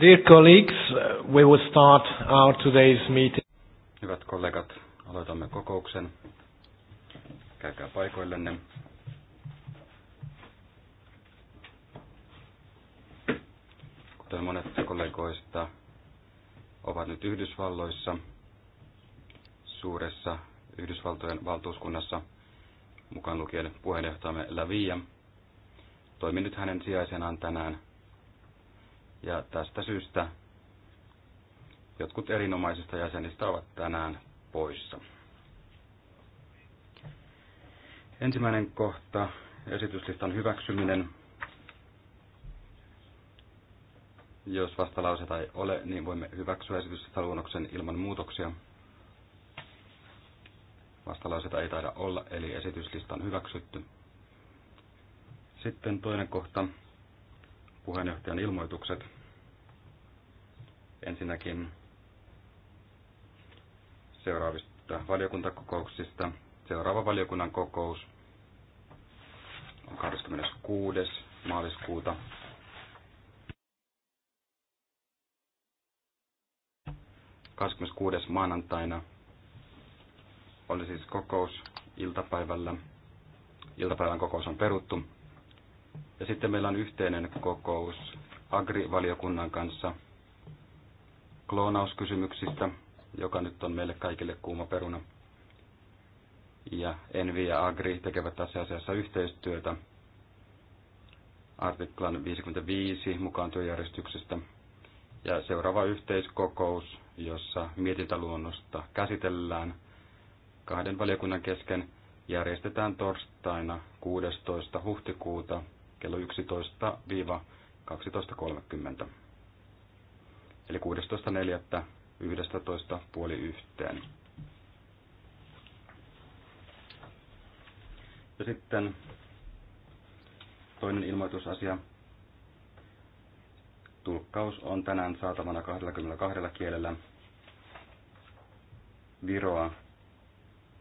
Dear colleagues, we will start our today's meeting. Hyvät kollegat, aloitamme kokouksen. Käykää paikoillenne. Kuten monet kollegoista ovat nyt Yhdysvalloissa, suuressa Yhdysvaltojen valtuuskunnassa, mukaan lukien puheenjohtajamme Lavia. Toimin nyt hänen sijaisenaan tänään ja tästä syystä jotkut erinomaisista jäsenistä ovat tänään poissa. Ensimmäinen kohta, esityslistan hyväksyminen. Jos vastalauseita ei ole, niin voimme hyväksyä esityslistan luonnoksen ilman muutoksia. Vastalauseita ei taida olla, eli esityslista on hyväksytty. Sitten toinen kohta, puheenjohtajan ilmoitukset. Ensinnäkin seuraavista valiokuntakokouksista. Seuraava valiokunnan kokous on 26. maaliskuuta. kuudes maanantaina oli siis kokous iltapäivällä. Iltapäivän kokous on peruttu ja sitten meillä on yhteinen kokous agrivaliokunnan kanssa kloonauskysymyksistä, joka nyt on meille kaikille kuuma peruna. Ja Envi ja Agri tekevät tässä asiassa yhteistyötä artiklan 55 mukaan työjärjestyksestä. Ja seuraava yhteiskokous, jossa mietintäluonnosta käsitellään kahden valiokunnan kesken, järjestetään torstaina 16. huhtikuuta kello 11-12.30. Eli 16.4.11 puoli yhteen. Ja sitten toinen ilmoitusasia. Tulkkaus on tänään saatavana 22 kielellä. Viroa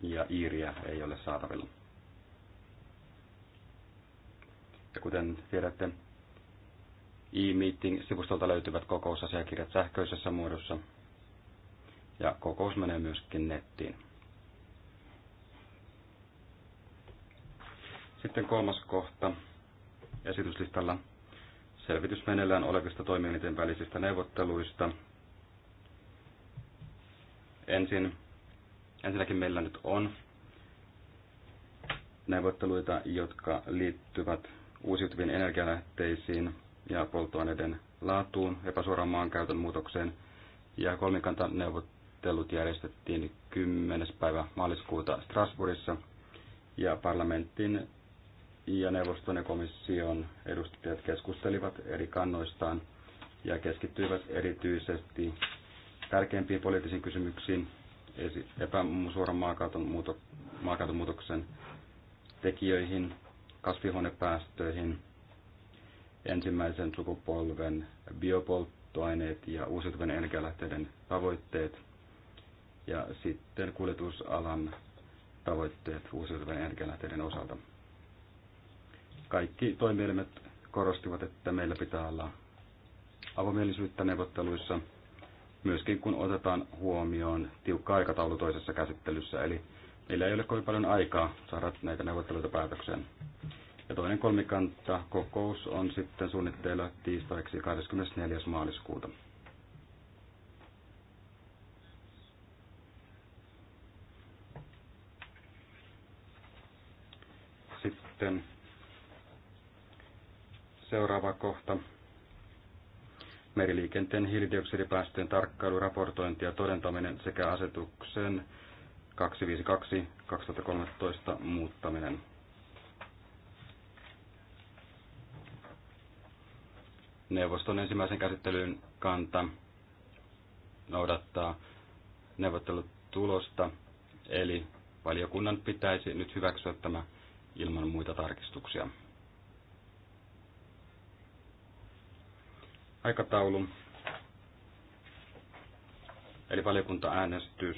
ja Iiriä ei ole saatavilla. Ja kuten tiedätte, e-meeting-sivustolta löytyvät kokousasiakirjat sähköisessä muodossa. Ja kokous menee myöskin nettiin. Sitten kolmas kohta esityslistalla. Selvitys meneillään olevista toimielinten välisistä neuvotteluista. Ensin, ensinnäkin meillä nyt on neuvotteluita, jotka liittyvät uusiutuviin energialähteisiin ja polttoaineiden laatuun, epäsuoraan maankäytön muutokseen ja kolmikantaneuvottelut järjestettiin 10. päivä maaliskuuta Strasbourgissa ja parlamentin ja neuvoston ja komission edustajat keskustelivat eri kannoistaan ja keskittyivät erityisesti tärkeimpiin poliittisiin kysymyksiin, epäsuoran maankäytön muutoksen tekijöihin, kasvihuonepäästöihin, ensimmäisen sukupolven biopolttoaineet ja uusiutuvien energialähteiden tavoitteet ja sitten kuljetusalan tavoitteet uusiutuvien energialähteiden osalta. Kaikki toimielimet korostivat, että meillä pitää olla avomielisyyttä neuvotteluissa, myöskin kun otetaan huomioon tiukka aikataulu toisessa käsittelyssä, eli Meillä ei ole kovin paljon aikaa saada näitä neuvotteluita päätökseen. Ja toinen kolmikanta kokous on sitten suunnitteilla tiistaiksi 24. maaliskuuta. Sitten seuraava kohta. Meriliikenteen hiilidioksidipäästöjen tarkkailu, raportointi ja todentaminen sekä asetuksen 252 2013 muuttaminen. Neuvoston ensimmäisen käsittelyn kanta noudattaa neuvottelutulosta, eli valiokunnan pitäisi nyt hyväksyä tämä ilman muita tarkistuksia. Aikataulu. Eli valiokunta äänestys.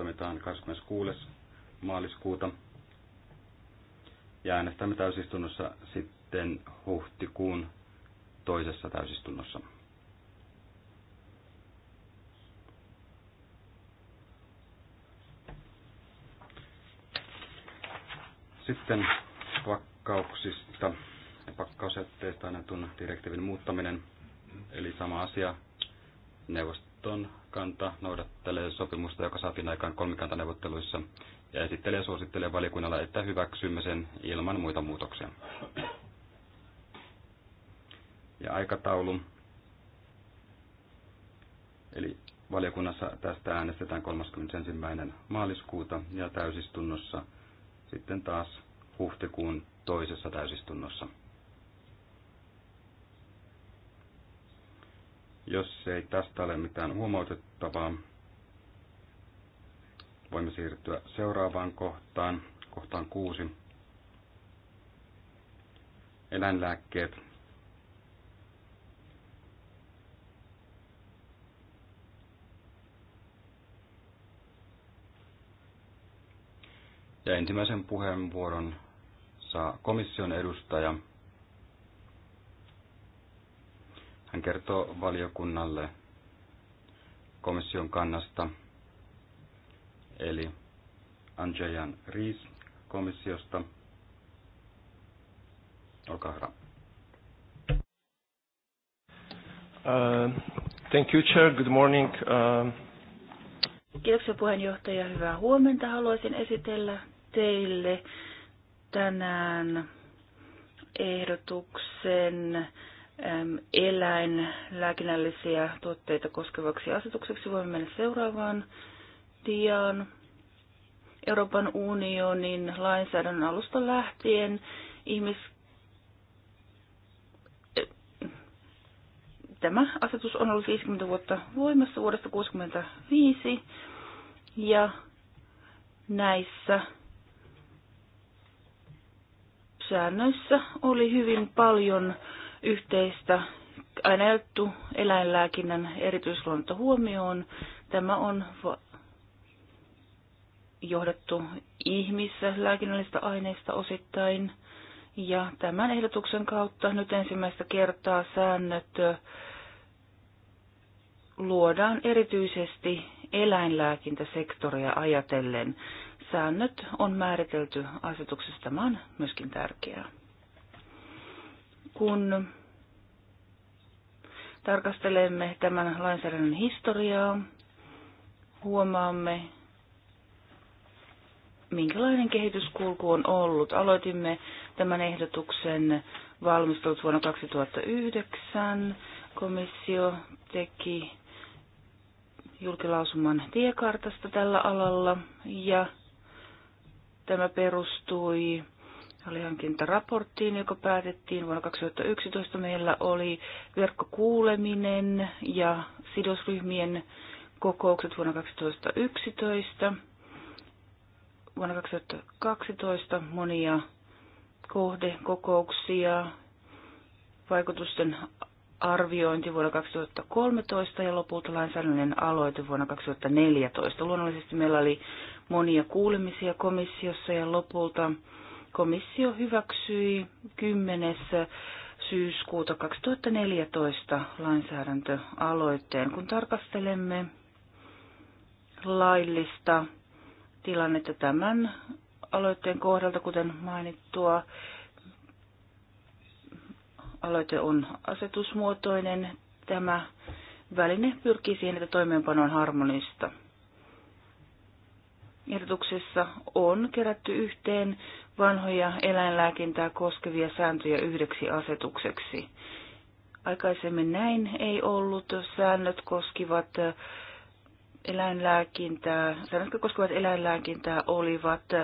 toimitaan 26. maaliskuuta. Ja äänestämme täysistunnossa sitten huhtikuun toisessa täysistunnossa. Sitten pakkauksista ja pakkausjätteistä annetun direktiivin muuttaminen, eli sama asia neuvoston kanta noudattelee sopimusta, joka saatiin aikaan kolmikantaneuvotteluissa, ja esittelee suosittelee valiokunnalle, että hyväksymme sen ilman muita muutoksia. Ja aikataulu. Eli valiokunnassa tästä äänestetään 31. maaliskuuta ja täysistunnossa sitten taas huhtikuun toisessa täysistunnossa. Jos ei tästä ole mitään huomautettavaa, voimme siirtyä seuraavaan kohtaan, kohtaan kuusi. Eläinlääkkeet. Ja ensimmäisen puheenvuoron saa komission edustaja Hän kertoo valiokunnalle komission kannasta, eli Anjayan Riis komissiosta. Olkaa hyvä. Uh, thank you, Chair. Good morning. Uh... Kiitoksia puheenjohtaja. Hyvää huomenta. Haluaisin esitellä teille tänään ehdotuksen eläinlääkinnällisiä tuotteita koskevaksi asetukseksi. Voimme mennä seuraavaan diaan. Euroopan unionin lainsäädännön alusta lähtien ihmis... Tämä asetus on ollut 50 vuotta voimassa vuodesta 1965 ja näissä säännöissä oli hyvin paljon yhteistä aina eläinlääkinnän erityisluonto huomioon. Tämä on johdettu ihmislääkinnällisistä aineista osittain. Ja tämän ehdotuksen kautta nyt ensimmäistä kertaa säännöt luodaan erityisesti eläinlääkintäsektoria ajatellen. Säännöt on määritelty asetuksessa. Tämä on myöskin tärkeää kun tarkastelemme tämän lainsäädännön historiaa, huomaamme, minkälainen kehityskulku on ollut. Aloitimme tämän ehdotuksen valmistelut vuonna 2009. Komissio teki julkilausuman tiekartasta tällä alalla ja tämä perustui alihankintaraporttiin, joka päätettiin vuonna 2011. Meillä oli verkkokuuleminen ja sidosryhmien kokoukset vuonna 2011. Vuonna 2012 monia kohdekokouksia, vaikutusten arviointi vuonna 2013 ja lopulta lainsäädännön aloite vuonna 2014. Luonnollisesti meillä oli monia kuulemisia komissiossa ja lopulta komissio hyväksyi 10. syyskuuta 2014 lainsäädäntöaloitteen. Kun tarkastelemme laillista tilannetta tämän aloitteen kohdalta, kuten mainittua, aloite on asetusmuotoinen. Tämä väline pyrkii siihen, että toimeenpano on harmonista ehdotuksessa on kerätty yhteen vanhoja eläinlääkintää koskevia sääntöjä yhdeksi asetukseksi. Aikaisemmin näin ei ollut. Säännöt koskivat äh, eläinlääkintää, säännöt, koskevat eläinlääkintää, olivat 726-2004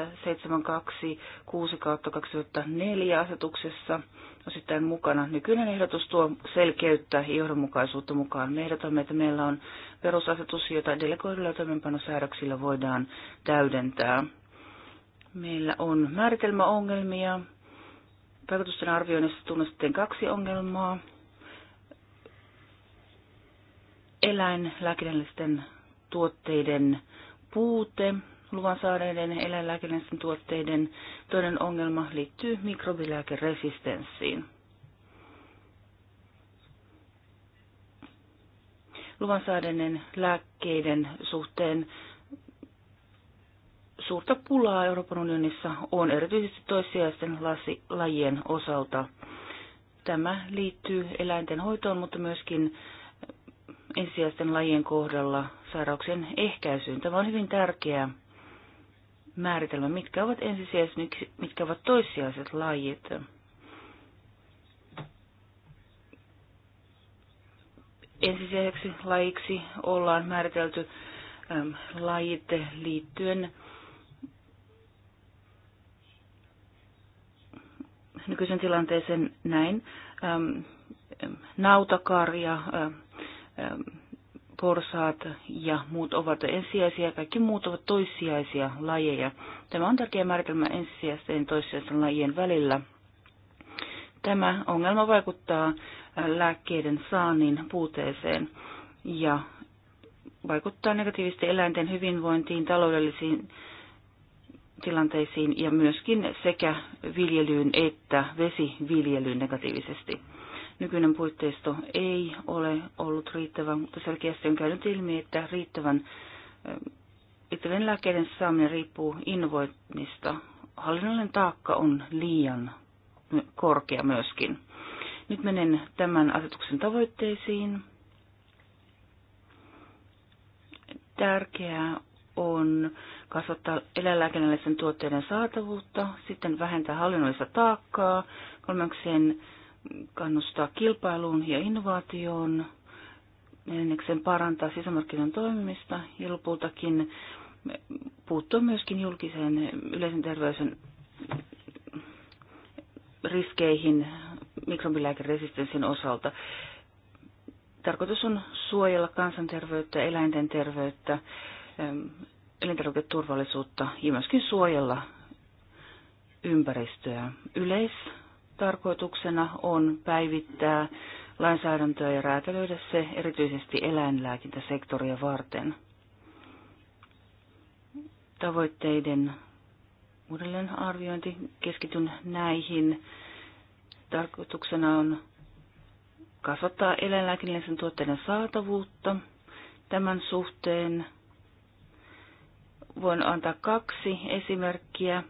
asetuksessa osittain mukana. Nykyinen ehdotus tuo selkeyttä ja johdonmukaisuutta mukaan. Me ehdotamme, että meillä on perusasetus, jota delegoidulla toimenpanosäädöksillä voidaan täydentää. Meillä on määritelmäongelmia. Vaikutusten arvioinnissa tunnistettiin kaksi ongelmaa. Eläinlääkinnällisten tuotteiden puute, luvan saaneiden eläinlääkinnällisten tuotteiden toinen ongelma liittyy mikrobilääkeresistenssiin. luvan lääkkeiden suhteen suurta pulaa Euroopan unionissa on erityisesti toissijaisten lasi, lajien osalta. Tämä liittyy eläinten hoitoon, mutta myöskin ensisijaisten lajien kohdalla sairauksien ehkäisyyn. Tämä on hyvin tärkeä määritelmä, mitkä ovat ensisijaiset, mitkä ovat toissijaiset lajit. ensisijaiseksi lajiksi ollaan määritelty äm, lajit liittyen nykyisen tilanteeseen näin. Äm, nautakarja, äm, porsaat ja muut ovat ensisijaisia, kaikki muut ovat toissijaisia lajeja. Tämä on tärkeä määritelmä ensisijaisten ja toissijaisten lajien välillä – Tämä ongelma vaikuttaa lääkkeiden saannin puuteeseen ja vaikuttaa negatiivisesti eläinten hyvinvointiin, taloudellisiin tilanteisiin ja myöskin sekä viljelyyn että vesiviljelyyn negatiivisesti. Nykyinen puitteisto ei ole ollut riittävä, mutta selkeästi on käynyt ilmi, että riittävän, riittävän lääkkeiden saaminen riippuu innovoinnista. Hallinnollinen taakka on liian korkea myöskin. Nyt menen tämän asetuksen tavoitteisiin. Tärkeää on kasvattaa eläinlääkinnällisten tuotteiden saatavuutta, sitten vähentää hallinnollista taakkaa, kolmekseen kannustaa kilpailuun ja innovaatioon, neljänneksen parantaa sisämarkkinoiden toimimista ja lopultakin puuttua myöskin julkiseen yleisen terveyden riskeihin mikrobilääkeresistenssin osalta. Tarkoitus on suojella kansanterveyttä, eläinten terveyttä, elintarviketurvallisuutta ja myöskin suojella ympäristöä. Yleistarkoituksena on päivittää lainsäädäntöä ja räätälöidä se erityisesti eläinlääkintäsektoria varten. Tavoitteiden uudelleen arviointi. Keskityn näihin. Tarkoituksena on kasvattaa eläinlääkinnällisen tuotteiden saatavuutta. Tämän suhteen voin antaa kaksi esimerkkiä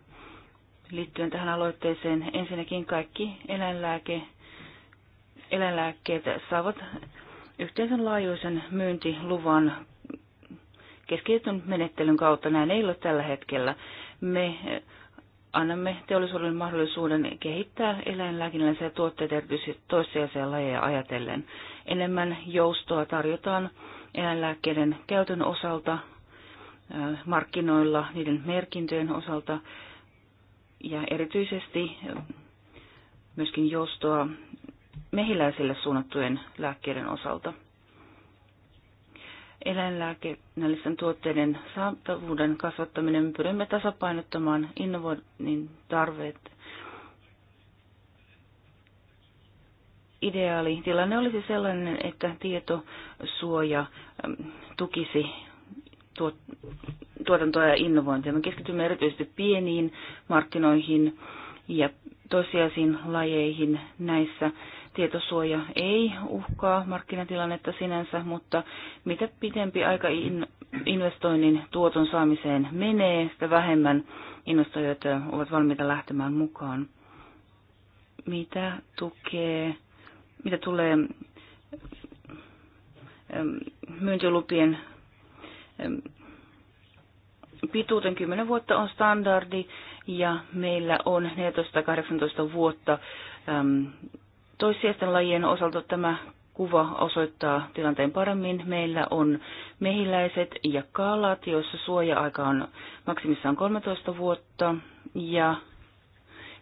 liittyen tähän aloitteeseen. Ensinnäkin kaikki eläinlääke, eläinlääkkeet saavat yhteisen laajuisen myyntiluvan keskitetyn menettelyn kautta. Näin ei ole tällä hetkellä me annamme teollisuudelle mahdollisuuden kehittää eläinlääkinnällisiä tuotteita erityisesti toissijaisia lajeja ajatellen. Enemmän joustoa tarjotaan eläinlääkkeiden käytön osalta, markkinoilla, niiden merkintöjen osalta ja erityisesti myöskin joustoa mehiläisille suunnattujen lääkkeiden osalta eläinlääkinnällisten tuotteiden saatavuuden kasvattaminen. Me pyrimme tasapainottamaan innovoinnin tarveet. Ideaali tilanne olisi sellainen, että tietosuoja tukisi tuotantoa ja innovointia. Me keskitymme erityisesti pieniin markkinoihin ja toisiaisiin lajeihin näissä tietosuoja ei uhkaa markkinatilannetta sinänsä, mutta mitä pitempi aika investoinnin tuoton saamiseen menee, sitä vähemmän investoijat ovat valmiita lähtemään mukaan. Mitä tukee, mitä tulee myyntilupien pituuteen 10 vuotta on standardi ja meillä on 14-18 vuotta äm, Toissijaisten lajien osalta tämä kuva osoittaa tilanteen paremmin. Meillä on mehiläiset ja kalat, joissa suoja-aika on maksimissaan 13 vuotta. Ja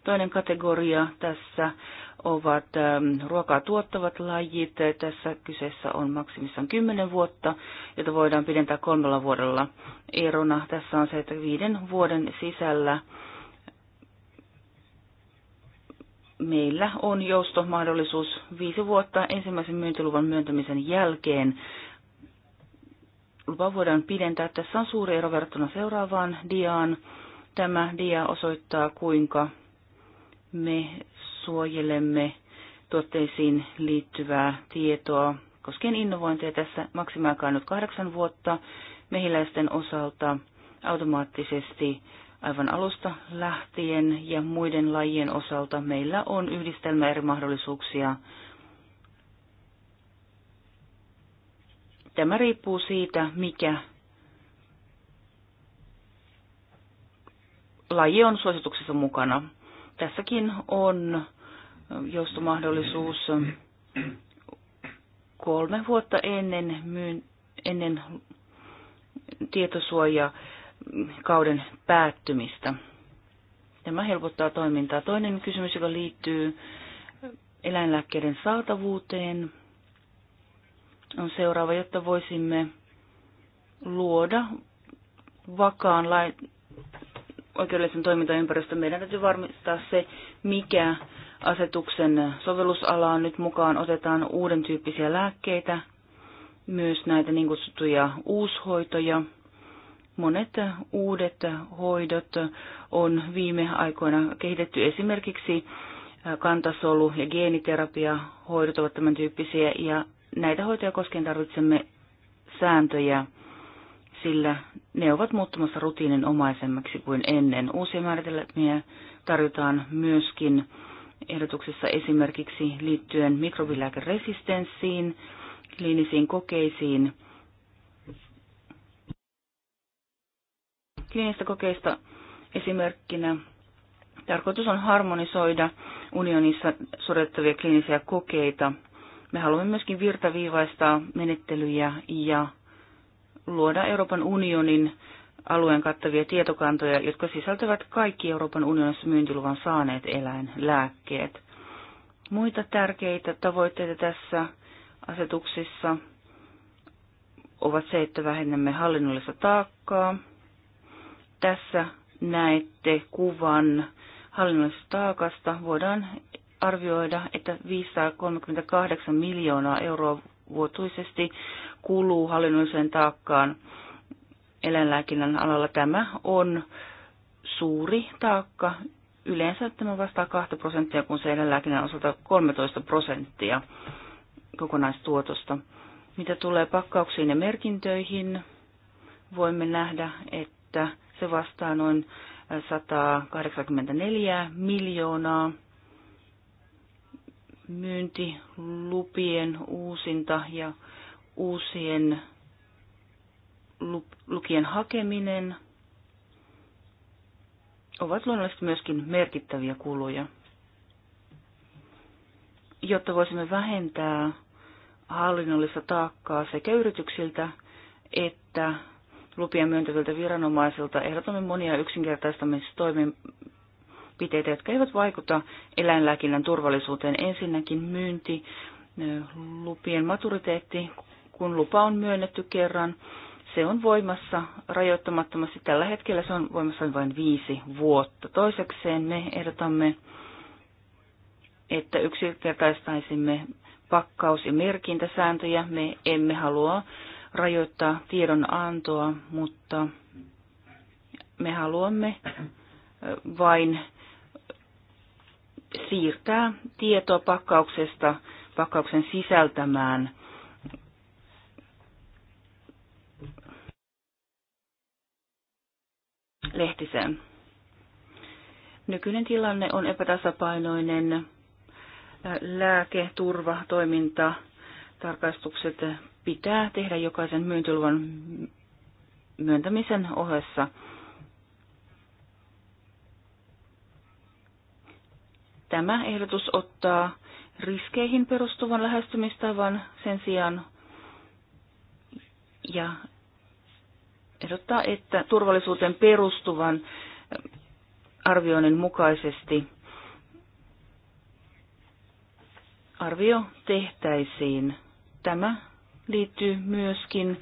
toinen kategoria tässä ovat ähm, ruokaa tuottavat lajit. Tässä kyseessä on maksimissaan 10 vuotta, jota voidaan pidentää kolmella vuodella. Erona tässä on se, että viiden vuoden sisällä meillä on joustomahdollisuus viisi vuotta ensimmäisen myyntiluvan myöntämisen jälkeen. Lupa voidaan pidentää. Tässä on suuri ero verrattuna seuraavaan diaan. Tämä dia osoittaa, kuinka me suojelemme tuotteisiin liittyvää tietoa koskien innovointeja. Tässä maksimiaikaa nyt kahdeksan vuotta mehiläisten osalta automaattisesti aivan alusta lähtien ja muiden lajien osalta meillä on yhdistelmä eri mahdollisuuksia. Tämä riippuu siitä, mikä laji on suosituksessa mukana. Tässäkin on joustomahdollisuus kolme vuotta ennen, myyn, ennen tietosuojaa kauden päättymistä. Tämä helpottaa toimintaa. Toinen kysymys, joka liittyy eläinlääkkeiden saatavuuteen, on seuraava, jotta voisimme luoda vakaan lai- oikeudellisen toimintaympäristön. Meidän täytyy varmistaa se, mikä asetuksen sovellusalaan nyt mukaan otetaan uuden tyyppisiä lääkkeitä, myös näitä niin kutsuttuja uushoitoja – monet uudet hoidot on viime aikoina kehitetty esimerkiksi kantasolu- ja geeniterapiahoidot ovat tämän tyyppisiä ja näitä hoitoja koskien tarvitsemme sääntöjä, sillä ne ovat muuttumassa rutiininomaisemmaksi kuin ennen. Uusia määritelmiä tarjotaan myöskin ehdotuksessa esimerkiksi liittyen mikrobilääkeresistenssiin, kliinisiin kokeisiin kliinistä kokeista esimerkkinä. Tarkoitus on harmonisoida unionissa suorittavia kliinisiä kokeita. Me haluamme myöskin virtaviivaistaa menettelyjä ja luoda Euroopan unionin alueen kattavia tietokantoja, jotka sisältävät kaikki Euroopan unionissa myyntiluvan saaneet eläinlääkkeet. Muita tärkeitä tavoitteita tässä asetuksissa ovat se, että vähennämme hallinnollista taakkaa, tässä näette kuvan hallinnollisesta taakasta. Voidaan arvioida, että 538 miljoonaa euroa vuotuisesti kuluu hallinnolliseen taakkaan eläinlääkinnän alalla. Tämä on suuri taakka. Yleensä tämä vastaa 2 prosenttia, kun se eläinlääkinnän osalta 13 prosenttia kokonaistuotosta. Mitä tulee pakkauksiin ja merkintöihin, voimme nähdä, että se vastaa noin 184 miljoonaa myyntilupien uusinta ja uusien lukien hakeminen ovat luonnollisesti myöskin merkittäviä kuluja. Jotta voisimme vähentää hallinnollista taakkaa sekä yrityksiltä että lupia myöntäviltä viranomaisilta ehdotamme monia yksinkertaistamistoimenpiteitä, jotka eivät vaikuta eläinlääkinnän turvallisuuteen. Ensinnäkin myynti, lupien maturiteetti, kun lupa on myönnetty kerran, se on voimassa rajoittamattomasti. Tällä hetkellä se on voimassa vain viisi vuotta. Toisekseen me ehdotamme, että yksinkertaistaisimme pakkaus- ja merkintäsääntöjä. Me emme halua rajoittaa tiedon antoa, mutta me haluamme vain siirtää tietoa pakkauksesta pakkauksen sisältämään lehtiseen. Nykyinen tilanne on epätasapainoinen lääketurvatoiminta tarkastukset pitää tehdä jokaisen myyntiluvan myöntämisen ohessa. Tämä ehdotus ottaa riskeihin perustuvan lähestymistavan sen sijaan ja ehdottaa, että turvallisuuteen perustuvan arvioinnin mukaisesti arvio tehtäisiin Tämä liittyy myöskin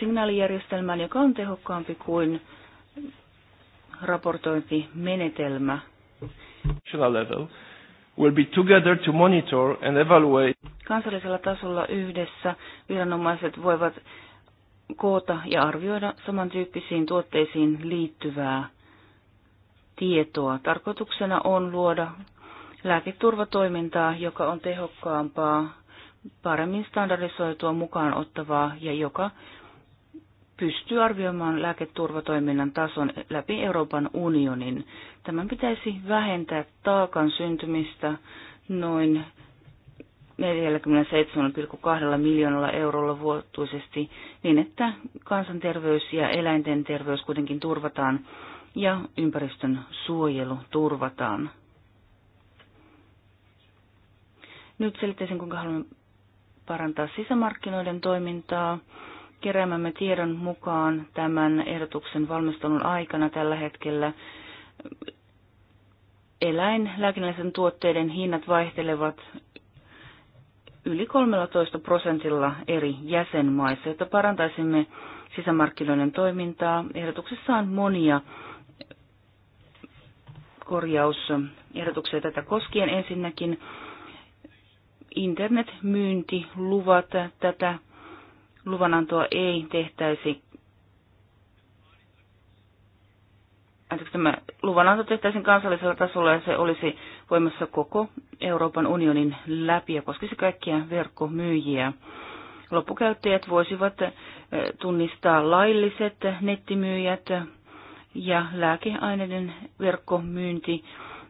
signaalijärjestelmään, joka on tehokkaampi kuin raportointimenetelmä. Level will be together to monitor and evaluate. Kansallisella tasolla yhdessä viranomaiset voivat koota ja arvioida samantyyppisiin tuotteisiin liittyvää tietoa. Tarkoituksena on luoda lääketurvatoimintaa, joka on tehokkaampaa paremmin standardisoitua mukaan ottavaa ja joka pystyy arvioimaan lääketurvatoiminnan tason läpi Euroopan unionin. Tämän pitäisi vähentää taakan syntymistä noin 47,2 miljoonalla eurolla vuotuisesti niin, että kansanterveys ja eläinten terveys kuitenkin turvataan ja ympäristön suojelu turvataan. Nyt selittäisin, kuinka haluan parantaa sisämarkkinoiden toimintaa. Keräämämme tiedon mukaan tämän ehdotuksen valmistelun aikana tällä hetkellä eläinlääkinnällisten tuotteiden hinnat vaihtelevat yli 13 prosentilla eri jäsenmaissa, jotta parantaisimme sisämarkkinoiden toimintaa. Ehdotuksessa on monia korjausehdotuksia tätä koskien. Ensinnäkin internetmyyntiluvat tätä luvanantoa ei tehtäisi tämä luvananto tehtäisiin kansallisella tasolla ja se olisi voimassa koko Euroopan unionin läpi ja koskisi kaikkia verkkomyyjiä. Loppukäyttäjät voisivat eh, tunnistaa lailliset nettimyyjät ja lääkeaineiden verkkomyynti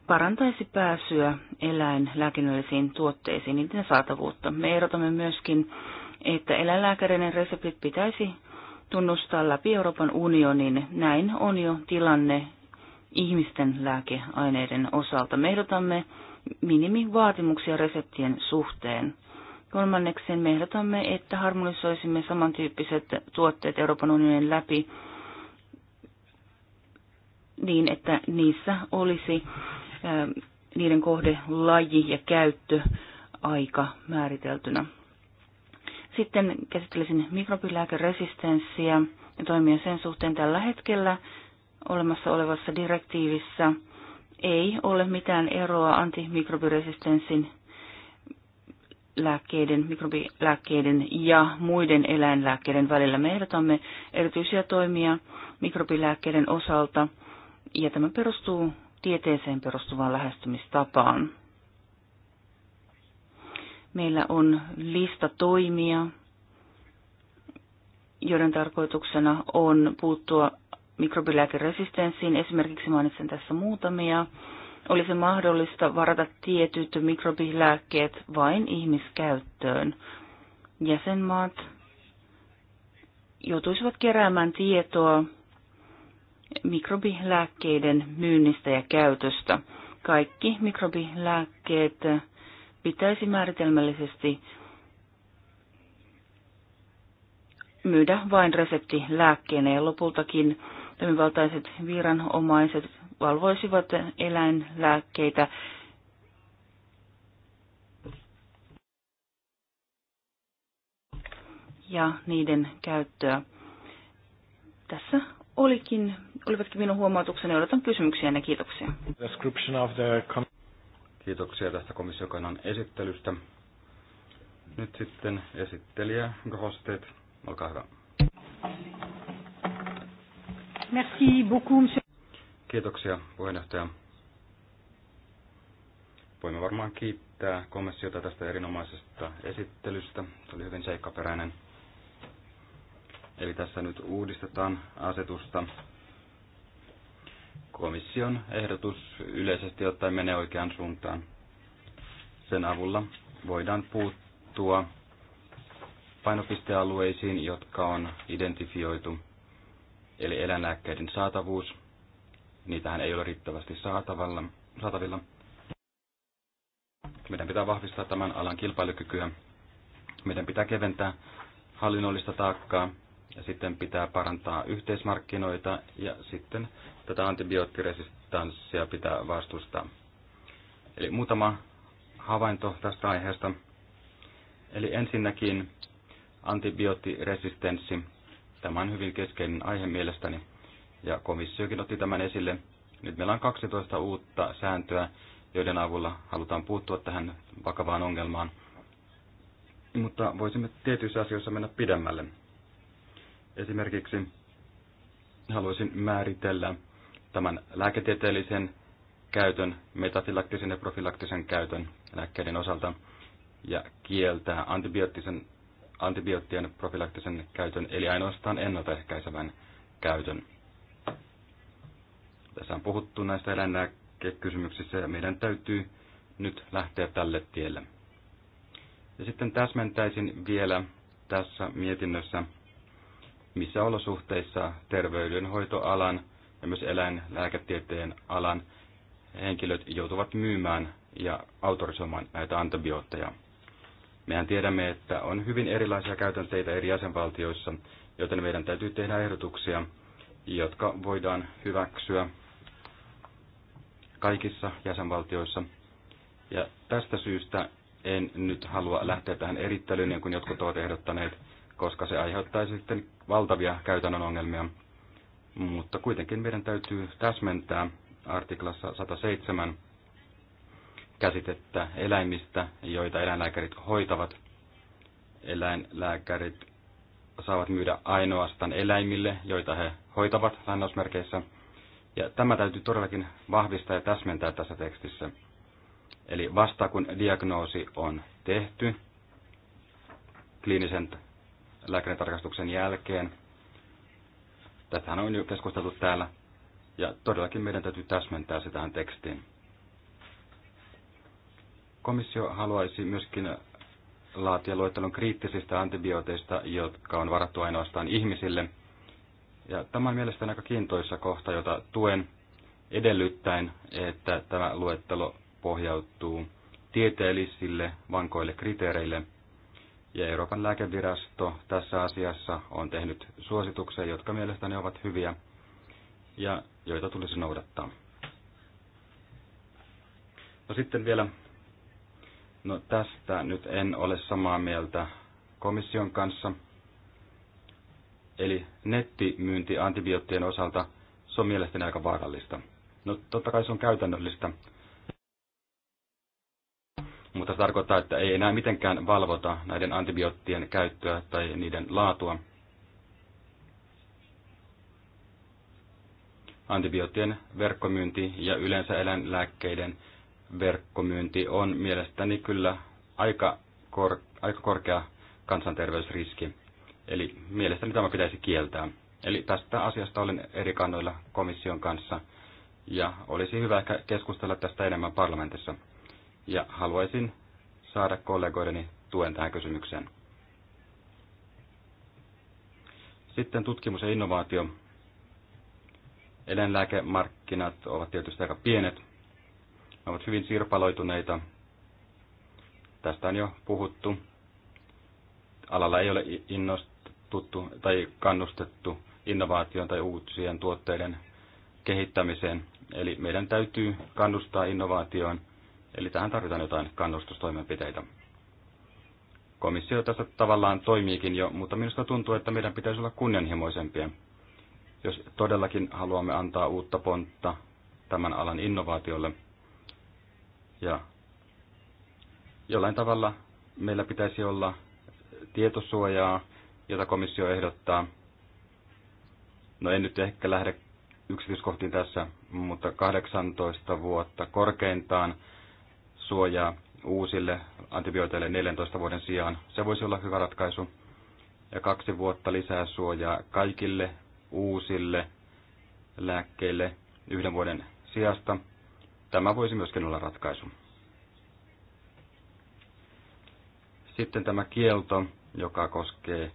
parantaisi pääsyä eläinlääkinnällisiin tuotteisiin, niiden saatavuutta. Me ehdotamme myöskin, että eläinlääkäreiden reseptit pitäisi tunnustaa läpi Euroopan unionin. Näin on jo tilanne ihmisten lääkeaineiden osalta. Me ehdotamme minimivaatimuksia reseptien suhteen. Kolmanneksi me ehdotamme, että harmonisoisimme samantyyppiset tuotteet Euroopan unionin läpi niin, että niissä olisi niiden kohde, laji ja käyttö aika määriteltynä. Sitten käsittelisin mikrobilääkeresistenssiä ja toimia sen suhteen tällä hetkellä olemassa olevassa direktiivissä ei ole mitään eroa antimikrobiresistenssin lääkkeiden, mikrobilääkkeiden ja muiden eläinlääkkeiden välillä. Me ehdotamme erityisiä toimia mikrobilääkkeiden osalta ja tämä perustuu tieteeseen perustuvaan lähestymistapaan. Meillä on lista toimia, joiden tarkoituksena on puuttua mikrobilääkeresistenssiin. Esimerkiksi mainitsen tässä muutamia. Olisi mahdollista varata tietyt mikrobilääkkeet vain ihmiskäyttöön. Jäsenmaat joutuisivat keräämään tietoa mikrobilääkkeiden myynnistä ja käytöstä. Kaikki mikrobilääkkeet pitäisi määritelmällisesti myydä vain reseptilääkkeenä ja lopultakin toimivaltaiset viranomaiset valvoisivat eläinlääkkeitä ja niiden käyttöä. Tässä olikin olivatkin minun huomautukseni. Niin odotan kysymyksiä ja kiitoksia. Kiitoksia tästä komissiokannan esittelystä. Nyt sitten esittelijä Grosteet, olkaa hyvä. Merci beaucoup, monsieur. Kiitoksia puheenjohtaja. Voimme varmaan kiittää komissiota tästä erinomaisesta esittelystä. Se oli hyvin seikkaperäinen. Eli tässä nyt uudistetaan asetusta komission ehdotus yleisesti ottaen menee oikeaan suuntaan. Sen avulla voidaan puuttua painopistealueisiin, jotka on identifioitu, eli eläinlääkkeiden saatavuus. Niitähän ei ole riittävästi saatavalla, saatavilla. Meidän pitää vahvistaa tämän alan kilpailukykyä. Meidän pitää keventää hallinnollista taakkaa ja sitten pitää parantaa yhteismarkkinoita ja sitten tätä antibioottiresistanssia pitää vastustaa. Eli muutama havainto tästä aiheesta. Eli ensinnäkin antibioottiresistenssi. Tämä on hyvin keskeinen aihe mielestäni, ja komissiokin otti tämän esille. Nyt meillä on 12 uutta sääntöä, joiden avulla halutaan puuttua tähän vakavaan ongelmaan. Mutta voisimme tietyissä asioissa mennä pidemmälle. Esimerkiksi haluaisin määritellä tämän lääketieteellisen käytön, metafilaktisen ja profilaktisen käytön lääkkeiden osalta ja kieltää antibioottisen, antibioottien profilaktisen käytön, eli ainoastaan ennaltaehkäisevän käytön. Tässä on puhuttu näistä eläinlääkekysymyksissä ja meidän täytyy nyt lähteä tälle tielle. Ja sitten täsmentäisin vielä tässä mietinnössä, missä olosuhteissa terveydenhoitoalan – ja myös eläinlääketieteen alan henkilöt joutuvat myymään ja autorisoimaan näitä antibiootteja. Mehän tiedämme, että on hyvin erilaisia käytänteitä eri jäsenvaltioissa, joten meidän täytyy tehdä ehdotuksia, jotka voidaan hyväksyä kaikissa jäsenvaltioissa. Ja tästä syystä en nyt halua lähteä tähän erittelyyn, niin kuin jotkut ovat ehdottaneet, koska se aiheuttaisi sitten valtavia käytännön ongelmia. Mutta kuitenkin meidän täytyy täsmentää artiklassa 107 käsitettä eläimistä, joita eläinlääkärit hoitavat. Eläinlääkärit saavat myydä ainoastaan eläimille, joita he hoitavat lainausmerkeissä. Ja tämä täytyy todellakin vahvistaa ja täsmentää tässä tekstissä. Eli vasta kun diagnoosi on tehty kliinisen tarkastuksen jälkeen, Tästähän on jo keskusteltu täällä, ja todellakin meidän täytyy täsmentää sitä tähän tekstiin. Komissio haluaisi myöskin laatia luettelon kriittisistä antibiooteista, jotka on varattu ainoastaan ihmisille. Ja tämä on mielestäni aika kiintoissa kohta, jota tuen edellyttäen, että tämä luettelo pohjautuu tieteellisille vankoille kriteereille – ja Euroopan lääkevirasto tässä asiassa on tehnyt suosituksia, jotka mielestäni ovat hyviä ja joita tulisi noudattaa. No sitten vielä, no tästä nyt en ole samaa mieltä komission kanssa. Eli nettimyynti antibioottien osalta, se on mielestäni aika vaarallista. No totta kai se on käytännöllistä, mutta se tarkoittaa, että ei enää mitenkään valvota näiden antibioottien käyttöä tai niiden laatua. Antibioottien verkkomyynti ja yleensä eläinlääkkeiden verkkomyynti on mielestäni kyllä aika, kor- aika korkea kansanterveysriski. Eli mielestäni tämä pitäisi kieltää. Eli tästä asiasta olen eri kannoilla komission kanssa ja olisi hyvä ehkä keskustella tästä enemmän parlamentissa ja haluaisin saada kollegoideni tuen tähän kysymykseen. Sitten tutkimus ja innovaatio. Eläinlääkemarkkinat ovat tietysti aika pienet. Ne ovat hyvin sirpaloituneita. Tästä on jo puhuttu. Alalla ei ole innostuttu tai kannustettu innovaation tai uusien tuotteiden kehittämiseen. Eli meidän täytyy kannustaa innovaatioon – Eli tähän tarvitaan jotain kannustustoimenpiteitä. Komissio tässä tavallaan toimiikin jo, mutta minusta tuntuu, että meidän pitäisi olla kunnianhimoisempia. Jos todellakin haluamme antaa uutta pontta tämän alan innovaatiolle, ja jollain tavalla meillä pitäisi olla tietosuojaa, jota komissio ehdottaa. No en nyt ehkä lähde yksityiskohtiin tässä, mutta 18 vuotta korkeintaan suojaa uusille antibiooteille 14 vuoden sijaan. Se voisi olla hyvä ratkaisu. Ja kaksi vuotta lisää suojaa kaikille uusille lääkkeille yhden vuoden sijasta. Tämä voisi myöskin olla ratkaisu. Sitten tämä kielto, joka koskee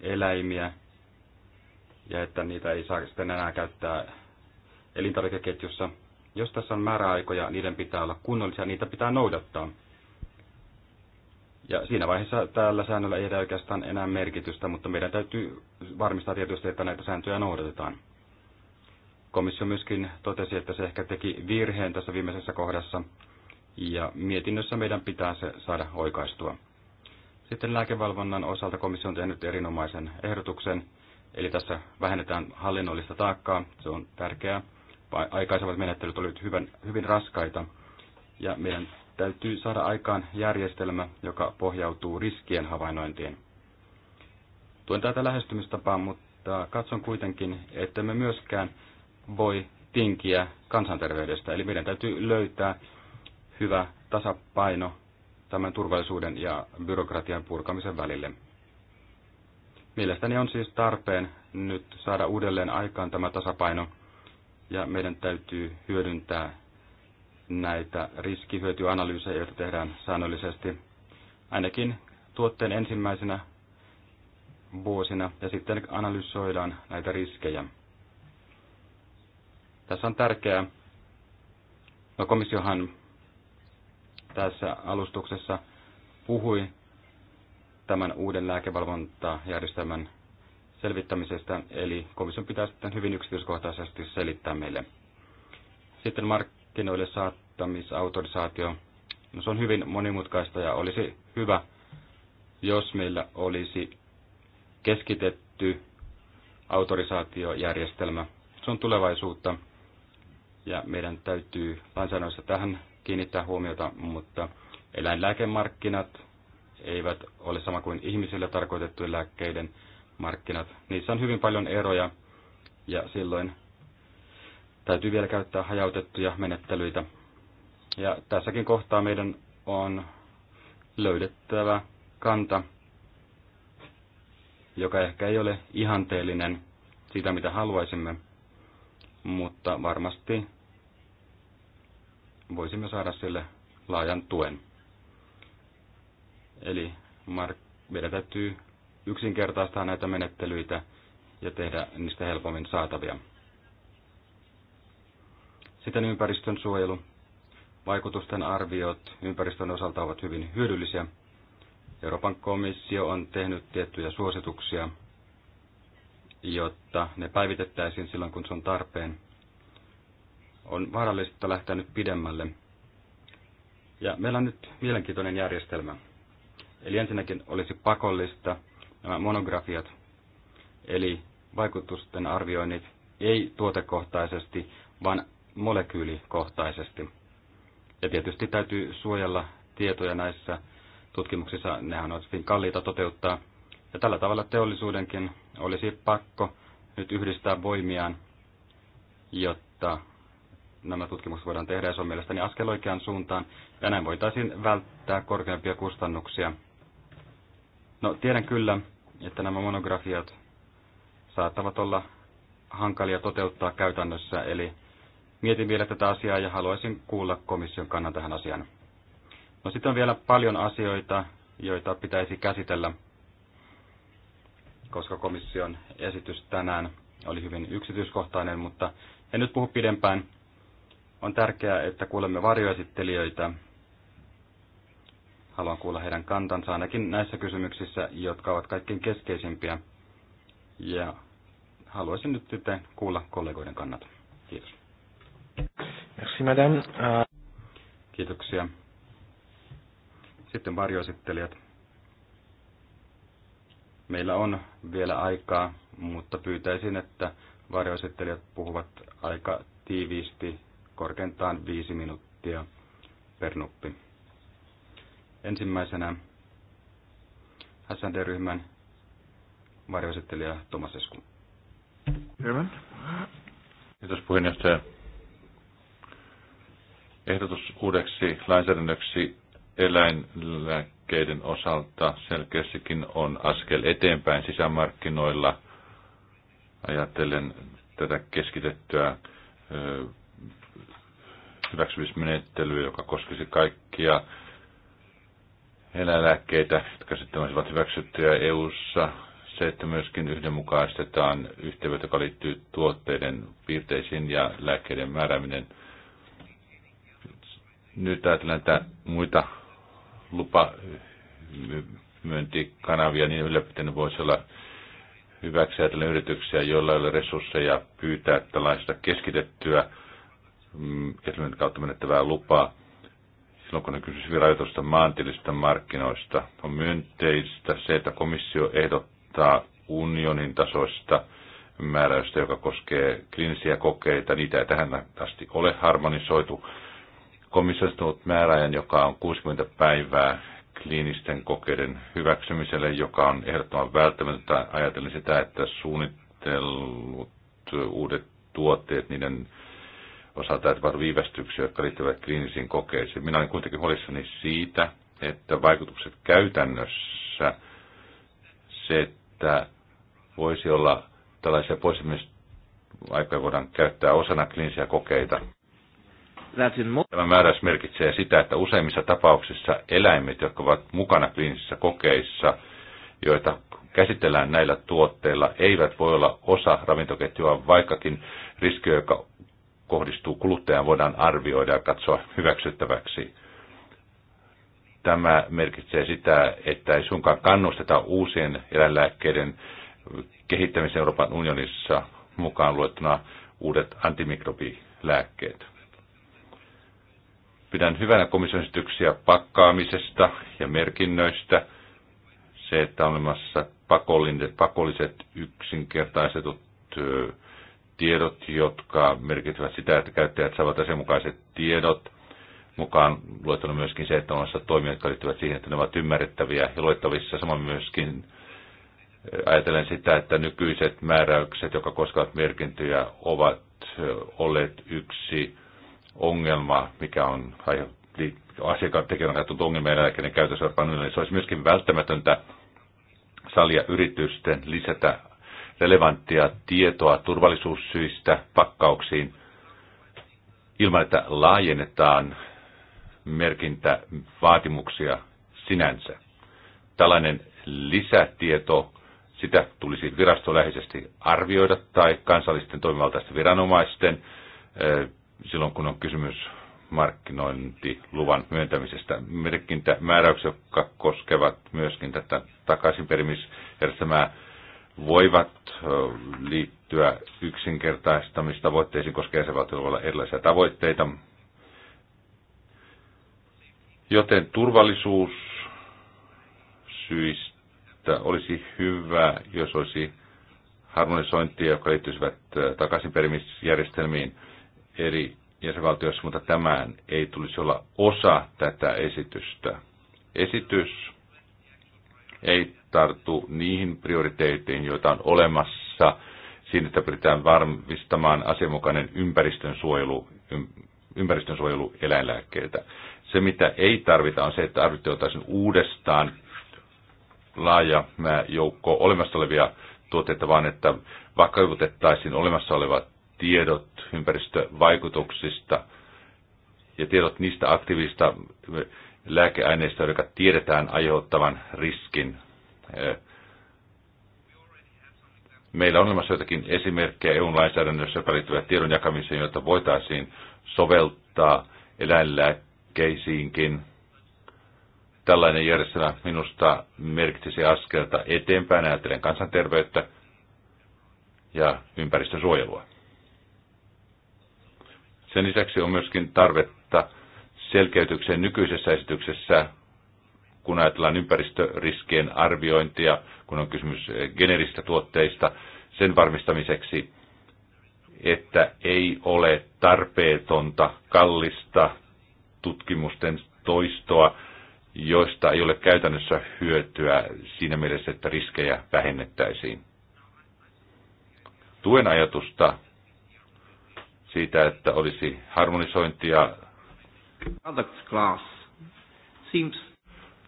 eläimiä ja että niitä ei saa sitten enää käyttää elintarvikeketjussa – jos tässä on määräaikoja, niiden pitää olla kunnollisia, niitä pitää noudattaa. Ja siinä vaiheessa tällä säännöllä ei ole oikeastaan enää merkitystä, mutta meidän täytyy varmistaa tietysti, että näitä sääntöjä noudatetaan. Komissio myöskin totesi, että se ehkä teki virheen tässä viimeisessä kohdassa, ja mietinnössä meidän pitää se saada oikaistua. Sitten lääkevalvonnan osalta komissio on tehnyt erinomaisen ehdotuksen, eli tässä vähennetään hallinnollista taakkaa, se on tärkeää aikaisemmat menettelyt olivat hyvän, hyvin raskaita, ja meidän täytyy saada aikaan järjestelmä, joka pohjautuu riskien havainnointiin. Tuen tätä lähestymistapaa, mutta katson kuitenkin, että me myöskään voi tinkiä kansanterveydestä. Eli meidän täytyy löytää hyvä tasapaino tämän turvallisuuden ja byrokratian purkamisen välille. Mielestäni on siis tarpeen nyt saada uudelleen aikaan tämä tasapaino – ja meidän täytyy hyödyntää näitä riskihyötyanalyysejä, joita tehdään säännöllisesti ainakin tuotteen ensimmäisenä vuosina ja sitten analysoidaan näitä riskejä. Tässä on tärkeää, no komissiohan tässä alustuksessa puhui tämän uuden lääkevalvontajärjestelmän selvittämisestä, eli komission pitää sitten hyvin yksityiskohtaisesti selittää meille. Sitten markkinoille saattamisautorisaatio. No, se on hyvin monimutkaista ja olisi hyvä, jos meillä olisi keskitetty autorisaatiojärjestelmä. Se on tulevaisuutta ja meidän täytyy lainsäädännössä tähän kiinnittää huomiota, mutta eläinlääkemarkkinat eivät ole sama kuin ihmisille tarkoitettujen lääkkeiden markkinat. Niissä on hyvin paljon eroja ja silloin täytyy vielä käyttää hajautettuja menettelyitä. Ja tässäkin kohtaa meidän on löydettävä kanta, joka ehkä ei ole ihanteellinen siitä, mitä haluaisimme, mutta varmasti voisimme saada sille laajan tuen. Eli mark- meidän täytyy yksinkertaistaa näitä menettelyitä ja tehdä niistä helpommin saatavia. Sitten ympäristön suojelu. Vaikutusten arviot ympäristön osalta ovat hyvin hyödyllisiä. Euroopan komissio on tehnyt tiettyjä suosituksia, jotta ne päivitettäisiin silloin, kun se on tarpeen. On vaarallista lähteä nyt pidemmälle. Ja meillä on nyt mielenkiintoinen järjestelmä. Eli ensinnäkin olisi pakollista nämä monografiat, eli vaikutusten arvioinnit ei tuotekohtaisesti, vaan molekyylikohtaisesti. Ja tietysti täytyy suojella tietoja näissä tutkimuksissa, nehän on hyvin kalliita toteuttaa. Ja tällä tavalla teollisuudenkin olisi pakko nyt yhdistää voimiaan, jotta nämä tutkimukset voidaan tehdä, ja se on mielestäni askel oikeaan suuntaan, ja näin voitaisiin välttää korkeampia kustannuksia. No tiedän kyllä, että nämä monografiat saattavat olla hankalia toteuttaa käytännössä, eli mietin vielä tätä asiaa ja haluaisin kuulla komission kannan tähän asiaan. No sitten on vielä paljon asioita, joita pitäisi käsitellä, koska komission esitys tänään oli hyvin yksityiskohtainen, mutta en nyt puhu pidempään. On tärkeää, että kuulemme varjoesittelijöitä Haluan kuulla heidän kantansa ainakin näissä kysymyksissä, jotka ovat kaikkein keskeisimpiä. Ja haluaisin nyt sitten kuulla kollegoiden kannat. Kiitos. Merci, madame. Ah. Kiitoksia. Sitten varjoesittelijät. Meillä on vielä aikaa, mutta pyytäisin, että varjoesittelijät puhuvat aika tiiviisti, korkeintaan viisi minuuttia per nuppi. Ensimmäisenä SND-ryhmän varjoesittelijä Tomas Esku. Hyvän. Kiitos puheenjohtaja. Ehdotus uudeksi lainsäädännöksi eläinlääkkeiden osalta selkeästikin on askel eteenpäin sisämarkkinoilla. Ajattelen tätä keskitettyä hyväksymismenettelyä, joka koskisi kaikkia eläinlääkkeitä, jotka sitten olisivat hyväksyttyjä EU-ssa. Se, että myöskin yhdenmukaistetaan yhteydet, joka liittyy tuotteiden piirteisiin ja lääkkeiden määrääminen. Nyt ajatellaan että muita lupamyöntikanavia, niin ylläpitänyt voisi olla hyväksi ajatellen yrityksiä, joilla ei ole resursseja pyytää tällaista keskitettyä mm, kautta menettävää lupaa silloin kun on kysymys rajoitusta maantiellisistä markkinoista. On myönteistä se, että komissio ehdottaa unionin tasoista määräystä, joka koskee kliinisiä kokeita. Niitä ei tähän asti ole harmonisoitu. Komissio on tullut määräajan, joka on 60 päivää kliinisten kokeiden hyväksymiselle, joka on ehdottoman välttämätöntä ajatellen sitä, että suunnittelut uudet tuotteet, niiden osalta että vaan viivästyksiä, jotka liittyvät kliinisiin kokeisiin. Minä olen kuitenkin huolissani siitä, että vaikutukset käytännössä, se, että voisi olla tällaisia poistamisaikoja voidaan käyttää osana kliinisiä kokeita. Tämä määräys merkitsee sitä, että useimmissa tapauksissa eläimet, jotka ovat mukana kliinisissä kokeissa, joita käsitellään näillä tuotteilla, eivät voi olla osa ravintoketjua, vaikkakin riski, joka kohdistuu kuluttajaan, voidaan arvioida ja katsoa hyväksyttäväksi. Tämä merkitsee sitä, että ei suinkaan kannusteta uusien eläinlääkkeiden kehittämisen Euroopan unionissa mukaan luettuna uudet antimikrobilääkkeet. Pidän hyvänä komission esityksiä pakkaamisesta ja merkinnöistä. Se, että on olemassa pakolliset, pakolliset yksinkertaistetut tiedot, jotka merkitsevät sitä, että käyttäjät saavat asianmukaiset tiedot. Mukaan luettuna myöskin se, että on olemassa toimia, jotka liittyvät siihen, että ne ovat ymmärrettäviä ja luettavissa. Samoin myöskin eh, ajatellen sitä, että nykyiset määräykset, jotka koskevat merkintöjä, ovat eh, olleet yksi ongelma, mikä on asiakkaan tekemään ajattunut ongelmia eläkeiden käytössä Euroopan Se olisi myöskin välttämätöntä salia yritysten lisätä relevanttia tietoa turvallisuussyistä pakkauksiin ilman, että laajennetaan merkintävaatimuksia sinänsä. Tällainen lisätieto, sitä tulisi virastoläheisesti arvioida tai kansallisten toimivaltaisten viranomaisten silloin, kun on kysymys markkinointiluvan myöntämisestä. Merkintämääräykset, jotka koskevat myöskin tätä takaisinperimisjärjestelmää, voivat liittyä yksinkertaistamistavoitteisiin, koska jäsenvaltioilla voi olla erilaisia tavoitteita. Joten turvallisuus syistä olisi hyvä, jos olisi harmonisointia, jotka liittyisivät takaisinperimisjärjestelmiin eri jäsenvaltioissa, mutta tämän ei tulisi olla osa tätä esitystä. Esitys ei tarttuu niihin prioriteetteihin, joita on olemassa siinä, että pyritään varmistamaan asianmukainen ympäristönsuojelu, ympäristönsuojelu eläinlääkkeitä. Se, mitä ei tarvita, on se, että arvioitaisiin uudestaan laaja joukko olemassa olevia tuotteita, vaan että vakavutettaisiin olemassa olevat tiedot ympäristövaikutuksista ja tiedot niistä aktiivista lääkeaineista, jotka tiedetään aiheuttavan riskin Eh, meillä on olemassa joitakin esimerkkejä EU-lainsäädännössä, joka liittyvät tiedon jakamiseen, joita voitaisiin soveltaa eläinlääkkeisiinkin. Tällainen järjestelmä minusta merkitsisi askelta eteenpäin ajatellen kansanterveyttä ja ympäristösuojelua. Sen lisäksi on myöskin tarvetta selkeytykseen nykyisessä esityksessä kun ajatellaan ympäristöriskien arviointia, kun on kysymys eh, generistä tuotteista, sen varmistamiseksi, että ei ole tarpeetonta, kallista tutkimusten toistoa, joista ei ole käytännössä hyötyä siinä mielessä, että riskejä vähennettäisiin. Tuen ajatusta siitä, että olisi harmonisointia. Product class seems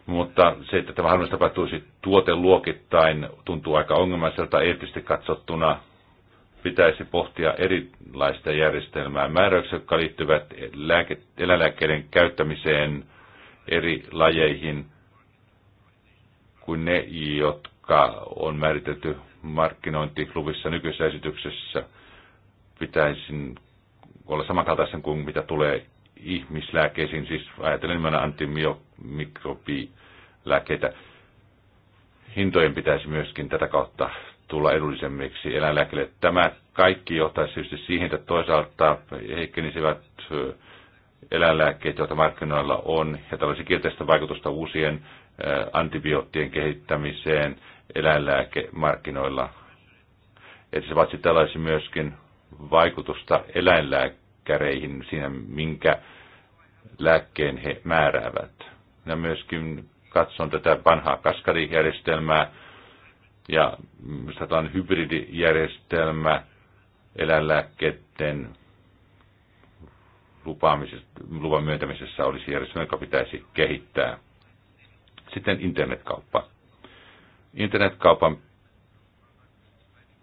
mutta se, että tämä harjoitus tapahtuisi tuoteluokittain, tuntuu aika ongelmaiselta eettisesti katsottuna. Pitäisi pohtia erilaista järjestelmää. Määräyksiä, jotka liittyvät lääke- eläinlääkkeiden käyttämiseen eri lajeihin kuin ne, jotka on määritelty markkinointiluvissa nykyisessä esityksessä, pitäisi olla samankaltaisen kuin mitä tulee ihmislääkeisiin, siis ajatellen nimenomaan antimikrobilääkeitä. Hintojen pitäisi myöskin tätä kautta tulla edullisemmiksi eläinlääkille. Tämä kaikki johtaisi tietysti siihen, että toisaalta heikkenisivät eläinlääkkeet, joita markkinoilla on, ja tällaisia kielteistä vaikutusta uusien antibioottien kehittämiseen eläinlääkemarkkinoilla. Että se vaatisi tällaisia myöskin vaikutusta eläinlääke lääkäreihin siinä, minkä lääkkeen he määräävät. Ja myöskin katson tätä vanhaa kaskarijärjestelmää ja sanotaan hybridijärjestelmä eläinlääkkeiden luvan myöntämisessä olisi järjestelmä, joka pitäisi kehittää. Sitten internetkauppa. Internetkaupan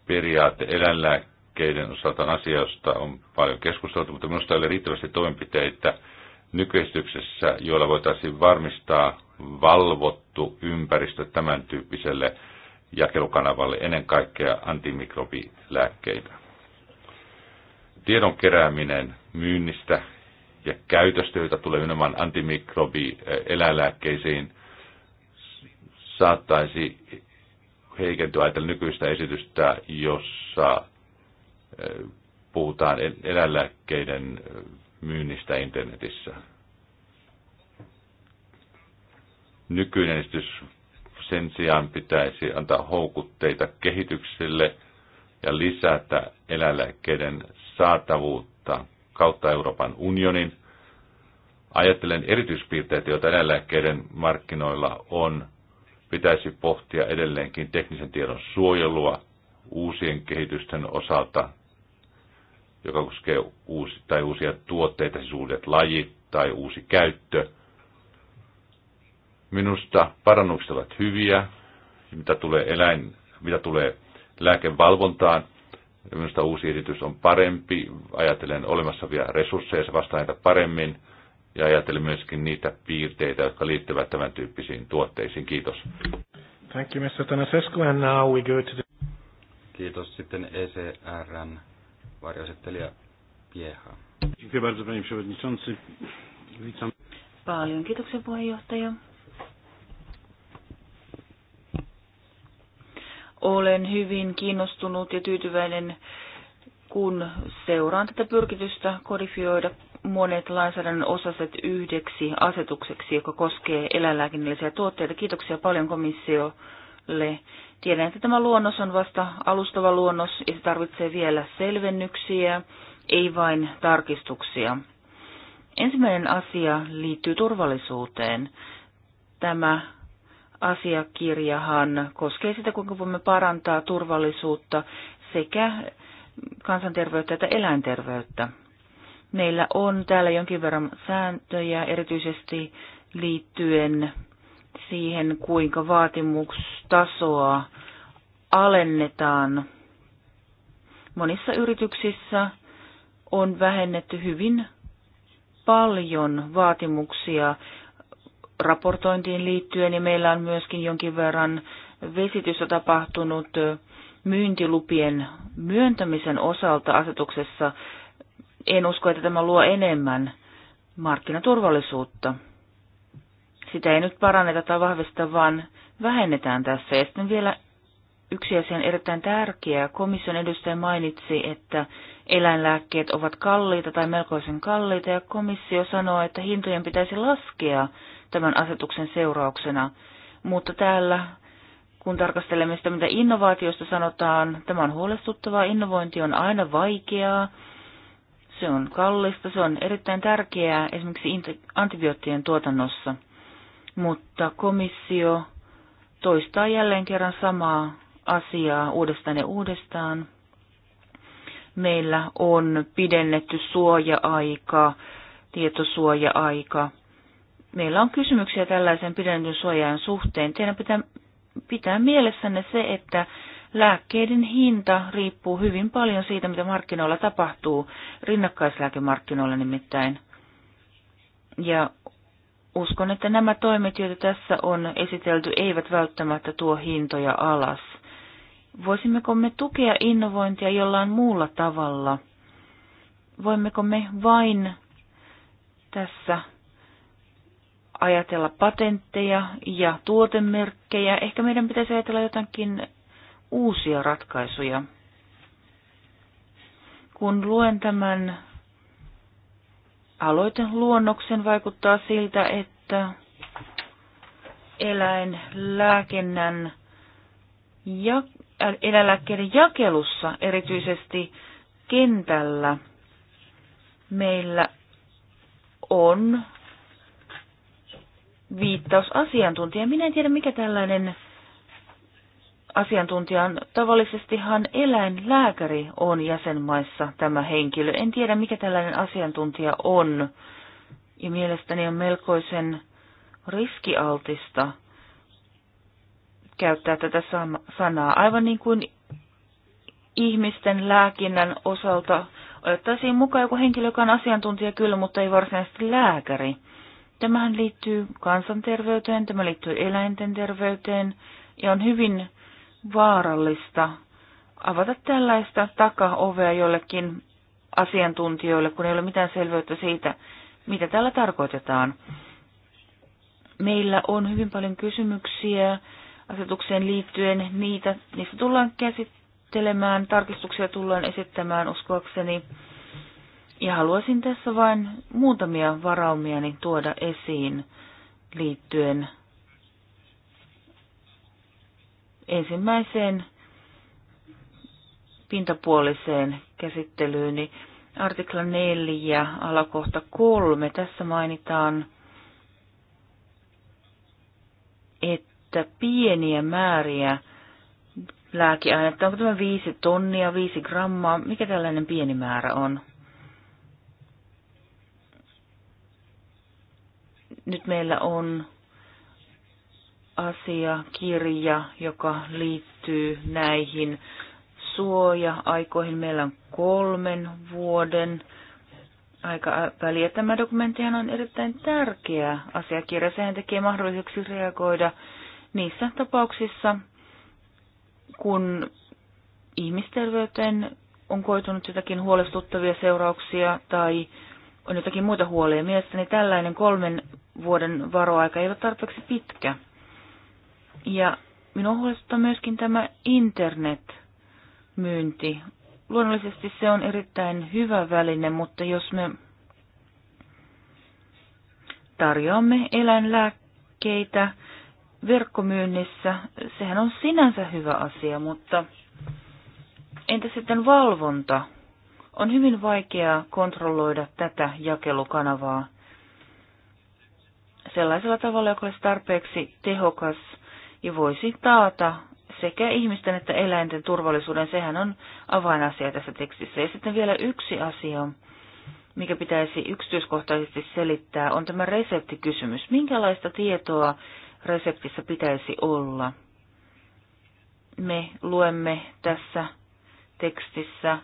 periaate eläinlääkkeiden lääkkeiden osalta on asia, josta on paljon keskusteltu, mutta minusta ei ole riittävästi toimenpiteitä nykyistyksessä, joilla voitaisiin varmistaa valvottu ympäristö tämän tyyppiselle jakelukanavalle, ennen kaikkea antimikrobilääkkeitä. Tiedon kerääminen myynnistä ja käytöstä, joita tulee nimenomaan antimikrobi saattaisi heikentyä ajatella nykyistä esitystä, jossa puhutaan eläinlääkkeiden myynnistä internetissä. Nykyinen esitys sen sijaan pitäisi antaa houkutteita kehitykselle ja lisätä eläinlääkkeiden saatavuutta kautta Euroopan unionin. Ajattelen erityispiirteitä, joita eläinlääkkeiden markkinoilla on. Pitäisi pohtia edelleenkin teknisen tiedon suojelua uusien kehitysten osalta joka koskee uusi, tai uusia tuotteita, siis uudet lajit tai uusi käyttö. Minusta parannukset ovat hyviä, mitä tulee, eläin, mitä tulee lääkevalvontaan. Minusta uusi esitys on parempi, ajatellen olemassa vielä resursseja, se vastaa näitä paremmin ja ajatellen myöskin niitä piirteitä, jotka liittyvät tämän tyyppisiin tuotteisiin. Kiitos. Thank you, Mr. Tanasescu, and now we go to the... Kiitos sitten ECRn varjoesittelijä Pieha. Paljon kiitoksia puheenjohtaja. Olen hyvin kiinnostunut ja tyytyväinen, kun seuraan tätä pyrkitystä kodifioida monet lainsäädännön osaset yhdeksi asetukseksi, joka koskee eläinlääkinnällisiä tuotteita. Kiitoksia paljon komissiolle Tiedän, että tämä luonnos on vasta alustava luonnos ja se tarvitsee vielä selvennyksiä, ei vain tarkistuksia. Ensimmäinen asia liittyy turvallisuuteen. Tämä asiakirjahan koskee sitä, kuinka voimme parantaa turvallisuutta sekä kansanterveyttä että eläinterveyttä. Meillä on täällä jonkin verran sääntöjä, erityisesti liittyen siihen, kuinka vaatimustasoa alennetaan. Monissa yrityksissä on vähennetty hyvin paljon vaatimuksia raportointiin liittyen ja meillä on myöskin jonkin verran vesitystä tapahtunut myyntilupien myöntämisen osalta asetuksessa. En usko, että tämä luo enemmän markkinaturvallisuutta sitä ei nyt paranneta tai vahvista, vaan vähennetään tässä. Ja sitten vielä yksi asia on erittäin tärkeä. Komission edustaja mainitsi, että eläinlääkkeet ovat kalliita tai melkoisen kalliita, ja komissio sanoo, että hintojen pitäisi laskea tämän asetuksen seurauksena. Mutta täällä, kun tarkastelemme sitä, mitä innovaatiosta sanotaan, tämä on huolestuttavaa. Innovointi on aina vaikeaa, se on kallista, se on erittäin tärkeää esimerkiksi antibioottien tuotannossa – mutta komissio toistaa jälleen kerran samaa asiaa uudestaan ja uudestaan. Meillä on pidennetty suoja-aika, tietosuoja-aika. Meillä on kysymyksiä tällaisen pidennetyn suojan suhteen. Teidän pitää pitää mielessänne se, että lääkkeiden hinta riippuu hyvin paljon siitä, mitä markkinoilla tapahtuu, rinnakkaislääkemarkkinoilla nimittäin. Ja uskon, että nämä toimet, joita tässä on esitelty, eivät välttämättä tuo hintoja alas. Voisimmeko me tukea innovointia jollain muulla tavalla? Voimmeko me vain tässä ajatella patentteja ja tuotemerkkejä? Ehkä meidän pitäisi ajatella jotakin uusia ratkaisuja. Kun luen tämän luonnoksen vaikuttaa siltä, että eläinlääkennän ja äh, eläinlääkkeiden jakelussa, erityisesti kentällä, meillä on viittaus asiantuntija. Minä en tiedä, mikä tällainen asiantuntijan. Tavallisestihan eläinlääkäri on jäsenmaissa tämä henkilö. En tiedä, mikä tällainen asiantuntija on. Ja mielestäni on melkoisen riskialtista käyttää tätä sanaa, aivan niin kuin ihmisten lääkinnän osalta otettaisiin mukaan joku henkilö, joka on asiantuntija kyllä, mutta ei varsinaisesti lääkäri. Tämähän liittyy kansanterveyteen, tämä liittyy eläinten terveyteen ja on hyvin vaarallista avata tällaista takaovea jollekin asiantuntijoille, kun ei ole mitään selvyyttä siitä, mitä tällä tarkoitetaan. Meillä on hyvin paljon kysymyksiä asetukseen liittyen. Niitä, niistä tullaan käsittelemään, tarkistuksia tullaan esittämään uskoakseni. Ja haluaisin tässä vain muutamia varaumiani tuoda esiin liittyen ensimmäiseen pintapuoliseen käsittelyyn, niin artikla 4, alakohta 3, tässä mainitaan, että pieniä määriä lääkeainetta, onko tämä 5 tonnia, 5 grammaa, mikä tällainen pieni määrä on? Nyt meillä on asiakirja, joka liittyy näihin suoja-aikoihin. Meillä on kolmen vuoden aika väliä. Tämä dokumenttihan on erittäin tärkeä asiakirja. Sehän tekee mahdolliseksi reagoida niissä tapauksissa, kun ihmisterveyteen on koitunut jotakin huolestuttavia seurauksia tai on jotakin muita huolia. Mielestäni tällainen kolmen vuoden varoaika ei ole tarpeeksi pitkä. Ja minua huolestuttaa myöskin tämä internetmyynti Luonnollisesti se on erittäin hyvä väline, mutta jos me tarjoamme eläinlääkkeitä verkkomyynnissä, sehän on sinänsä hyvä asia, mutta entä sitten valvonta? On hyvin vaikeaa kontrolloida tätä jakelukanavaa sellaisella tavalla, joka olisi tarpeeksi tehokas – ja voisi taata sekä ihmisten että eläinten turvallisuuden. Sehän on avainasia tässä tekstissä. Ja sitten vielä yksi asia, mikä pitäisi yksityiskohtaisesti selittää, on tämä reseptikysymys. Minkälaista tietoa reseptissä pitäisi olla? Me luemme tässä tekstissä,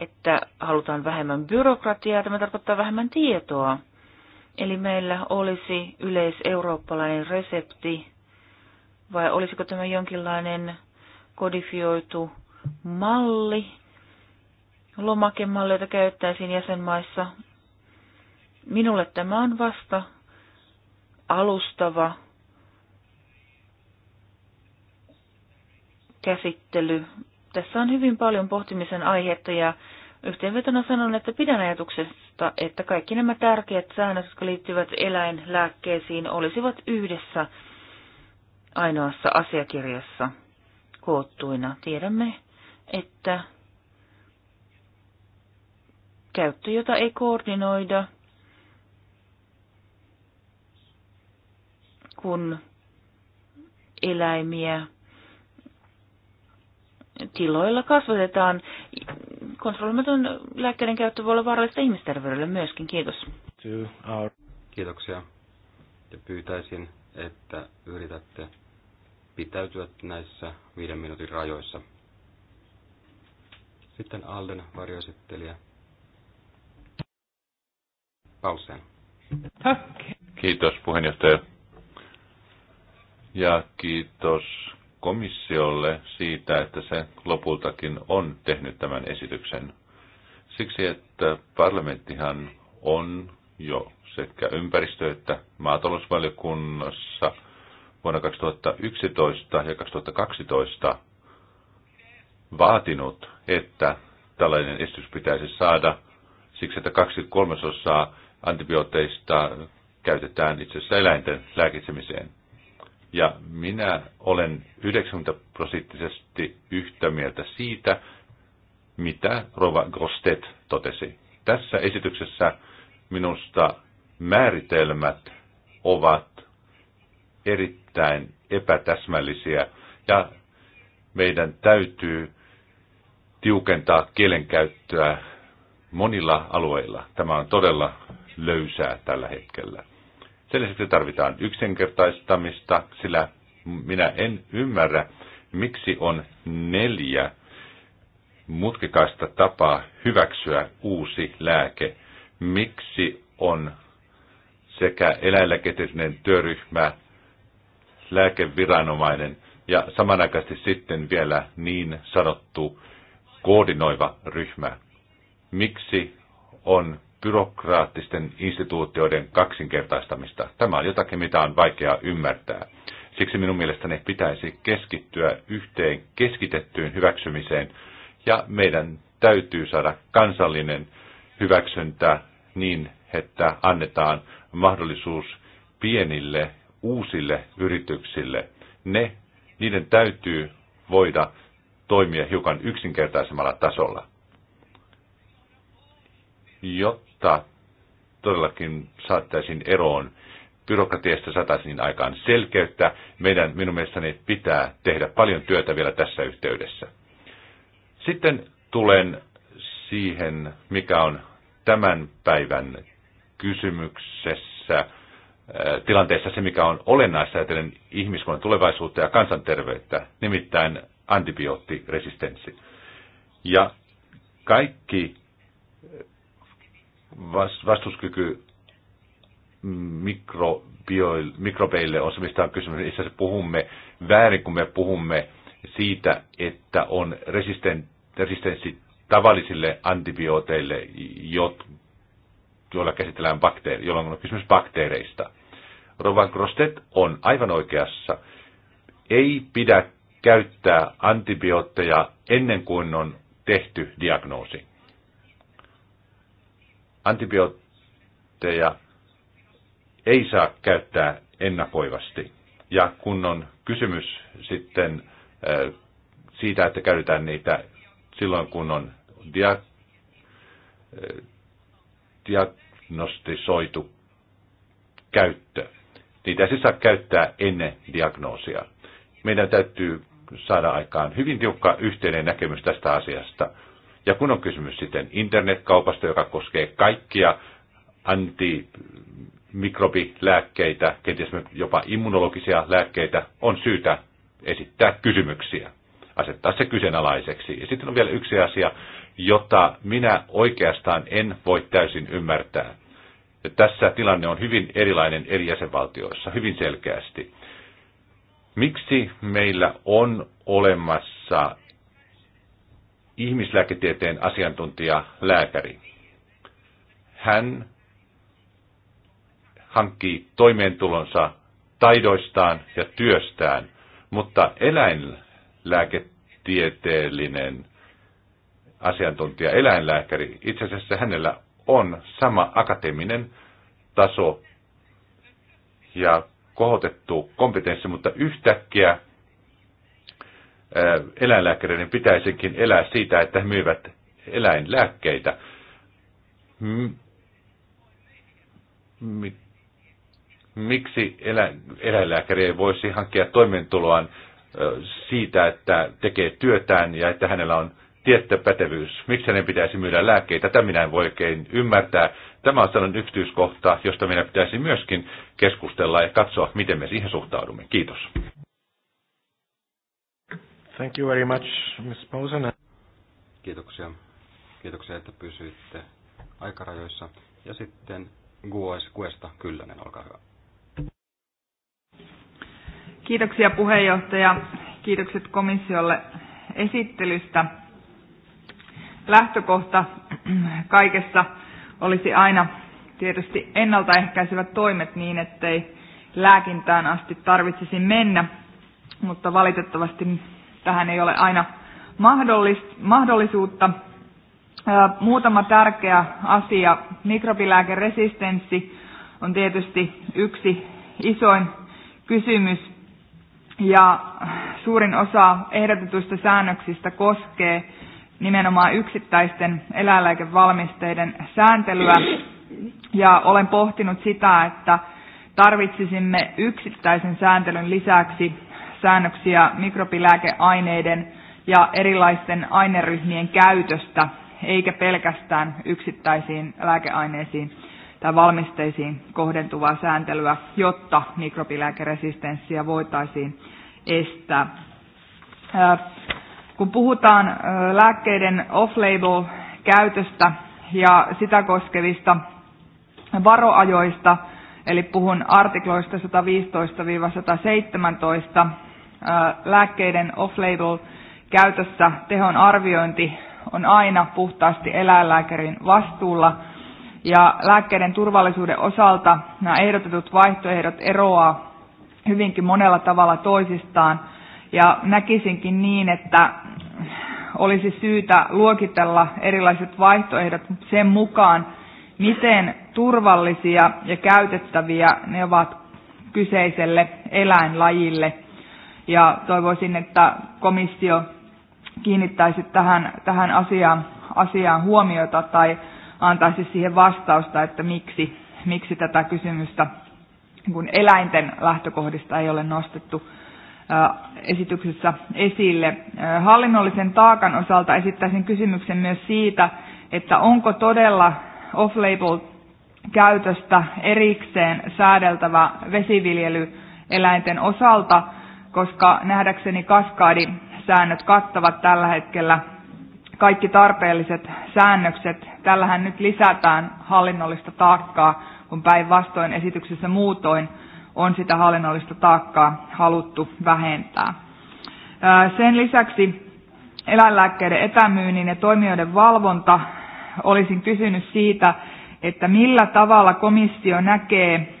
että halutaan vähemmän byrokratiaa, tämä tarkoittaa vähemmän tietoa. Eli meillä olisi yleiseurooppalainen resepti, vai olisiko tämä jonkinlainen kodifioitu malli, lomakemalli, jota käyttäisiin jäsenmaissa. Minulle tämä on vasta alustava käsittely. Tässä on hyvin paljon pohtimisen aihetta ja yhteenvetona sanon, että pidän ajatuksesta, että kaikki nämä tärkeät säännöt, jotka liittyvät eläinlääkkeisiin, olisivat yhdessä ainoassa asiakirjassa koottuina. Tiedämme, että käyttö, jota ei koordinoida, kun eläimiä tiloilla kasvatetaan. Kontrolloimaton lääkkeiden käyttö voi olla vaarallista ihmisterveydelle myöskin. Kiitos. Kiitoksia. Ja pyytäisin, että yritätte pitäytyä näissä viiden minuutin rajoissa. Sitten Alden varjoesittelijä. Paulsen. Kiitos puheenjohtaja. Ja kiitos komissiolle siitä, että se lopultakin on tehnyt tämän esityksen. Siksi, että parlamenttihan on jo sekä ympäristö- että maatalousvaliokunnassa vuonna 2011 ja 2012 vaatinut, että tällainen esitys pitäisi saada siksi, että kaksi kolmasosaa antibiooteista käytetään itse asiassa eläinten lääkitsemiseen. Ja minä olen 90 prosenttisesti yhtä mieltä siitä, mitä Rova Grostet totesi. Tässä esityksessä minusta määritelmät ovat erittäin epätäsmällisiä ja meidän täytyy tiukentaa kielenkäyttöä monilla alueilla. Tämä on todella löysää tällä hetkellä. Sen lisäksi tarvitaan yksinkertaistamista, sillä minä en ymmärrä, miksi on neljä mutkikaista tapaa hyväksyä uusi lääke. Miksi on sekä eläinlääketieteellinen työryhmä lääkeviranomainen ja samanaikaisesti sitten vielä niin sanottu koordinoiva ryhmä. Miksi on byrokraattisten instituutioiden kaksinkertaistamista? Tämä on jotakin, mitä on vaikea ymmärtää. Siksi minun mielestäni pitäisi keskittyä yhteen keskitettyyn hyväksymiseen ja meidän täytyy saada kansallinen hyväksyntä niin, että annetaan mahdollisuus pienille uusille yrityksille. Ne, niiden täytyy voida toimia hiukan yksinkertaisemmalla tasolla, jotta todellakin saattaisiin eroon byrokratiasta saataisiin aikaan selkeyttä. Meidän minun mielestäni pitää tehdä paljon työtä vielä tässä yhteydessä. Sitten tulen siihen, mikä on tämän päivän kysymyksessä tilanteessa se, mikä on olennaista ajatellen ihmiskunnan tulevaisuutta ja kansanterveyttä, nimittäin antibioottiresistenssi. Ja kaikki vastuskyky mikrobeille on se, mistä on kysymys. Itse asiassa puhumme väärin, kun me puhumme siitä, että on resistenssi tavallisille antibiooteille, joilla käsitellään bakteereja, jolloin on kysymys bakteereista. Rovan Grostet on aivan oikeassa. Ei pidä käyttää antibiootteja ennen kuin on tehty diagnoosi. Antibiootteja ei saa käyttää ennakoivasti. Ja kun on kysymys sitten siitä, että käytetään niitä silloin, kun on dia, dia, diagnostisoitu käyttö. Niitä ei siis saa käyttää ennen diagnoosia. Meidän täytyy saada aikaan hyvin tiukka yhteinen näkemys tästä asiasta. Ja kun on kysymys sitten internetkaupasta, joka koskee kaikkia antimikrobilääkkeitä, kenties jopa immunologisia lääkkeitä, on syytä esittää kysymyksiä, asettaa se kyseenalaiseksi. Ja sitten on vielä yksi asia, jota minä oikeastaan en voi täysin ymmärtää. Ja tässä tilanne on hyvin erilainen eri jäsenvaltioissa, hyvin selkeästi. Miksi meillä on olemassa ihmislääketieteen asiantuntija lääkäri? Hän hankkii toimeentulonsa taidoistaan ja työstään, mutta eläinlääketieteellinen asiantuntija, eläinlääkäri, itse asiassa hänellä on sama akateeminen taso ja kohotettu kompetenssi, mutta yhtäkkiä äh, eläinlääkäreiden pitäisikin elää siitä, että he myyvät eläinlääkkeitä. Miksi elä, eläinlääkäri ei voisi hankkia toimeentuloaan äh, siitä, että tekee työtään ja että hänellä on tietty pätevyys. Miksi hänen pitäisi myydä lääkkeitä? Tätä minä en voi oikein ymmärtää. Tämä on sellainen yksityiskohta, josta meidän pitäisi myöskin keskustella ja katsoa, miten me siihen suhtaudumme. Kiitos. Thank you very much, Ms. Posen. Kiitoksia. Kiitoksia, että pysyitte aikarajoissa. Ja sitten Gues, Kuesta Kyllönen, olkaa hyvä. Kiitoksia puheenjohtaja. Kiitokset komissiolle esittelystä lähtökohta kaikessa olisi aina tietysti ennaltaehkäisevät toimet niin, ettei lääkintään asti tarvitsisi mennä, mutta valitettavasti tähän ei ole aina mahdollisuutta. Muutama tärkeä asia. Mikrobilääkeresistenssi on tietysti yksi isoin kysymys ja suurin osa ehdotetuista säännöksistä koskee nimenomaan yksittäisten eläinlääkevalmisteiden sääntelyä ja olen pohtinut sitä, että tarvitsisimme yksittäisen sääntelyn lisäksi säännöksiä mikrobilääkeaineiden ja erilaisten aineryhmien käytöstä, eikä pelkästään yksittäisiin lääkeaineisiin tai valmisteisiin kohdentuvaa sääntelyä, jotta mikrobilääkeresistenssiä voitaisiin estää. Kun puhutaan lääkkeiden off-label käytöstä ja sitä koskevista varoajoista, eli puhun artikloista 115-117, lääkkeiden off-label käytössä tehon arviointi on aina puhtaasti eläinlääkärin vastuulla, ja lääkkeiden turvallisuuden osalta nämä ehdotetut vaihtoehdot eroaa hyvinkin monella tavalla toisistaan, ja näkisinkin niin, että olisi syytä luokitella erilaiset vaihtoehdot sen mukaan, miten turvallisia ja käytettäviä ne ovat kyseiselle eläinlajille. Ja toivoisin, että komissio kiinnittäisi tähän, tähän asiaan, asiaan huomiota tai antaisi siihen vastausta, että miksi, miksi tätä kysymystä kun eläinten lähtökohdista ei ole nostettu esityksessä esille. Hallinnollisen taakan osalta esittäisin kysymyksen myös siitä, että onko todella off-label käytöstä erikseen säädeltävä vesiviljelyeläinten osalta, koska nähdäkseni kaskaadisäännöt kattavat tällä hetkellä kaikki tarpeelliset säännökset. Tällähän nyt lisätään hallinnollista taakkaa, kun päinvastoin esityksessä muutoin on sitä hallinnollista taakkaa haluttu vähentää. Sen lisäksi eläinlääkkeiden etämyynnin ja toimijoiden valvonta olisin kysynyt siitä, että millä tavalla komissio näkee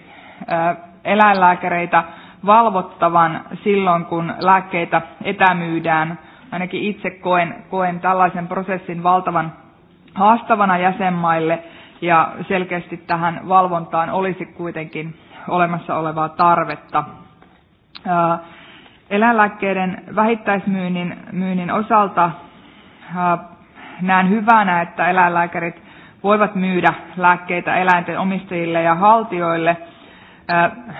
eläinlääkäreitä valvottavan silloin, kun lääkkeitä etämyydään. Ainakin itse koen, koen tällaisen prosessin valtavan haastavana jäsenmaille ja selkeästi tähän valvontaan olisi kuitenkin olemassa olevaa tarvetta. Eläinlääkkeiden vähittäismyynnin myynnin osalta näen hyvänä, että eläinlääkärit voivat myydä lääkkeitä eläinten omistajille ja haltijoille.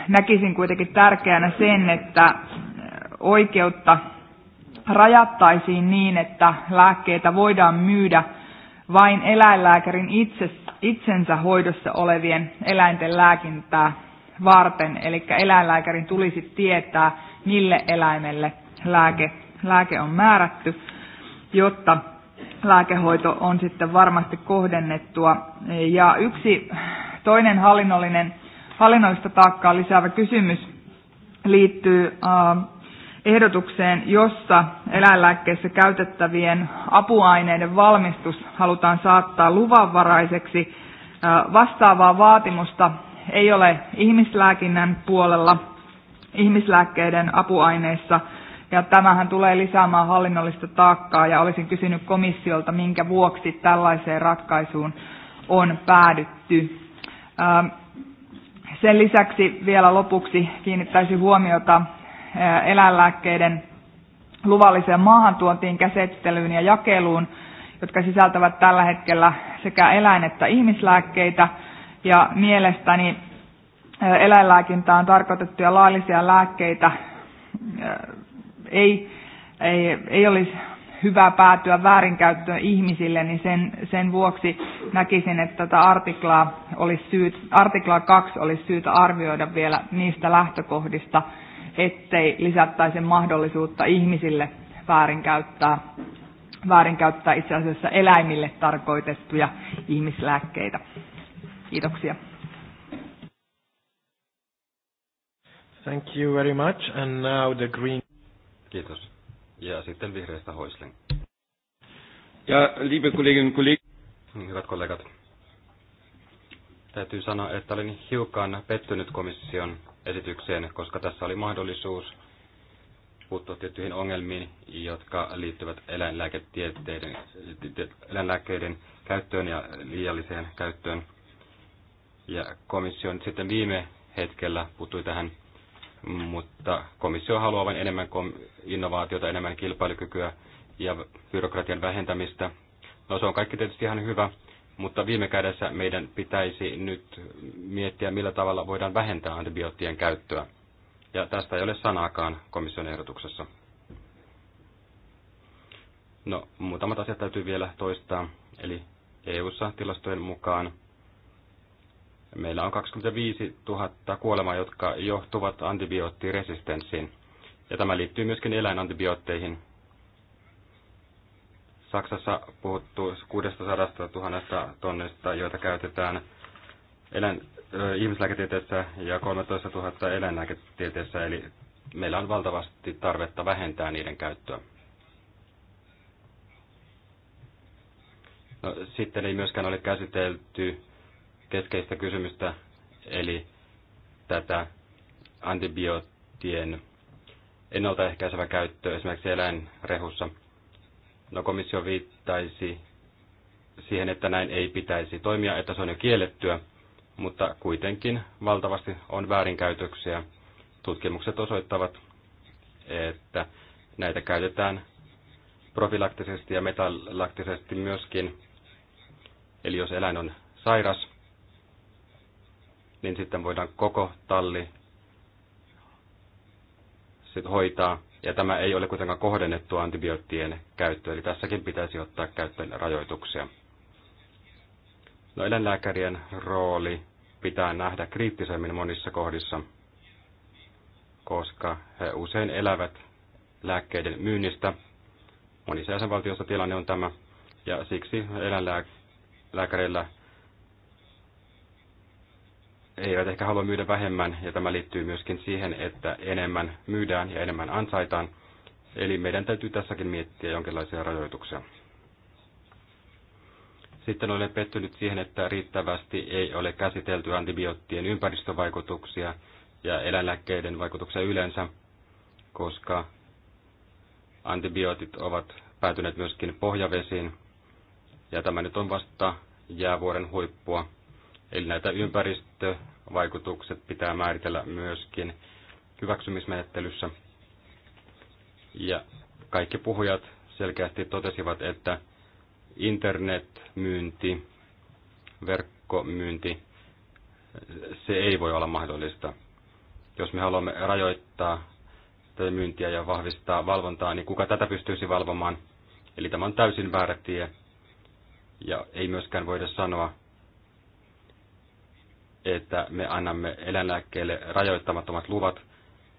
Näkisin kuitenkin tärkeänä sen, että oikeutta rajattaisiin niin, että lääkkeitä voidaan myydä vain eläinlääkärin itsensä hoidossa olevien eläinten lääkintää varten, eli eläinlääkärin tulisi tietää, mille eläimelle lääke, lääke on määrätty, jotta lääkehoito on sitten varmasti kohdennettua. Ja yksi toinen hallinnollinen, hallinnollista taakkaa lisäävä kysymys liittyy ehdotukseen, jossa eläinlääkkeissä käytettävien apuaineiden valmistus halutaan saattaa luvanvaraiseksi. Vastaavaa vaatimusta ei ole ihmislääkinnän puolella, ihmislääkkeiden apuaineissa, ja tämähän tulee lisäämään hallinnollista taakkaa, ja olisin kysynyt komissiolta, minkä vuoksi tällaiseen ratkaisuun on päädytty. Ähm, sen lisäksi vielä lopuksi kiinnittäisin huomiota äh, eläinlääkkeiden luvalliseen maahantuontiin, käsittelyyn ja jakeluun, jotka sisältävät tällä hetkellä sekä eläin- että ihmislääkkeitä – ja mielestäni eläinlääkintään tarkoitettuja laillisia lääkkeitä ei, ei, ei olisi hyvä päätyä väärinkäyttöön ihmisille, niin sen, sen vuoksi näkisin, että tätä artiklaa, olisi syyt, artiklaa 2 olisi syytä arvioida vielä niistä lähtökohdista, ettei lisättäisi mahdollisuutta ihmisille väärinkäyttää, väärinkäyttää itse asiassa eläimille tarkoitettuja ihmislääkkeitä. Kiitoksia. Thank you very much. And now the green... Kiitos. Ja sitten vihreistä Hoisling. Ja liebe Kolleginnen und Kollegen. Niin, hyvät kollegat. Täytyy sanoa, että olin hiukan pettynyt komission esitykseen, koska tässä oli mahdollisuus puuttua tiettyihin ongelmiin, jotka liittyvät eläinlääketieteiden, eläinlääkkeiden käyttöön ja liialliseen käyttöön. Ja komissio nyt sitten viime hetkellä puuttui tähän, mutta komissio haluaa vain enemmän innovaatiota, enemmän kilpailukykyä ja byrokratian vähentämistä. No se on kaikki tietysti ihan hyvä, mutta viime kädessä meidän pitäisi nyt miettiä, millä tavalla voidaan vähentää antibioottien käyttöä. Ja tästä ei ole sanaakaan komission ehdotuksessa. No, muutamat asiat täytyy vielä toistaa. Eli EU-ssa tilastojen mukaan Meillä on 25 000 kuolemaa, jotka johtuvat antibioottiresistenssiin. Ja tämä liittyy myöskin eläinantibiootteihin. Saksassa puhuttu 600 000 tonnista, joita käytetään eläin, ihmislääketieteessä ja 13 000 eläinlääketieteessä, eli meillä on valtavasti tarvetta vähentää niiden käyttöä. No, sitten ei myöskään ole käsitelty keskeistä kysymystä, eli tätä antibioottien ennaltaehkäisevä käyttö esimerkiksi eläinrehussa. No komissio viittaisi siihen, että näin ei pitäisi toimia, että se on jo kiellettyä, mutta kuitenkin valtavasti on väärinkäytöksiä. Tutkimukset osoittavat, että näitä käytetään profilaktisesti ja metallaktisesti myöskin. Eli jos eläin on sairas, niin sitten voidaan koko talli sit hoitaa. Ja tämä ei ole kuitenkaan kohdennettu antibioottien käyttöä, eli tässäkin pitäisi ottaa käyttöön rajoituksia. No eläinlääkärien rooli pitää nähdä kriittisemmin monissa kohdissa, koska he usein elävät lääkkeiden myynnistä. Monissa jäsenvaltioissa tilanne on tämä, ja siksi eläinlääkäreillä eivät ehkä halua myydä vähemmän, ja tämä liittyy myöskin siihen, että enemmän myydään ja enemmän ansaitaan. Eli meidän täytyy tässäkin miettiä jonkinlaisia rajoituksia. Sitten olen pettynyt siihen, että riittävästi ei ole käsitelty antibioottien ympäristövaikutuksia ja eläinlääkkeiden vaikutuksia yleensä, koska antibiootit ovat päätyneet myöskin pohjavesiin, ja tämä nyt on vasta jäävuoren huippua Eli näitä ympäristövaikutukset pitää määritellä myöskin hyväksymismenettelyssä. Ja kaikki puhujat selkeästi totesivat, että internetmyynti, verkkomyynti, se ei voi olla mahdollista. Jos me haluamme rajoittaa tätä myyntiä ja vahvistaa valvontaa, niin kuka tätä pystyisi valvomaan? Eli tämä on täysin väärä tie. Ja ei myöskään voida sanoa, että me annamme eläinlääkkeille rajoittamattomat luvat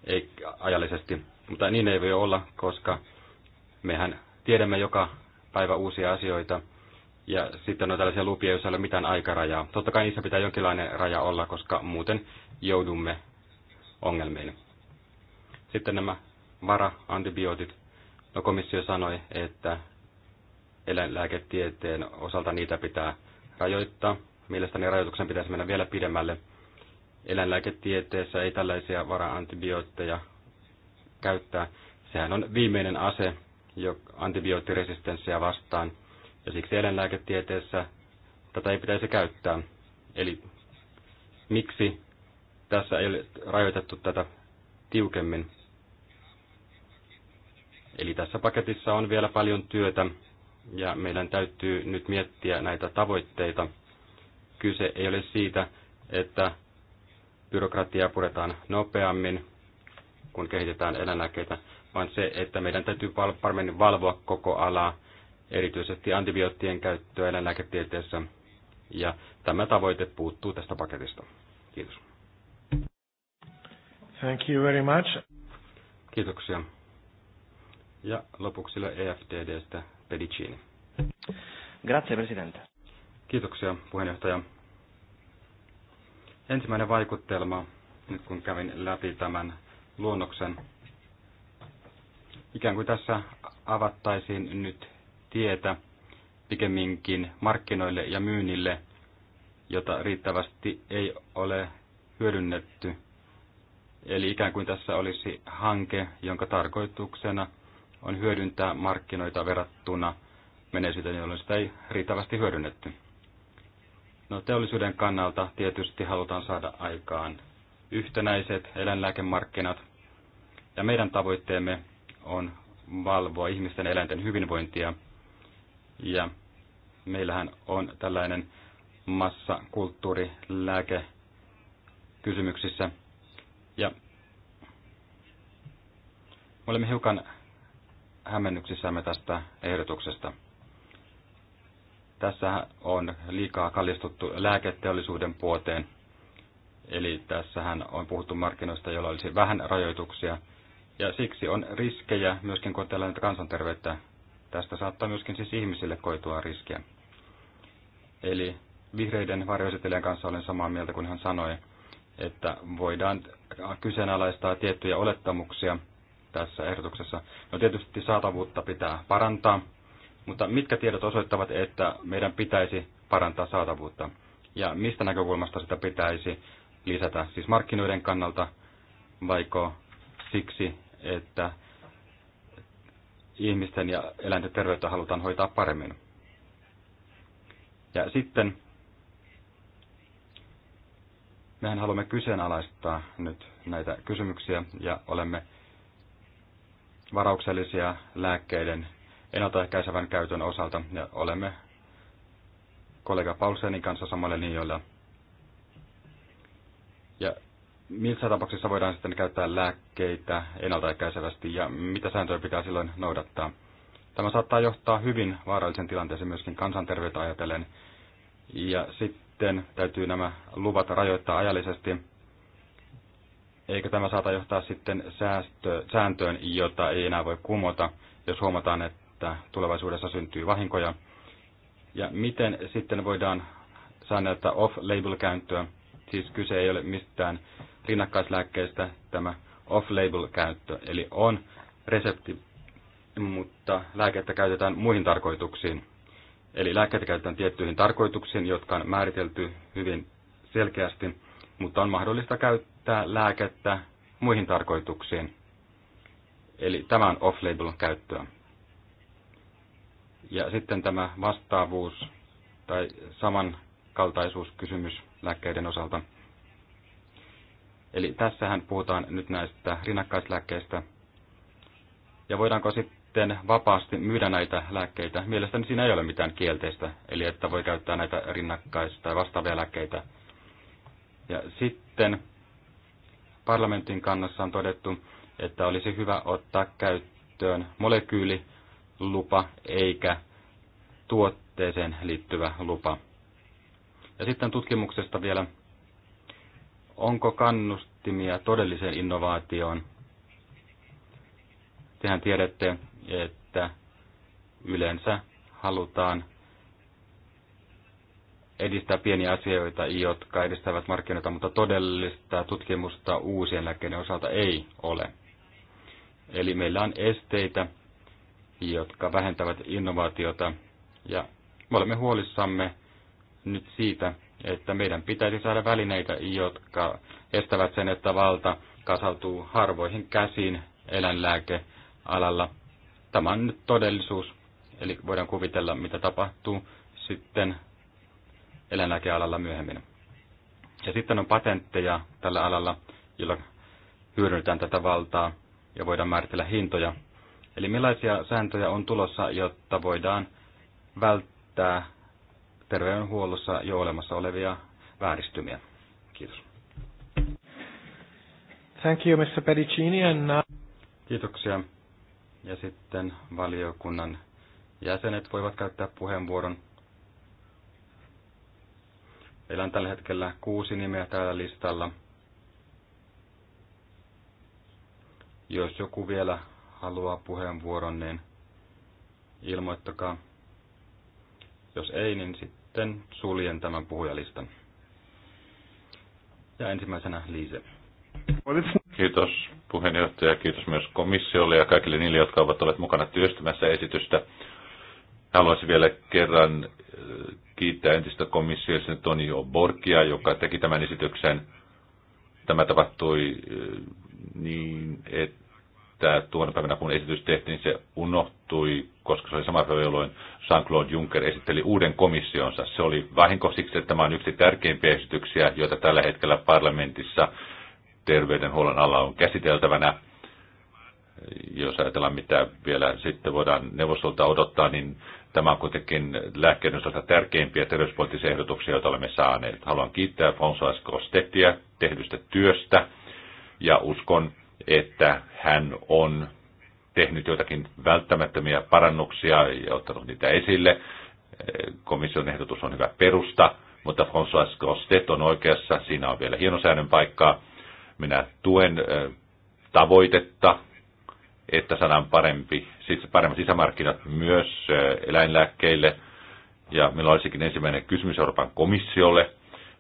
ei, ajallisesti. Mutta niin ei voi olla, koska mehän tiedämme joka päivä uusia asioita. Ja sitten on tällaisia lupia, joissa ei ole mitään aikarajaa. Totta kai niissä pitää jonkinlainen raja olla, koska muuten joudumme ongelmiin. Sitten nämä vara-antibiootit. No komissio sanoi, että eläinlääketieteen osalta niitä pitää rajoittaa. Mielestäni rajoituksen pitäisi mennä vielä pidemmälle. Eläinlääketieteessä ei tällaisia vara-antibiootteja käyttää. Sehän on viimeinen ase jo antibioottiresistenssiä vastaan, ja siksi eläinlääketieteessä tätä ei pitäisi käyttää. Eli miksi tässä ei ole rajoitettu tätä tiukemmin? Eli tässä paketissa on vielä paljon työtä, ja meidän täytyy nyt miettiä näitä tavoitteita – Kyse ei ole siitä, että byrokratiaa puretaan nopeammin, kun kehitetään eläinlääkkeitä, vaan se, että meidän täytyy paremmin valvoa koko alaa, erityisesti antibioottien käyttöä eläinlääketieteessä, ja tämä tavoite puuttuu tästä paketista. Kiitos. Thank you very much. Kiitoksia. Ja lopuksi EFTDstä e Pedicini. Grazie, Presidente. Kiitoksia, puheenjohtaja. Ensimmäinen vaikutelma, nyt kun kävin läpi tämän luonnoksen, ikään kuin tässä avattaisiin nyt tietä pikemminkin markkinoille ja myynnille, jota riittävästi ei ole hyödynnetty. Eli ikään kuin tässä olisi hanke, jonka tarkoituksena on hyödyntää markkinoita verrattuna menneisyyteen, jolloin sitä ei riittävästi hyödynnetty. No teollisuuden kannalta tietysti halutaan saada aikaan yhtenäiset eläinlääkemarkkinat, ja meidän tavoitteemme on valvoa ihmisten eläinten hyvinvointia, ja meillähän on tällainen massakulttuurilääke kysymyksissä, ja olemme hiukan hämmennyksissämme tästä ehdotuksesta – tässä on liikaa kallistuttu lääketeollisuuden puoteen, eli tässähän on puhuttu markkinoista, joilla olisi vähän rajoituksia, ja siksi on riskejä myöskin, kun ajatellaan kansanterveyttä. Tästä saattaa myöskin siis ihmisille koitua riskiä. Eli vihreiden varjoesittelijän kanssa olen samaa mieltä kuin hän sanoi, että voidaan kyseenalaistaa tiettyjä olettamuksia tässä ehdotuksessa. No tietysti saatavuutta pitää parantaa, mutta mitkä tiedot osoittavat, että meidän pitäisi parantaa saatavuutta? Ja mistä näkökulmasta sitä pitäisi lisätä? Siis markkinoiden kannalta vaiko siksi, että ihmisten ja eläinten terveyttä halutaan hoitaa paremmin? Ja sitten mehän haluamme kyseenalaistaa nyt näitä kysymyksiä ja olemme varauksellisia lääkkeiden ennaltaehkäisevän käytön osalta ja olemme kollega Paulsenin kanssa samalla linjoilla. Ja missä tapauksissa voidaan sitten käyttää lääkkeitä ennaltaehkäisevästi ja mitä sääntöjä pitää silloin noudattaa. Tämä saattaa johtaa hyvin vaarallisen tilanteeseen myöskin kansanterveyttä ajatellen. Ja sitten täytyy nämä luvat rajoittaa ajallisesti, eikö tämä saata johtaa sitten säästö, sääntöön, jota ei enää voi kumota, jos huomataan, että että tulevaisuudessa syntyy vahinkoja. Ja miten sitten voidaan säännellä off-label käyttöä, siis kyse ei ole mistään rinnakkaislääkkeestä tämä off-label käyttö, eli on resepti, mutta lääkettä käytetään muihin tarkoituksiin. Eli lääkkeitä käytetään tiettyihin tarkoituksiin, jotka on määritelty hyvin selkeästi, mutta on mahdollista käyttää lääkettä muihin tarkoituksiin. Eli tämä on off-label käyttöä. Ja sitten tämä vastaavuus tai samankaltaisuuskysymys lääkkeiden osalta. Eli tässähän puhutaan nyt näistä rinnakkaislääkkeistä. Ja voidaanko sitten vapaasti myydä näitä lääkkeitä? Mielestäni siinä ei ole mitään kielteistä, eli että voi käyttää näitä rinnakkais- tai vastaavia lääkkeitä. Ja sitten parlamentin kannassa on todettu, että olisi hyvä ottaa käyttöön molekyyli lupa eikä tuotteeseen liittyvä lupa. Ja sitten tutkimuksesta vielä, onko kannustimia todelliseen innovaatioon? Tehän tiedätte, että yleensä halutaan edistää pieniä asioita, jotka edistävät markkinoita, mutta todellista tutkimusta uusien lääkkeiden osalta ei ole. Eli meillä on esteitä, jotka vähentävät innovaatiota. Ja me olemme huolissamme nyt siitä, että meidän pitäisi saada välineitä, jotka estävät sen, että valta kasautuu harvoihin käsiin eläinlääkealalla. Tämä on nyt todellisuus, eli voidaan kuvitella, mitä tapahtuu sitten eläinlääkealalla myöhemmin. Ja sitten on patentteja tällä alalla, joilla hyödynnetään tätä valtaa ja voidaan määritellä hintoja. Eli millaisia sääntöjä on tulossa, jotta voidaan välttää terveydenhuollossa jo olemassa olevia vääristymiä? Kiitos. Thank you, Mr. Pedicini. And Kiitoksia. Ja sitten valiokunnan jäsenet voivat käyttää puheenvuoron. Meillä on tällä hetkellä kuusi nimeä täällä listalla. Jos joku vielä haluaa puheenvuoron, niin ilmoittakaa. Jos ei, niin sitten suljen tämän puhujalistan. Ja ensimmäisenä Liise. Kiitos puheenjohtaja, kiitos myös komissiolle ja kaikille niille, jotka ovat olleet mukana työstämässä esitystä. Haluaisin vielä kerran äh, kiittää entistä komissiolle Tonio Borkia, joka teki tämän esityksen. Tämä tapahtui äh, niin, että että tuona päivänä kun esitys tehtiin, niin se unohtui, koska se oli sama päivä, jolloin Jean-Claude Juncker esitteli uuden komissionsa. Se oli vahinko siksi, että tämä on yksi tärkeimpiä esityksiä, joita tällä hetkellä parlamentissa terveydenhuollon alla on käsiteltävänä. Jos ajatellaan, mitä vielä sitten voidaan neuvostolta odottaa, niin tämä on kuitenkin lääkkeiden osalta tärkeimpiä terveyspoliittisia ehdotuksia, joita olemme saaneet. Haluan kiittää François Grostettia tehdystä työstä ja uskon, että hän on tehnyt jotakin välttämättömiä parannuksia ja ottanut niitä esille. Komission ehdotus on hyvä perusta, mutta François Grostet on oikeassa. Siinä on vielä säännön paikkaa. Minä tuen tavoitetta, että saadaan parempi, siis paremmat sisämarkkinat myös eläinlääkkeille. Ja meillä olisikin ensimmäinen kysymys Euroopan komissiolle.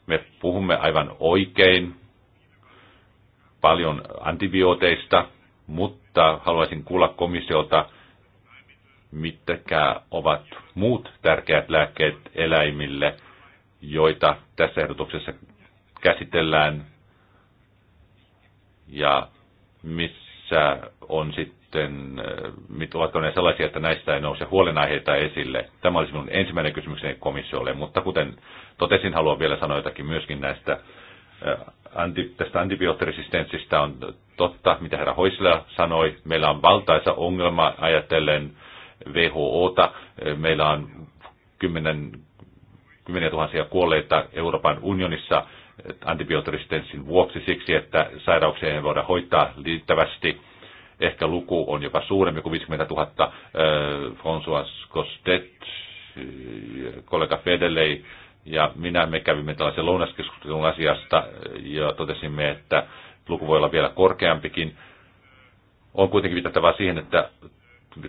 Me puhumme aivan oikein paljon antibiooteista, mutta haluaisin kuulla komissiolta, mitkä ovat muut tärkeät lääkkeet eläimille, joita tässä ehdotuksessa käsitellään ja missä on sitten, mit, ovatko ne sellaisia, että näistä ei nouse huolenaiheita esille. Tämä olisi minun ensimmäinen kysymykseni komissiolle, mutta kuten totesin, haluan vielä sanoa jotakin myöskin näistä anti, tästä antibioottiresistenssistä on totta, mitä herra Hoisla sanoi. Meillä on valtaisa ongelma ajatellen WHOta. Meillä on kymmenen, kymmeniä tuhansia kuolleita Euroopan unionissa antibioottiresistenssin vuoksi siksi, että sairauksia ei voida hoitaa liittävästi. Ehkä luku on jopa suurempi kuin 50 000. François Costet, kollega Fedelei, ja minä me kävimme tällaisen lounaskeskustelun asiasta eh, ja totesimme, että luku voi olla vielä korkeampikin. On kuitenkin viitattavaa siihen, että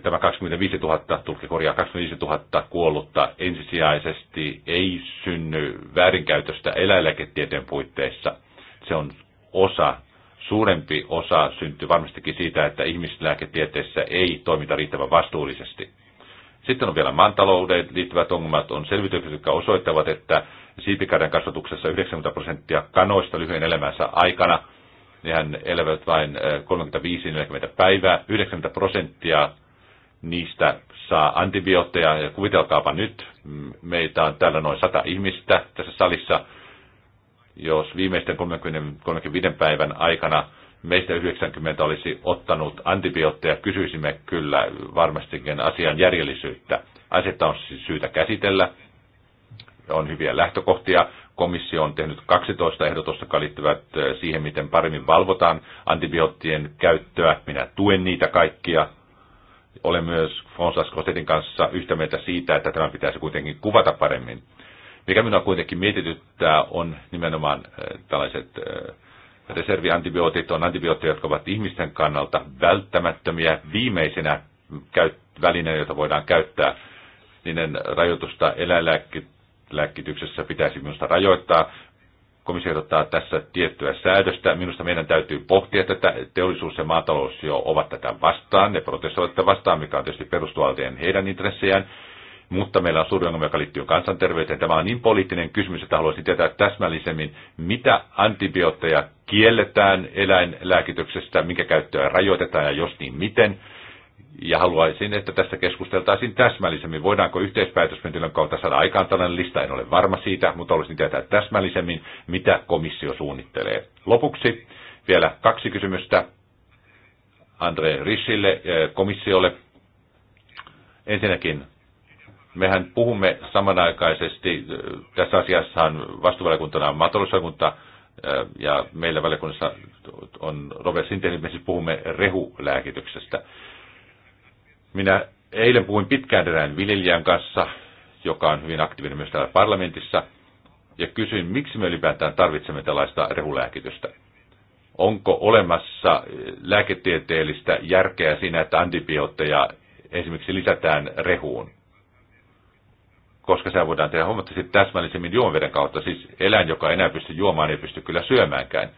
tämä 25 000, tulkki korjaa 25 000 kuollutta ensisijaisesti ei synny väärinkäytöstä eläinlääketieteen puitteissa. Se on osa, suurempi osa syntyy varmastikin siitä, että ihmislääketieteessä ei toimita riittävän vastuullisesti. Sitten on vielä maantalouden liittyvät ongelmat, on selvitykset, jotka osoittavat, että siipikarjan kasvatuksessa 90 prosenttia kanoista lyhyen elämänsä aikana, nehän elävät vain 35-40 päivää, 90 prosenttia niistä saa antibiootteja, ja kuvitelkaapa nyt, meitä on täällä noin 100 ihmistä tässä salissa, jos viimeisten 30, 35 päivän aikana meistä 90 olisi ottanut antibiootteja, kysyisimme kyllä varmastikin asian järjellisyyttä. Asetta on siis syytä käsitellä. On hyviä lähtökohtia. Komissio on tehnyt 12 ehdotusta, jotka liittyvät siihen, miten paremmin valvotaan antibioottien käyttöä. Minä tuen niitä kaikkia. Olen myös François Costetin kanssa yhtä mieltä siitä, että tämä pitäisi kuitenkin kuvata paremmin. Mikä minua kuitenkin mietityttää on nimenomaan tällaiset äh, Reserviantibiootit on antibiootteja, jotka ovat ihmisten kannalta välttämättömiä viimeisenä välineenä, jota voidaan käyttää. Niiden rajoitusta eläinlääkityksessä pitäisi minusta rajoittaa. Komissio ottaa tässä tiettyä säädöstä. Minusta meidän täytyy pohtia tätä. Teollisuus ja maatalous jo ovat tätä vastaan. Ne protestoivat tätä vastaan, mikä on tietysti perustuvalteen heidän intressejään mutta meillä on suuri ongelma, joka liittyy kansanterveyteen. Tämä on niin poliittinen kysymys, että haluaisin tietää täsmällisemmin, mitä antibiootteja kielletään eläinlääkityksestä, minkä käyttöä rajoitetaan ja jos niin miten. Ja haluaisin, että tästä keskusteltaisiin täsmällisemmin. Voidaanko yhteispäätösmentilön kautta saada aikaan tällainen lista, en ole varma siitä, mutta olisin tietää täsmällisemmin, mitä komissio suunnittelee. Lopuksi vielä kaksi kysymystä Andre Rissille, eh, komissiolle. Ensinnäkin Mehän puhumme samanaikaisesti, äh, tässä asiassa vastuvaliokuntana on maatalousvaliokunta, äh, ja meillä valiokunnassa on Robert Sinten, me siis puhumme rehulääkityksestä. Minä eilen puhuin pitkään erään viljelijän kanssa, joka on hyvin aktiivinen myös täällä parlamentissa, ja kysyin, miksi me ylipäätään tarvitsemme tällaista rehulääkitystä. Onko olemassa äh, lääketieteellistä järkeä siinä, että antibiootteja esimerkiksi lisätään rehuun? koska se voidaan tehdä huomattavasti täsmällisemmin juomaveden kautta. Siis eläin, joka ei enää pysty juomaan, ei pysty kyllä syömäänkään.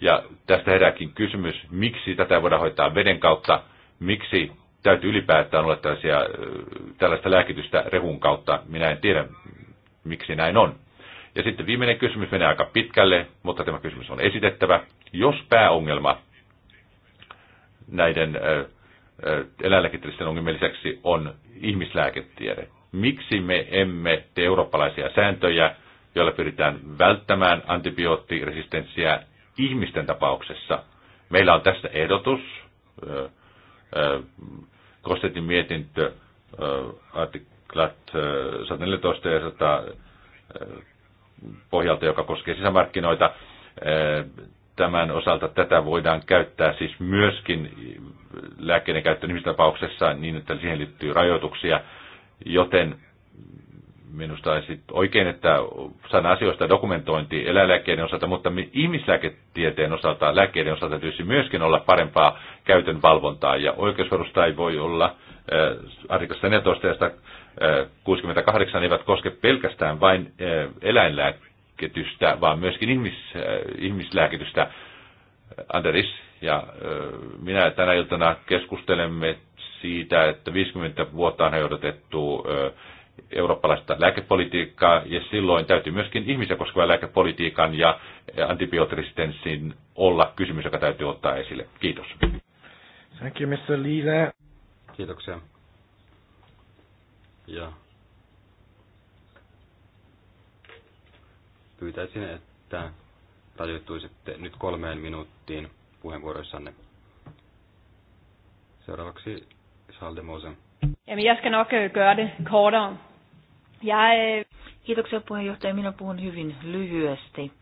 Ja tästä herääkin kysymys, miksi tätä voidaan hoitaa veden kautta, miksi täytyy ylipäätään olla tällaisia, tällaista lääkitystä rehun kautta. Minä en tiedä, miksi näin on. Ja sitten viimeinen kysymys menee aika pitkälle, mutta tämä kysymys on esitettävä. Jos pääongelma näiden eläinlääketieteellisten ongelmien lisäksi on ihmislääketiede, miksi me emme tee eurooppalaisia sääntöjä, joilla pyritään välttämään antibioottiresistenssiä ihmisten tapauksessa. Meillä on tästä ehdotus, Kostetin mietintö, artiklat 114 ja 100 pohjalta, joka koskee sisämarkkinoita. Tämän osalta tätä voidaan käyttää siis myöskin lääkkeiden käyttöön tapauksessa, niin, että siihen liittyy rajoituksia. Joten minusta ei sit oikein, että sana asioista dokumentointi eläinlääkkeiden osalta, mutta ihmislääketieteen osalta, lääkkeiden osalta täytyisi myöskin olla parempaa käytön valvontaa. Ja oikeusvarusta ei voi olla, äh, artikassa 14 ja 68 äh, eivät koske pelkästään vain äh, eläinlääketystä, vaan myöskin ihmis, äh, ihmislääkitystä. Äh, Anderis ja äh, minä tänä iltana keskustelemme siitä, että 50 vuotta on odotettu eurooppalaista lääkepolitiikkaa, ja silloin täytyy myöskin ihmisiä koskevan lääkepolitiikan ja antibioottiresistenssin olla kysymys, joka täytyy ottaa esille. Kiitos. Thank you, Mr. Liese. Kiitoksia. Ja pyytäisin, että rajoittuisitte nyt kolmeen minuuttiin puheenvuoroissanne. Seuraavaksi Schaldemose. Jamen, jeg skal nok øh, gøre det kortere. Jeg... Øh, Kiitoksia puheenjohtaja. Minä puhun hyvin lyhyesti.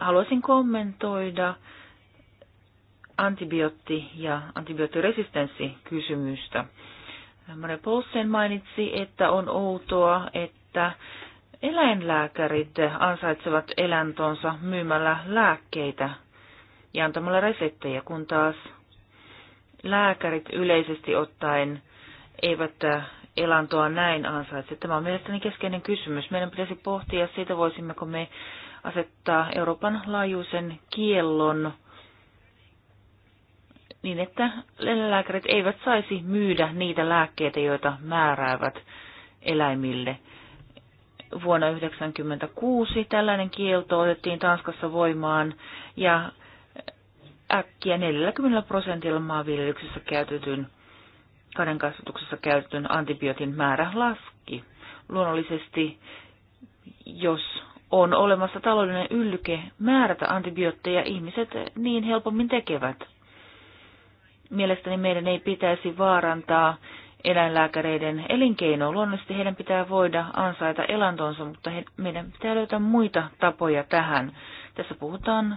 Haluaisin kommentoida antibiootti- ja antibioottiresistenssikysymystä. Maria Paulsen mainitsi, että on outoa, että eläinlääkärit ansaitsevat elantonsa myymällä lääkkeitä ja antamalla reseptejä, kun taas lääkärit yleisesti ottaen eivät äh, elantoa näin ansaitse. Tämä on mielestäni keskeinen kysymys. Meidän pitäisi pohtia siitä, voisimmeko me asettaa Euroopan laajuisen kiellon niin, että lääkärit eivät saisi myydä niitä lääkkeitä, joita määräävät eläimille. Vuonna 1996 tällainen kielto otettiin Tanskassa voimaan ja äkkiä 40 prosentilla maanviljelyksessä käytetyn kadenkasvatuksessa käytetyn antibiootin määrä laski. Luonnollisesti, jos on olemassa taloudellinen yllyke määrätä antibiootteja, ihmiset niin helpommin tekevät. Mielestäni meidän ei pitäisi vaarantaa eläinlääkäreiden elinkeinoa. Luonnollisesti heidän pitää voida ansaita elantonsa, mutta he, meidän pitää löytää muita tapoja tähän. Tässä puhutaan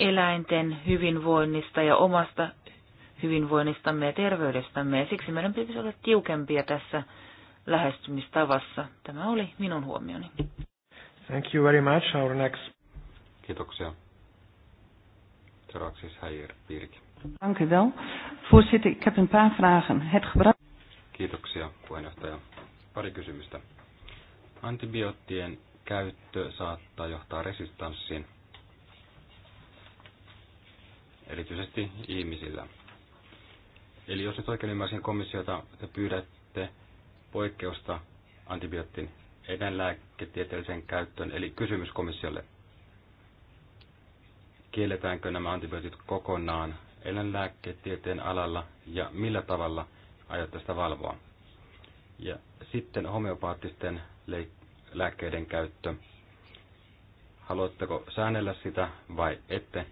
eläinten hyvinvoinnista ja omasta hyvinvoinnistamme ja terveydestämme. Ja siksi meidän pitäisi olla tiukempia tässä lähestymistavassa. Tämä oli minun huomioni. Thank you very much. Our next... Kiitoksia. Seuraavaksi Sair Pirk. Dank u wel. Voorzitter, ik heb een paar vragen. Het gebruik... Kiitoksia, puheenjohtaja. Pari kysymystä. Antibioottien käyttö saattaa johtaa resistanssiin erityisesti ihmisillä. Eli jos nyt oikein ymmärsin komissiota, te pyydätte poikkeusta antibioottin eläinlääketieteelliseen käyttöön, eli kysymys komissiolle. Kielletäänkö nämä antibiootit kokonaan eläinlääketieteen alalla ja millä tavalla aiotte sitä valvoa? Ja sitten homeopaattisten lääkkeiden käyttö. Haluatteko säännellä sitä vai ette?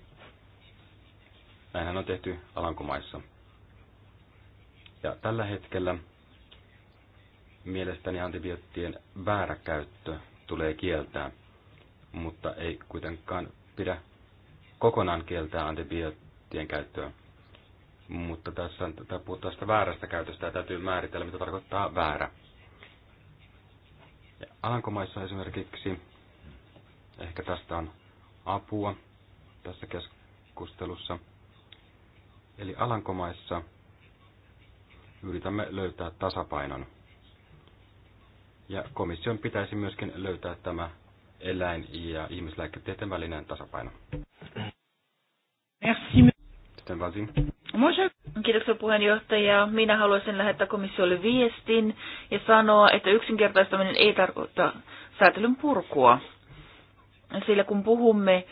Näinhän on tehty Alankomaissa. Ja tällä hetkellä mielestäni antibioottien väärä käyttö tulee kieltää, mutta ei kuitenkaan pidä kokonaan kieltää antibioottien käyttöä. Mutta tässä puhutaan tästä väärästä käytöstä ja täytyy määritellä, mitä tarkoittaa väärä. Ja Alankomaissa esimerkiksi, ehkä tästä on apua tässä keskustelussa – Eli Alankomaissa yritämme löytää tasapainon. Ja komission pitäisi myöskin löytää tämä eläin- ja ihmislääketieteen välinen tasapaino. Merci. Sitten Vasim. Kiitoksia puheenjohtaja. Minä haluaisin lähettää komissiolle viestin ja sanoa, että yksinkertaistaminen ei tarkoita säätelyn purkua. Sillä kun puhumme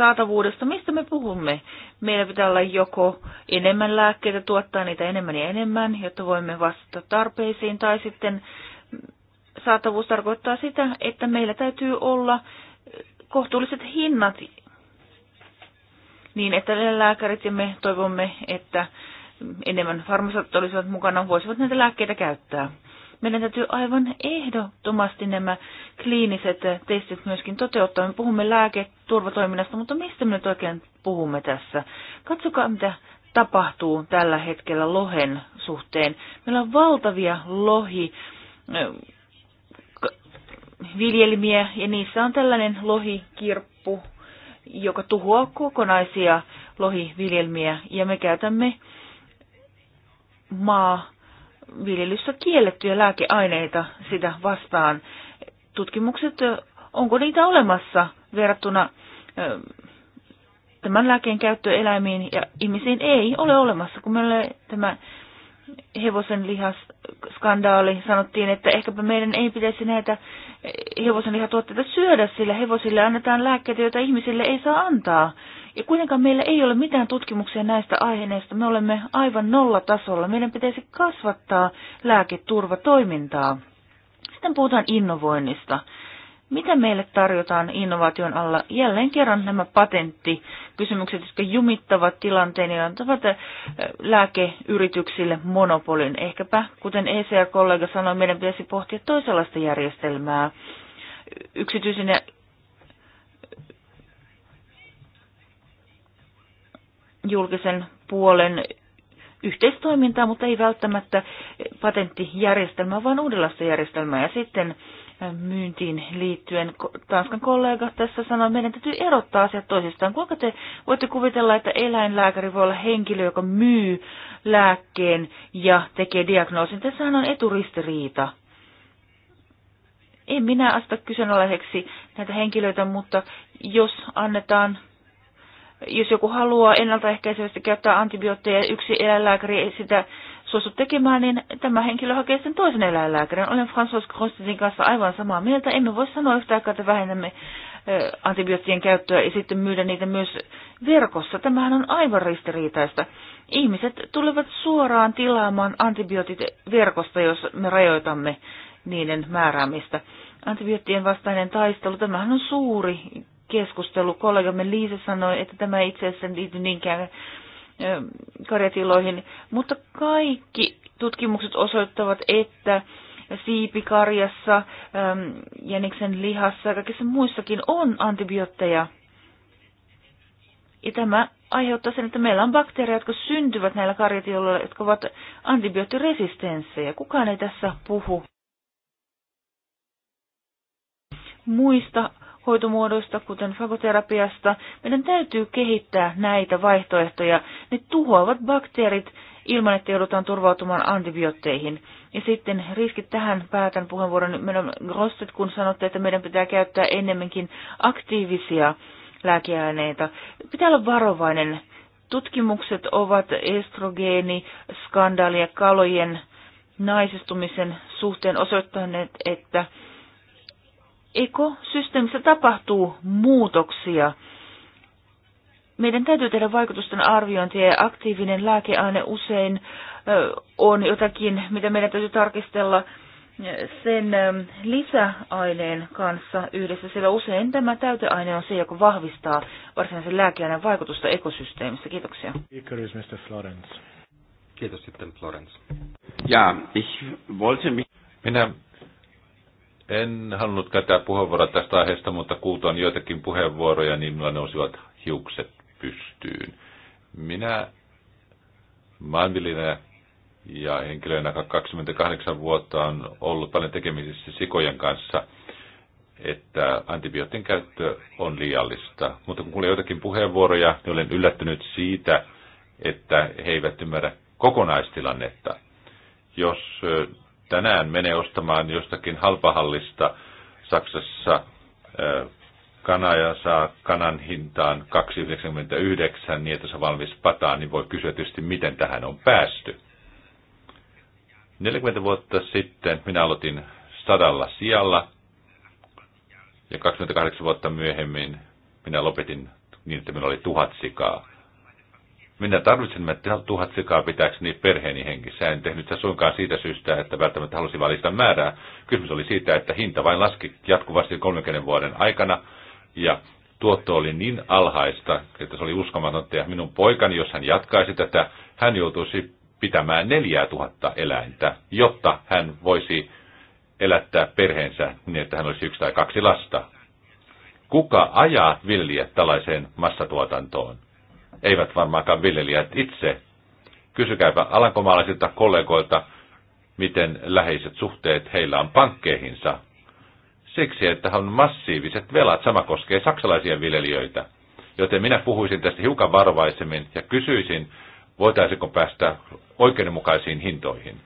saatavuudesta, mistä me puhumme? Meillä pitää olla joko enemmän lääkkeitä, tuottaa niitä enemmän ja enemmän, jotta voimme vastata tarpeisiin, tai sitten saatavuus tarkoittaa sitä, että meillä täytyy olla kohtuulliset hinnat niin, että lääkärit ja me toivomme, että enemmän farmasat olisivat mukana, voisivat näitä lääkkeitä käyttää meidän täytyy aivan ehdottomasti nämä kliiniset testit myöskin toteuttaa. Me puhumme lääketurvatoiminnasta, mutta mistä me nyt oikein puhumme tässä? Katsokaa, mitä tapahtuu tällä hetkellä lohen suhteen. Meillä on valtavia lohi viljelmiä ja niissä on tällainen lohikirppu, joka tuhoaa kokonaisia lohiviljelmiä ja me käytämme maa viljelyssä kiellettyjä lääkeaineita sitä vastaan. Tutkimukset, onko niitä olemassa verrattuna tämän lääkeen käyttö eläimiin ja ihmisiin ei ole olemassa, kun meillä tämä hevosen lihaskandaali sanottiin, että ehkäpä meidän ei pitäisi näitä hevosen lihatuotteita syödä, sillä hevosille annetaan lääkkeitä, joita ihmisille ei saa antaa. Ja kuitenkaan meillä ei ole mitään tutkimuksia näistä aiheista. Me olemme aivan nolla tasolla, Meidän pitäisi kasvattaa lääketurvatoimintaa. Sitten puhutaan innovoinnista. Mitä meille tarjotaan innovaation alla? Jälleen kerran nämä patenttikysymykset, jotka jumittavat tilanteen ja antavat eh, lääkeyrityksille monopolin. Ehkäpä, kuten ECR-kollega sanoi, meidän pitäisi pohtia toisenlaista järjestelmää. Yksityisen ja julkisen puolen yhteistoimintaa, mutta ei välttämättä patenttijärjestelmää, vaan uudenlaista järjestelmää. Ja sitten myyntiin liittyen Tanskan kollega tässä sanoi, että meidän täytyy erottaa asiat toisistaan. Kuinka te voitte kuvitella, että eläinlääkäri voi olla henkilö, joka myy lääkkeen ja tekee diagnoosin? Tässähän on eturistiriita. En minä asta kyseenalaiseksi näitä henkilöitä, mutta jos annetaan jos joku haluaa ennaltaehkäisevästi käyttää antibiootteja yksi eläinlääkäri ei sitä suostu tekemään, niin tämä henkilö hakee sen toisen eläinlääkärin. Olen François Grostetin kanssa aivan samaa mieltä. Emme voi sanoa yhtä aikaa, että vähennämme antibioottien käyttöä ja sitten myydä niitä myös verkossa. Tämähän on aivan ristiriitaista. Ihmiset tulevat suoraan tilaamaan antibiootit verkosta, jos me rajoitamme niiden määräämistä. Antibioottien vastainen taistelu, tämähän on suuri keskustelu. Kollegamme Liisa sanoi, että tämä ei itse asiassa liity niinkään karjatiloihin, mutta kaikki tutkimukset osoittavat, että siipikarjassa, jäniksen lihassa ja kaikissa muissakin on antibiootteja. Ja tämä aiheuttaa sen, että meillä on bakteereja, jotka syntyvät näillä karjatiloilla, jotka ovat antibioottiresistenssejä. Kukaan ei tässä puhu muista hoitomuodoista, kuten fagoterapiasta. Meidän täytyy kehittää näitä vaihtoehtoja. Ne tuhoavat bakteerit ilman, että joudutaan turvautumaan antibiootteihin. Ja sitten riskit tähän päätän puheenvuoron. Meidän Grosset, kun sanotte, että meidän pitää käyttää enemmänkin aktiivisia lääkeaineita. Pitää olla varovainen. Tutkimukset ovat estrogeeni, skandaali ja kalojen naisistumisen suhteen osoittaneet, että ekosysteemissä tapahtuu muutoksia. Meidän täytyy tehdä vaikutusten arviointia ja aktiivinen lääkeaine usein on jotakin, mitä meidän täytyy tarkistella sen lisäaineen kanssa yhdessä, sillä usein tämä täyteaine on se, joka vahvistaa varsinaisen lääkeaineen vaikutusta ekosysteemissä. Kiitoksia. Mr. Florence. Kiitos sitten Florence. Ja, ich wollte mich... Minä en halunnut käyttää puheenvuoroa tästä aiheesta, mutta kuultuaan joitakin puheenvuoroja, niin minulla nousivat hiukset pystyyn. Minä maanviljelijänä ja henkilönä, 28 vuotta on ollut paljon tekemisissä sikojen kanssa, että antibioottien käyttö on liiallista. Mutta kun kuulin joitakin puheenvuoroja, niin olen yllättynyt siitä, että he eivät ymmärrä kokonaistilannetta. Jos tänään menee ostamaan jostakin halpahallista Saksassa kana ja saa kanan hintaan 2,99 niin, että se valmis pataan, niin voi kysyä tietysti, miten tähän on päästy. 40 vuotta sitten minä aloitin sadalla sijalla ja 28 vuotta myöhemmin minä lopetin niin, että minulla oli tuhat sikaa. Minä tarvitsen mä tuhat sikaa pitääkseni perheeni hengissä. En tehnyt sitä suinkaan siitä syystä, että välttämättä halusin valita määrää. Kysymys oli siitä, että hinta vain laski jatkuvasti 30 vuoden aikana. Ja tuotto oli niin alhaista, että se oli uskomatonta. Ja minun poikani, jos hän jatkaisi tätä, hän joutuisi pitämään 4000 eläintä, jotta hän voisi elättää perheensä niin, että hän olisi yksi tai kaksi lasta. Kuka ajaa villiä tällaiseen massatuotantoon? eivät varmaankaan viljelijät itse. Kysykääpä alankomaalaisilta kollegoilta, miten läheiset suhteet heillä on pankkeihinsa. Siksi, että on massiiviset velat, sama koskee saksalaisia viljelijöitä. Joten minä puhuisin tästä hiukan varovaisemmin ja kysyisin, voitaisiko päästä oikeudenmukaisiin hintoihin.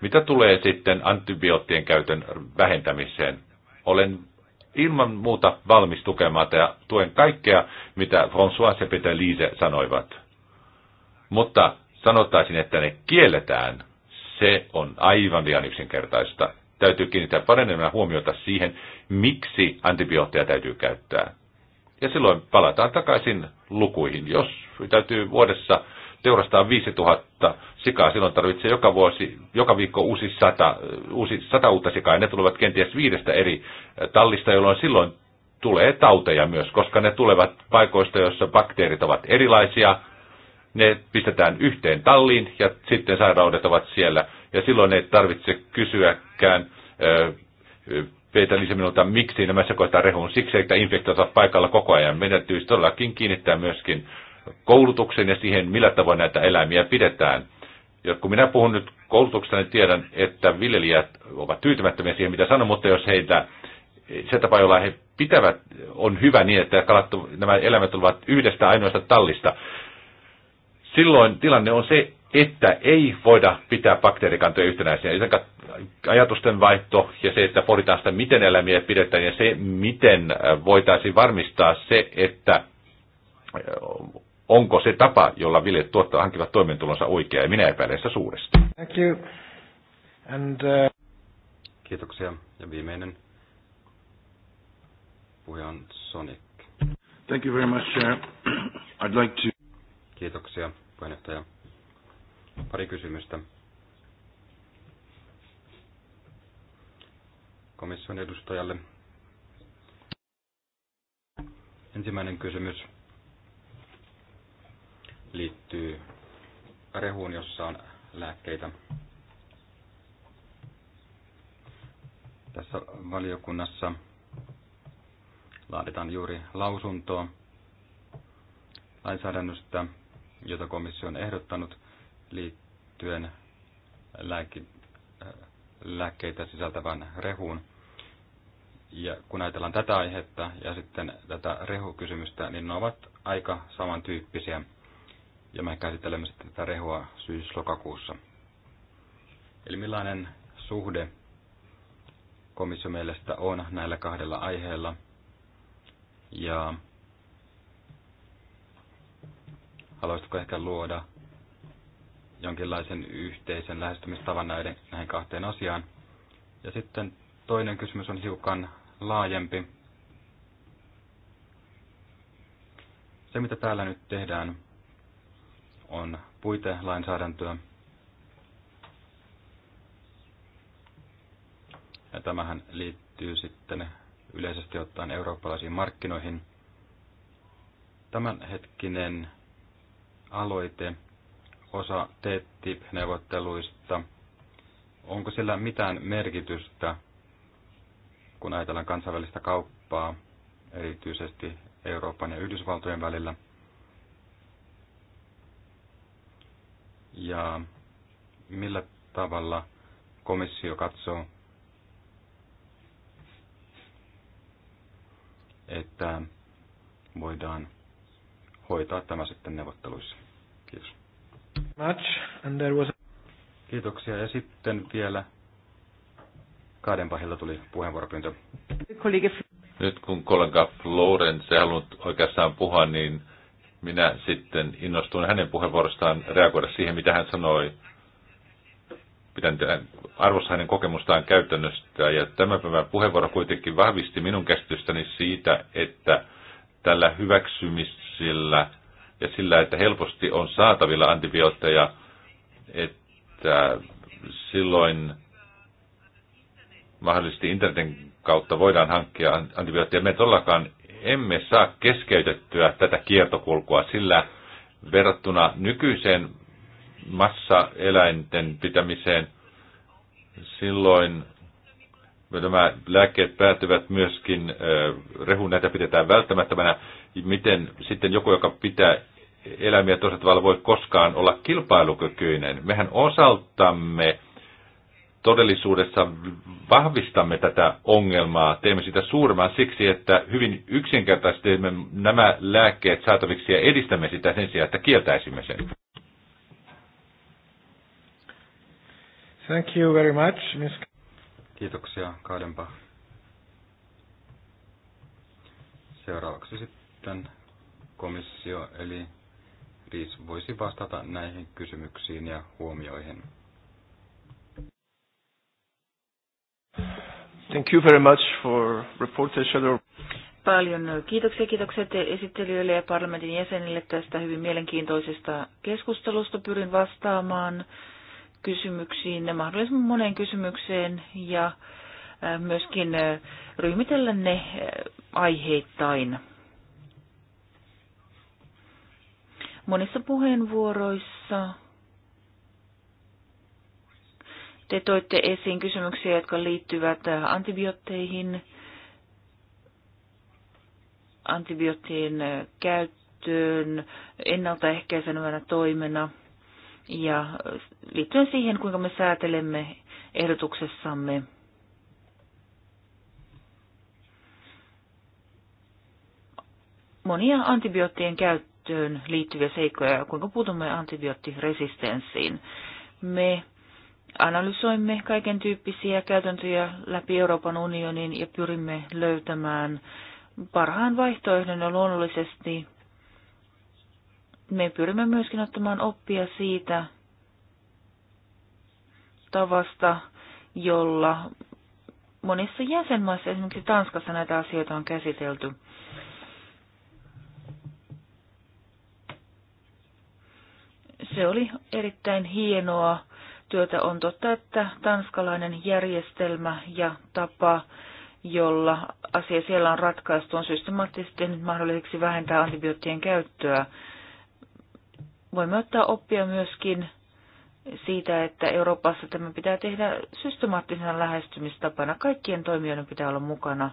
Mitä tulee sitten antibioottien käytön vähentämiseen? Olen ilman muuta valmis tukemaan ja tuen kaikkea, mitä François ja Peter Liise sanoivat. Mutta sanottaisin, että ne kielletään. Se on aivan liian yksinkertaista. Täytyy kiinnittää paremmin huomiota siihen, miksi antibiootteja täytyy käyttää. Ja silloin palataan takaisin lukuihin. Jos täytyy vuodessa teurastaa 5000 sikaa. Silloin tarvitsee joka vuosi, joka viikko uusi sata, uusi sata uutta sikaa. Ja ne tulevat kenties viidestä eri eh, tallista, jolloin silloin tulee tauteja myös, koska ne tulevat paikoista, joissa bakteerit ovat erilaisia. Ne pistetään yhteen talliin ja sitten sairaudet ovat siellä. Ja silloin ei tarvitse kysyäkään eh, Peitä Liisi minulta, miksi nämä sekoittaa rehun siksi, että infektiot ovat paikalla koko ajan. Meidän täytyisi todellakin kiinnittää myöskin koulutukseen ja siihen, millä tavoin näitä eläimiä pidetään. Ja kun minä puhun nyt koulutuksesta, niin tiedän, että viljelijät ovat tyytymättömiä siihen, mitä sanon, mutta jos heitä, se tapa, jolla he pitävät, on hyvä niin, että kalat, nämä eläimet ovat yhdestä ainoasta tallista, silloin tilanne on se, että ei voida pitää bakteerikantoja yhtenäisiä. Joten ajatusten vaihto ja se, että pohditaan sitä, miten eläimiä pidetään ja se, miten voitaisiin varmistaa se, että onko se tapa, jolla viljelijät tuottaa hankivat toimeentulonsa oikea, ja minä epäilen sitä suuresti. Thank you. And, uh... Kiitoksia. Ja viimeinen puhuja on Sonic. Thank you very much, Chair. I'd like to... Kiitoksia, puheenjohtaja. Pari kysymystä. Komission edustajalle. Ensimmäinen kysymys liittyy rehuun, jossa on lääkkeitä. Tässä valiokunnassa laaditaan juuri lausuntoa lainsäädännöstä, jota komissio on ehdottanut liittyen lääke- lääkkeitä sisältävän rehuun. Ja kun ajatellaan tätä aihetta ja sitten tätä rehukysymystä, niin ne ovat aika samantyyppisiä ja me käsittelemme sitten tätä rehua syys-lokakuussa. Eli millainen suhde komission mielestä on näillä kahdella aiheella ja haluaisitko ehkä luoda jonkinlaisen yhteisen lähestymistavan näiden, näihin kahteen asiaan. Ja sitten toinen kysymys on hiukan laajempi. Se, mitä täällä nyt tehdään, on puitelainsäädäntöä. Ja tämähän liittyy sitten yleisesti ottaen eurooppalaisiin markkinoihin. Tämänhetkinen aloite, osa TTIP-neuvotteluista, onko sillä mitään merkitystä, kun ajatellaan kansainvälistä kauppaa, erityisesti Euroopan ja Yhdysvaltojen välillä – ja millä tavalla komissio katsoo, että voidaan hoitaa tämä sitten neuvotteluissa. Kiitos. Much, and there was... Kiitoksia. Ja sitten vielä pahilla tuli puheenvuoropyyntö. Nyt kun kollega Florence ei halunnut oikeastaan puhua, niin minä sitten innostuin hänen puheenvuorostaan reagoida siihen, mitä hän sanoi. Pidän arvossa hänen kokemustaan käytännöstä. Ja tämä päivän puheenvuoro kuitenkin vahvisti minun käsitystäni siitä, että tällä hyväksymisellä ja sillä, että helposti on saatavilla antibiootteja, että silloin mahdollisesti internetin kautta voidaan hankkia antibiootteja. Me todellakaan emme saa keskeytettyä tätä kiertokulkua, sillä verrattuna nykyiseen massaeläinten pitämiseen, silloin nämä lääkkeet päätyvät myöskin rehun näitä pidetään välttämättömänä. Miten sitten joku, joka pitää eläimiä toisella tavalla voi koskaan olla kilpailukykyinen? Mehän osaltamme todellisuudessa vahvistamme tätä ongelmaa, teemme sitä suuremman siksi, että hyvin yksinkertaisesti teemme nämä lääkkeet saataviksi ja edistämme sitä sen sijaan, että kieltäisimme sen. Thank you very much, Miss... Kiitoksia, Kaidenpa. Seuraavaksi sitten komissio, eli Riis voisi vastata näihin kysymyksiin ja huomioihin. Thank you very much for reporter Shadow. Paljon kiitoksia, kiitokset esittelijöille ja parlamentin jäsenille tästä hyvin mielenkiintoisesta keskustelusta. Pyrin vastaamaan kysymyksiin ja mahdollisimman moneen kysymykseen ja myöskin ryhmitellä ne aiheittain. Monissa puheenvuoroissa Te toitte esiin kysymyksiä, jotka liittyvät äh, antibiootteihin, antibioottien äh, käyttöön ennaltaehkäisenä toimena ja äh, liittyen siihen, kuinka me säätelemme ehdotuksessamme monia antibioottien käyttöön liittyviä seikkoja ja kuinka puutumme antibioottiresistenssiin. Me analysoimme kaiken tyyppisiä käytäntöjä läpi Euroopan unionin ja pyrimme löytämään parhaan vaihtoehdon ja luonnollisesti me pyrimme myöskin ottamaan oppia siitä tavasta, jolla monissa jäsenmaissa, esimerkiksi Tanskassa, näitä asioita on käsitelty. Se oli erittäin hienoa työtä. On totta, että tanskalainen järjestelmä ja tapa, jolla asia siellä on ratkaistu, on systemaattisesti mahdolliseksi vähentää antibioottien käyttöä. Voimme ottaa oppia myöskin siitä, että Euroopassa tämä pitää tehdä systemaattisena lähestymistapana. Kaikkien toimijoiden pitää olla mukana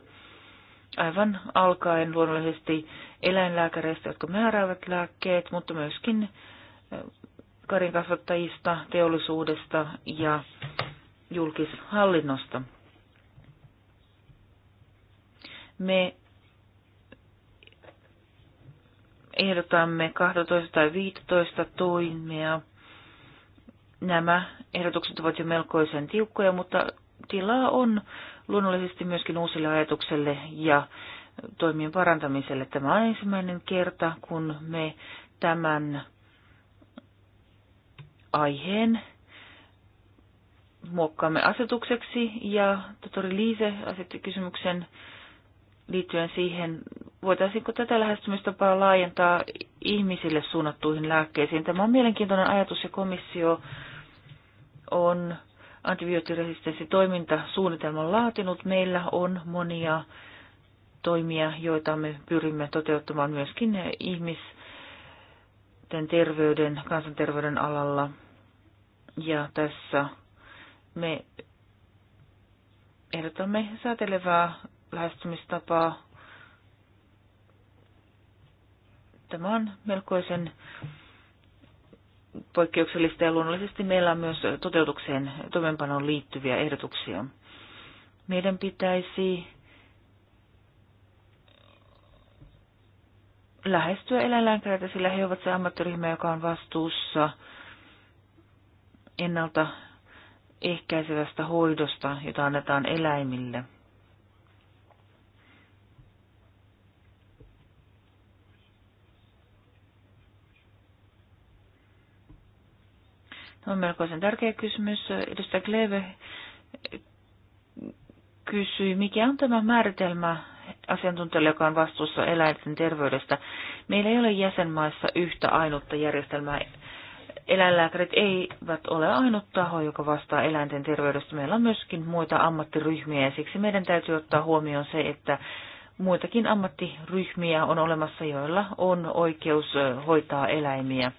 aivan alkaen luonnollisesti eläinlääkäreistä, jotka määräävät lääkkeet, mutta myöskin karinkasvattajista, teollisuudesta ja julkishallinnosta. Me ehdotamme 12 tai 15 toimia. Nämä ehdotukset ovat jo melkoisen tiukkoja, mutta tilaa on luonnollisesti myöskin uusille ajatukselle ja toimien parantamiselle. Tämä on ensimmäinen kerta, kun me tämän aiheen muokkaamme asetukseksi ja tutori Liise asetti kysymyksen liittyen siihen, voitaisiinko tätä lähestymistapaa laajentaa ihmisille suunnattuihin lääkkeisiin. Tämä on mielenkiintoinen ajatus ja komissio on antibioottiresistenssitoimintasuunnitelman laatinut. Meillä on monia toimia, joita me pyrimme toteuttamaan myöskin ihmis- tämän terveyden, kansanterveyden alalla. Ja tässä me ehdotamme säätelevää lähestymistapaa. Tämä on melkoisen poikkeuksellista ja luonnollisesti meillä on myös toteutukseen toimeenpanoon liittyviä ehdotuksia. Meidän pitäisi lähestyä eläinlääkäreitä, sillä he ovat se ammattiryhmä, joka on vastuussa ennalta ehkäisevästä hoidosta, jota annetaan eläimille. Tämä on melkoisen tärkeä kysymys. Edustaja Kleve kysyi, mikä on tämä määritelmä asiantuntijalle, joka on vastuussa eläinten terveydestä. Meillä ei ole jäsenmaissa yhtä ainutta järjestelmää. Eläinlääkärit eivät ole ainut taho, joka vastaa eläinten terveydestä. Meillä on myöskin muita ammattiryhmiä ja siksi meidän täytyy ottaa huomioon se, että muitakin ammattiryhmiä on olemassa, joilla on oikeus hoitaa eläimiä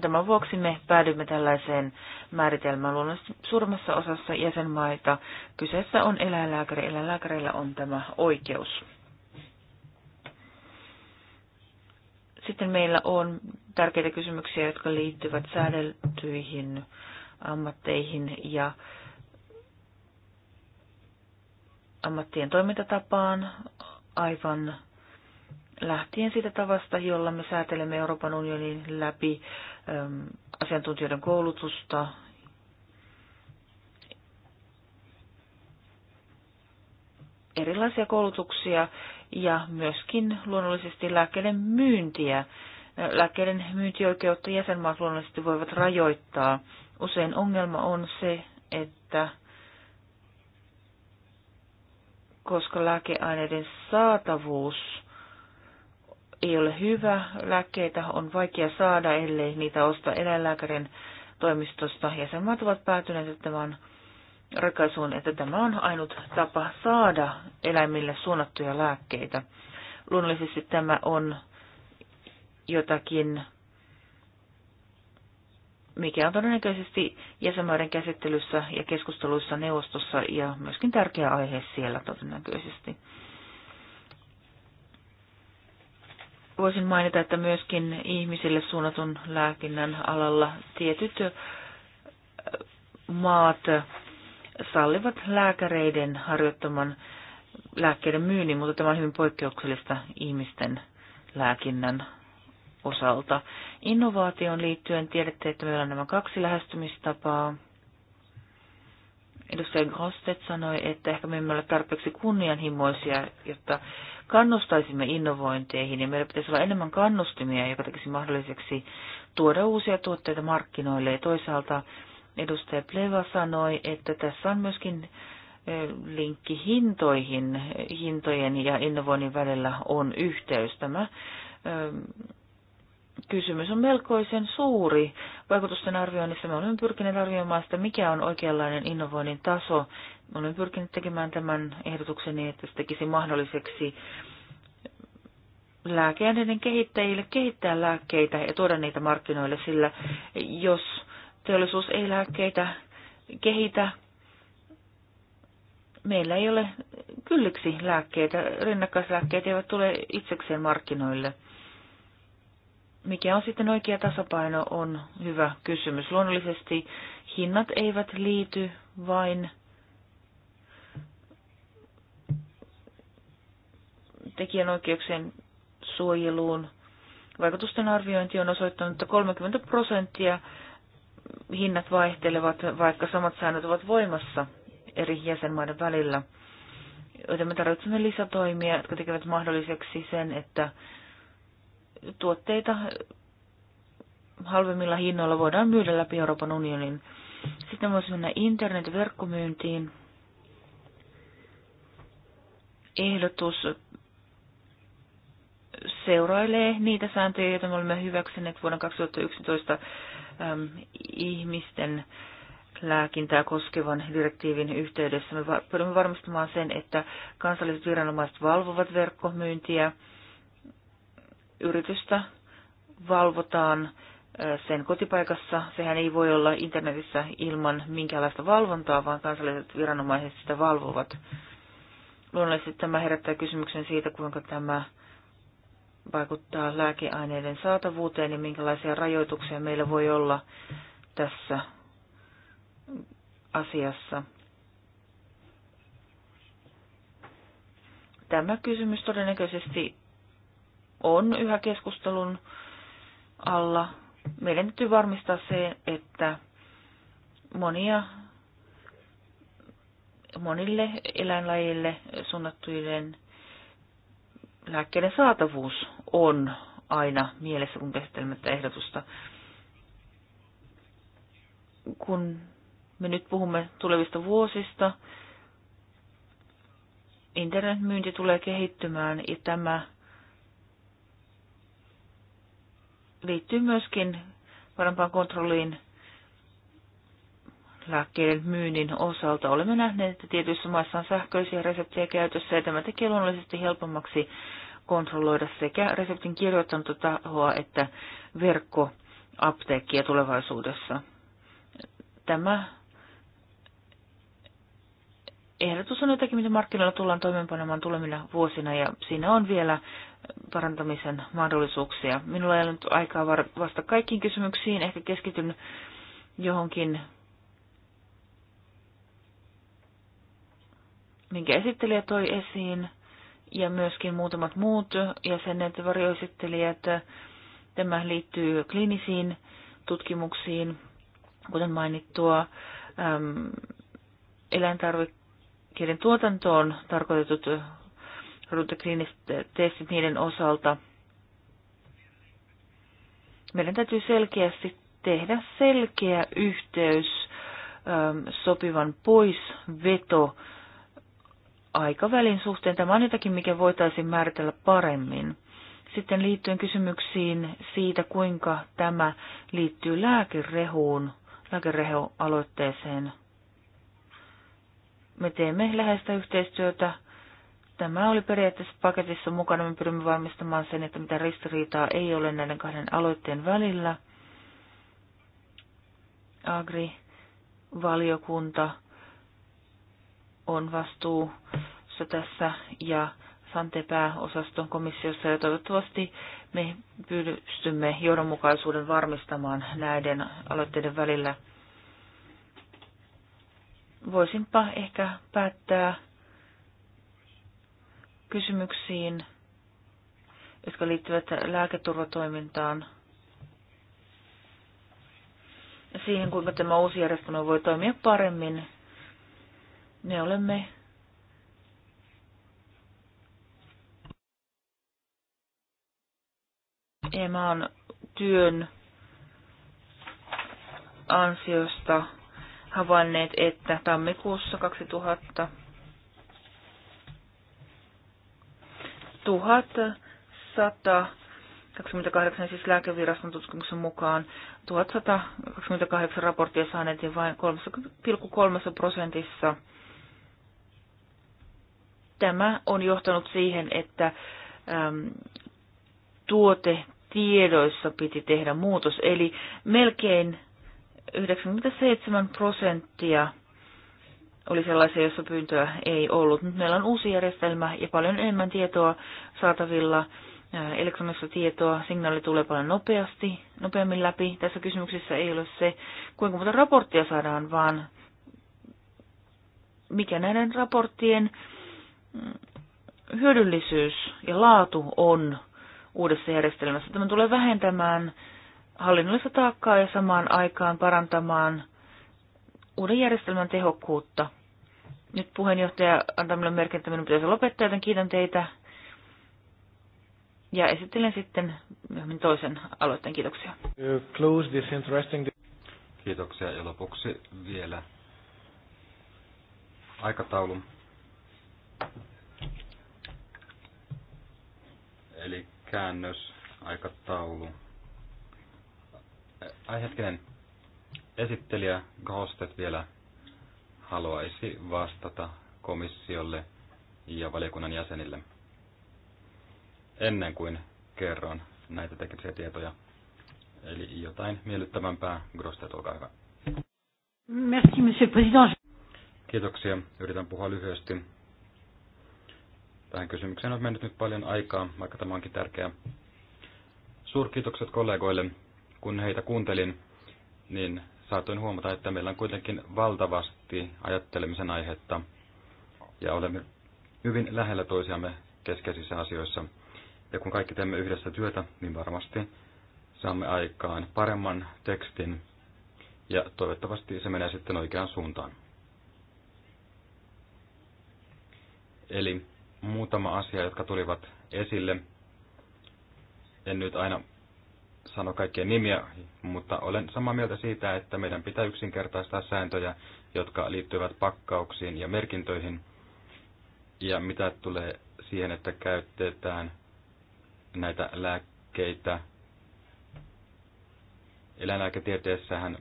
tämän vuoksi me päädymme tällaiseen määritelmään luonnollisesti suurimmassa osassa jäsenmaita. Kyseessä on eläinlääkäri. Eläinlääkäreillä on tämä oikeus. Sitten meillä on tärkeitä kysymyksiä, jotka liittyvät säädeltyihin ammatteihin ja ammattien toimintatapaan aivan lähtien siitä tavasta, jolla me säätelemme Euroopan unionin läpi asiantuntijoiden koulutusta erilaisia koulutuksia ja myöskin luonnollisesti lääkkeiden myyntiä. Lääkkeiden myyntioikeutta jäsenmaat luonnollisesti voivat rajoittaa. Usein ongelma on se, että koska lääkeaineiden saatavuus ei ole hyvä. Lääkkeitä on vaikea saada, ellei niitä osta eläinlääkärin toimistosta. Jäsenmaat ovat päätyneet tämän ratkaisuun, että tämä on ainut tapa saada eläimille suunnattuja lääkkeitä. Luonnollisesti tämä on jotakin, mikä on todennäköisesti jäsenmaiden käsittelyssä ja keskusteluissa neuvostossa ja myöskin tärkeä aihe siellä todennäköisesti. voisin mainita, että myöskin ihmisille suunnatun lääkinnän alalla tietyt maat sallivat lääkäreiden harjoittaman lääkkeiden myynnin, mutta tämä on hyvin poikkeuksellista ihmisten lääkinnän osalta. Innovaatioon liittyen tiedätte, että meillä on nämä kaksi lähestymistapaa. Edustaja Grostet sanoi, että ehkä me emme ole tarpeeksi kunnianhimoisia, jotta kannustaisimme innovointeihin ja meillä pitäisi olla enemmän kannustimia, joka tekisi mahdolliseksi tuoda uusia tuotteita markkinoille. Ja toisaalta edustaja Pleva sanoi, että tässä on myöskin linkki hintoihin, hintojen ja innovoinnin välillä on yhteys. Tämä kysymys on melkoisen suuri. Vaikutusten arvioinnissa me olemme pyrkineet arvioimaan sitä, mikä on oikeanlainen innovoinnin taso olen pyrkinyt tekemään tämän ehdotukseni, että se tekisi mahdolliseksi lääkeaineiden kehittäjille kehittää lääkkeitä ja tuoda niitä markkinoille, sillä jos teollisuus ei lääkkeitä kehitä, meillä ei ole kylliksi lääkkeitä. Rinnakkaislääkkeet eivät tule itsekseen markkinoille. Mikä on sitten oikea tasapaino on hyvä kysymys. Luonnollisesti hinnat eivät liity vain tekijänoikeuksien suojeluun. Vaikutusten arviointi on osoittanut, että 30 prosenttia hinnat vaihtelevat, vaikka samat säännöt ovat voimassa eri jäsenmaiden välillä. Joten me tarvitsemme lisätoimia, jotka tekevät mahdolliseksi sen, että tuotteita halvemmilla hinnoilla voidaan myydä läpi Euroopan unionin. Sitten voisi mennä internet-verkkomyyntiin. Ehdotus seurailee niitä sääntöjä, joita me olemme hyväksyneet vuonna 2011 äm, ihmisten lääkintää koskevan direktiivin yhteydessä. Me pyrimme varmistamaan sen, että kansalliset viranomaiset valvovat verkkomyyntiä, yritystä valvotaan sen kotipaikassa. Sehän ei voi olla internetissä ilman minkäänlaista valvontaa, vaan kansalliset viranomaiset sitä valvovat. Luonnollisesti tämä herättää kysymyksen siitä, kuinka tämä vaikuttaa lääkeaineiden saatavuuteen ja minkälaisia rajoituksia meillä voi olla tässä asiassa. Tämä kysymys todennäköisesti on yhä keskustelun alla. Meidän täytyy varmistaa se, että monia monille eläinlajille suunnattujen lääkkeiden saatavuus on aina mielessä, kun käsittelemättä ehdotusta. Kun me nyt puhumme tulevista vuosista, internetmyynti tulee kehittymään ja tämä liittyy myöskin parempaan kontrolliin lääkkeiden myynnin osalta. Olemme nähneet, että tietyissä maissa on sähköisiä reseptejä käytössä ja tämä tekee luonnollisesti helpommaksi kontrolloida sekä reseptin kirjoittanutta että verkkoapteekkia tulevaisuudessa. Tämä ehdotus on jotakin, mitä markkinoilla tullaan toimeenpanemaan tulevina vuosina ja siinä on vielä parantamisen mahdollisuuksia. Minulla ei ole nyt aikaa vastata kaikkiin kysymyksiin, ehkä keskityn johonkin, minkä esittelijä toi esiin ja myöskin muutamat muut jäsenet, varjoesittelijät. Tämä liittyy kliinisiin tutkimuksiin, kuten mainittua, eläintarvikkeiden tuotantoon tarkoitetut rodutekliiniset testit niiden osalta. Meidän täytyy selkeästi tehdä selkeä yhteys, sopivan poisveto aikavälin suhteen. Tämä on jotakin, mikä voitaisiin määritellä paremmin. Sitten liittyen kysymyksiin siitä, kuinka tämä liittyy lääkerehuun, aloitteeseen. Me teemme läheistä yhteistyötä. Tämä oli periaatteessa paketissa mukana. Me pyrimme varmistamaan sen, että mitä ristiriitaa ei ole näiden kahden aloitteen välillä. Agri-valiokunta on vastuussa tässä ja Sante pääosaston komissiossa ja toivottavasti me pystymme johdonmukaisuuden varmistamaan näiden aloitteiden välillä. Voisinpa ehkä päättää kysymyksiin, jotka liittyvät lääketurvatoimintaan siihen, kuinka tämä uusi järjestelmä voi toimia paremmin me olemme Emaan on työn ansiosta havainneet, että tammikuussa 2000 1128, siis lääkeviraston tutkimuksen mukaan 1128 raporttia saaneet vain 3,3 prosentissa Tämä on johtanut siihen, että äm, tuotetiedoissa piti tehdä muutos, eli melkein 97 prosenttia oli sellaisia, joissa pyyntöä ei ollut. Nyt meillä on uusi järjestelmä ja paljon enemmän tietoa saatavilla. Elektronista tietoa, signaali tulee paljon nopeasti, nopeammin läpi. Tässä kysymyksessä ei ole se, kuinka monta raporttia saadaan, vaan mikä näiden raporttien Mm, hyödyllisyys ja laatu on uudessa järjestelmässä. Tämä tulee vähentämään hallinnollista taakkaa ja samaan aikaan parantamaan uuden järjestelmän tehokkuutta. Nyt puheenjohtaja antaa minulle merkin, että minun pitäisi lopettaa, joten kiitän teitä. Ja esittelen sitten myöhemmin toisen aloitteen. Kiitoksia. Close this interesting... Kiitoksia. Ja lopuksi vielä aikataulun eli käännös, aikataulu. Ai hetkinen, esittelijä Ghostet vielä haluaisi vastata komissiolle ja valiokunnan jäsenille. Ennen kuin kerron näitä teknisiä tietoja. Eli jotain miellyttävämpää. Grostet, olkaa hyvä. Merci, monsieur le président. Kiitoksia. Yritän puhua lyhyesti Tähän kysymykseen on mennyt nyt paljon aikaa, vaikka tämä onkin tärkeää. Suurkiitokset kollegoille. Kun heitä kuuntelin, niin saatoin huomata, että meillä on kuitenkin valtavasti ajattelemisen aihetta ja olemme hyvin lähellä toisiamme keskeisissä asioissa. Ja kun kaikki teemme yhdessä työtä, niin varmasti saamme aikaan paremman tekstin ja toivottavasti se menee sitten oikeaan suuntaan. Eli muutama asia, jotka tulivat esille. En nyt aina sano kaikkien nimiä, mutta olen samaa mieltä siitä, että meidän pitää yksinkertaistaa sääntöjä, jotka liittyvät pakkauksiin ja merkintöihin. Ja mitä tulee siihen, että käytetään näitä lääkkeitä. Eläinlääketieteessähän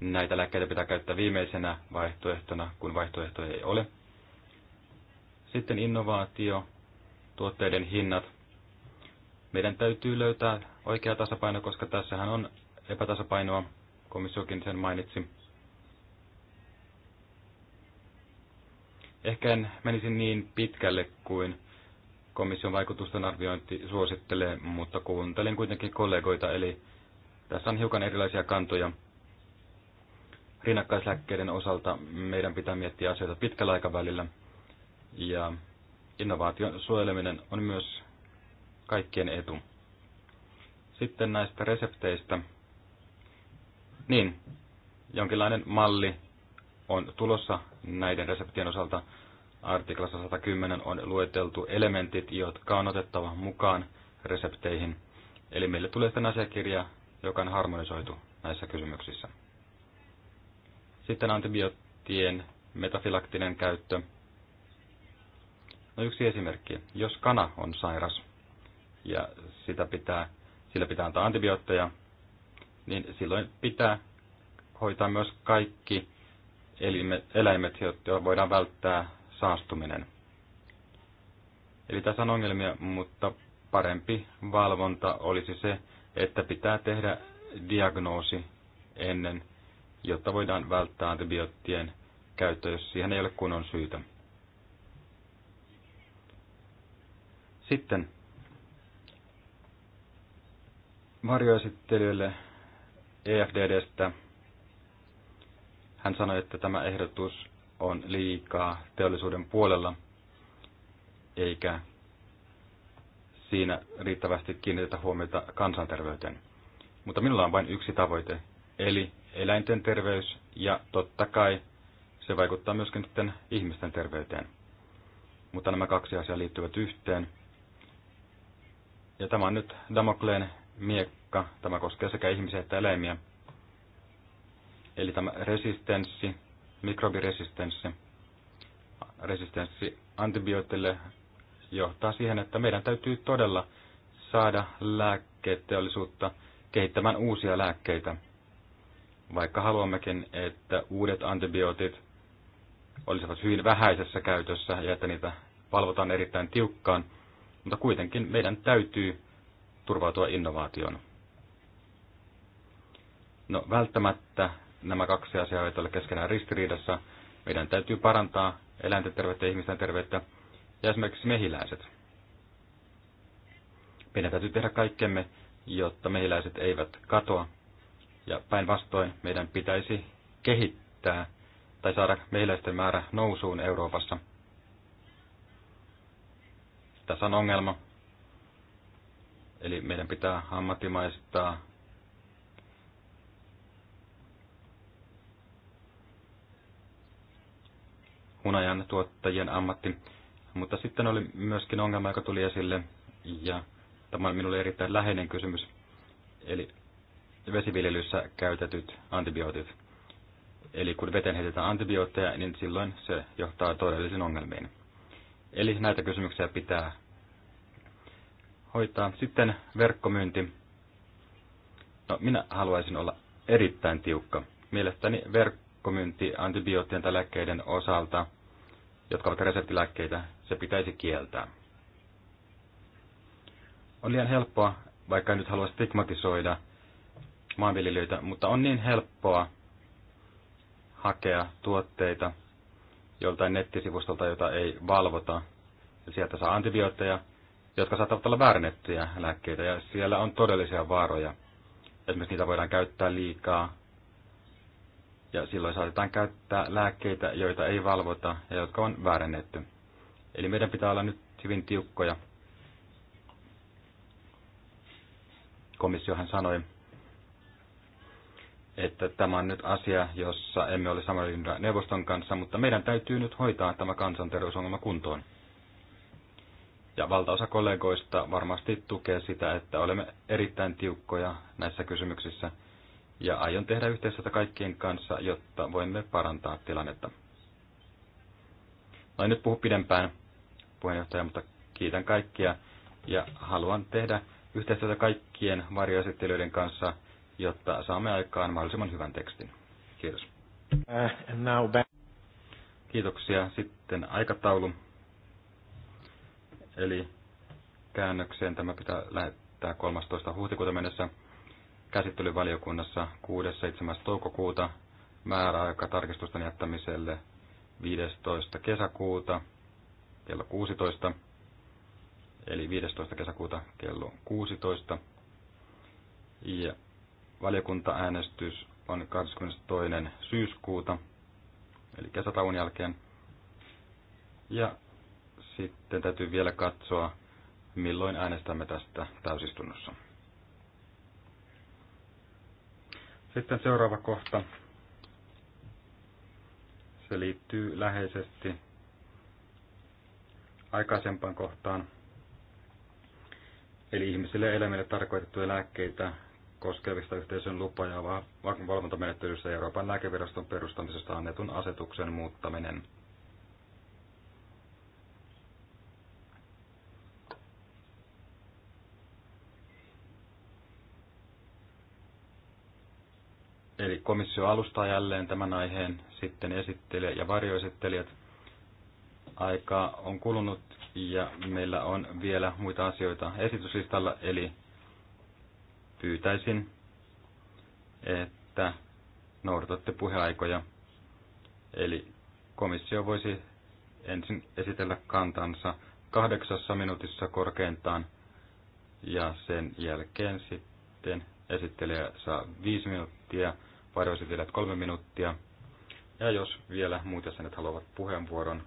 näitä lääkkeitä pitää käyttää viimeisenä vaihtoehtona, kun vaihtoehtoja ei ole – sitten innovaatio, tuotteiden hinnat. Meidän täytyy löytää oikea tasapaino, koska tässähän on epätasapainoa, komissiokin sen mainitsi. Ehkä en menisi niin pitkälle kuin komission vaikutusten arviointi suosittelee, mutta kuuntelin kuitenkin kollegoita, eli tässä on hiukan erilaisia kantoja. Rinnakkaislääkkeiden osalta meidän pitää miettiä asioita pitkällä aikavälillä – ja innovaation suojeleminen on myös kaikkien etu. Sitten näistä resepteistä. Niin, jonkinlainen malli on tulossa näiden reseptien osalta. Artiklassa 110 on lueteltu elementit, jotka on otettava mukaan resepteihin. Eli meille tulee sitten asiakirja, joka on harmonisoitu näissä kysymyksissä. Sitten antibioottien metafilaktinen käyttö. No yksi esimerkki. Jos kana on sairas ja sitä pitää, sillä pitää antaa antibiootteja, niin silloin pitää hoitaa myös kaikki eläimet, jotta voidaan välttää saastuminen. Eli tässä on ongelmia, mutta parempi valvonta olisi se, että pitää tehdä diagnoosi ennen, jotta voidaan välttää antibioottien käyttö, jos siihen ei ole kunnon syytä. Sitten varjoesittelijöille EFDDstä. Hän sanoi, että tämä ehdotus on liikaa teollisuuden puolella, eikä siinä riittävästi kiinnitetä huomiota kansanterveyteen. Mutta minulla on vain yksi tavoite, eli eläinten terveys ja totta kai se vaikuttaa myöskin sitten ihmisten terveyteen. Mutta nämä kaksi asiaa liittyvät yhteen – ja tämä on nyt Damokleen miekka, tämä koskee sekä ihmisiä että eläimiä. Eli tämä resistenssi, mikrobiresistenssi, resistenssi antibiootille johtaa siihen, että meidän täytyy todella saada lääkkeeteollisuutta kehittämään uusia lääkkeitä. Vaikka haluammekin, että uudet antibiootit olisivat hyvin vähäisessä käytössä ja että niitä valvotaan erittäin tiukkaan – mutta kuitenkin meidän täytyy turvautua innovaatioon. No välttämättä nämä kaksi asiaa eivät ole keskenään ristiriidassa. Meidän täytyy parantaa eläinten terveyttä ja ihmisten terveyttä ja esimerkiksi mehiläiset. Meidän täytyy tehdä kaikkemme, jotta mehiläiset eivät katoa. Ja päinvastoin meidän pitäisi kehittää tai saada mehiläisten määrä nousuun Euroopassa – tässä on ongelma. Eli meidän pitää ammattimaistaa hunajan tuottajien ammatti. Mutta sitten oli myöskin ongelma, joka tuli esille, ja tämä on minulle erittäin läheinen kysymys, eli vesiviljelyssä käytetyt antibiootit. Eli kun veteen heitetään antibiootteja, niin silloin se johtaa todellisiin ongelmiin. Eli näitä kysymyksiä pitää hoitaa. Sitten verkkomyynti. No, minä haluaisin olla erittäin tiukka. Mielestäni verkkomyynti antibioottien tai lääkkeiden osalta, jotka ovat reseptilääkkeitä, se pitäisi kieltää. On liian helppoa, vaikka en nyt halua stigmatisoida maanviljelijöitä, mutta on niin helppoa hakea tuotteita joltain nettisivustolta, jota ei valvota. Ja sieltä saa antibiootteja, jotka saattavat olla väärennettyjä lääkkeitä, ja siellä on todellisia vaaroja. Esimerkiksi niitä voidaan käyttää liikaa, ja silloin saatetaan käyttää lääkkeitä, joita ei valvota ja jotka on väärennetty. Eli meidän pitää olla nyt hyvin tiukkoja. Komissiohan sanoi, että tämä on nyt asia, jossa emme ole samalla neuvoston kanssa, mutta meidän täytyy nyt hoitaa tämä kansanterveysongelma kuntoon. Ja valtaosa kollegoista varmasti tukee sitä, että olemme erittäin tiukkoja näissä kysymyksissä ja aion tehdä yhteistyötä kaikkien kanssa, jotta voimme parantaa tilannetta. No en nyt puhu pidempään, puheenjohtaja, mutta kiitän kaikkia ja haluan tehdä yhteistyötä kaikkien varjoesittelyiden kanssa, jotta saamme aikaan mahdollisimman hyvän tekstin. Kiitos. Uh, Kiitoksia. Sitten aikataulu. Eli käännökseen tämä pitää lähettää 13. huhtikuuta mennessä käsittelyvaliokunnassa 6.7. toukokuuta määräaika tarkistusten jättämiselle 15. kesäkuuta kello 16, eli 15. kesäkuuta kello 16. Ja valiokuntaäänestys on 22. syyskuuta, eli kesätauon jälkeen. Ja sitten täytyy vielä katsoa, milloin äänestämme tästä täysistunnossa. Sitten seuraava kohta. Se liittyy läheisesti aikaisempaan kohtaan. Eli ihmisille ja eläimille tarkoitettuja lääkkeitä koskevista yhteisön lupa- ja valvontamenettelyssä Euroopan lääkeviraston perustamisesta annetun asetuksen muuttaminen – komissio alustaa jälleen tämän aiheen, sitten esittelijä ja varjoesittelijät. Aikaa on kulunut ja meillä on vielä muita asioita esityslistalla, eli pyytäisin, että noudatatte puheaikoja. Eli komissio voisi ensin esitellä kantansa kahdeksassa minuutissa korkeintaan ja sen jälkeen sitten esittelijä saa viisi minuuttia vielä kolme minuuttia. Ja jos vielä muut jäsenet haluavat puheenvuoron,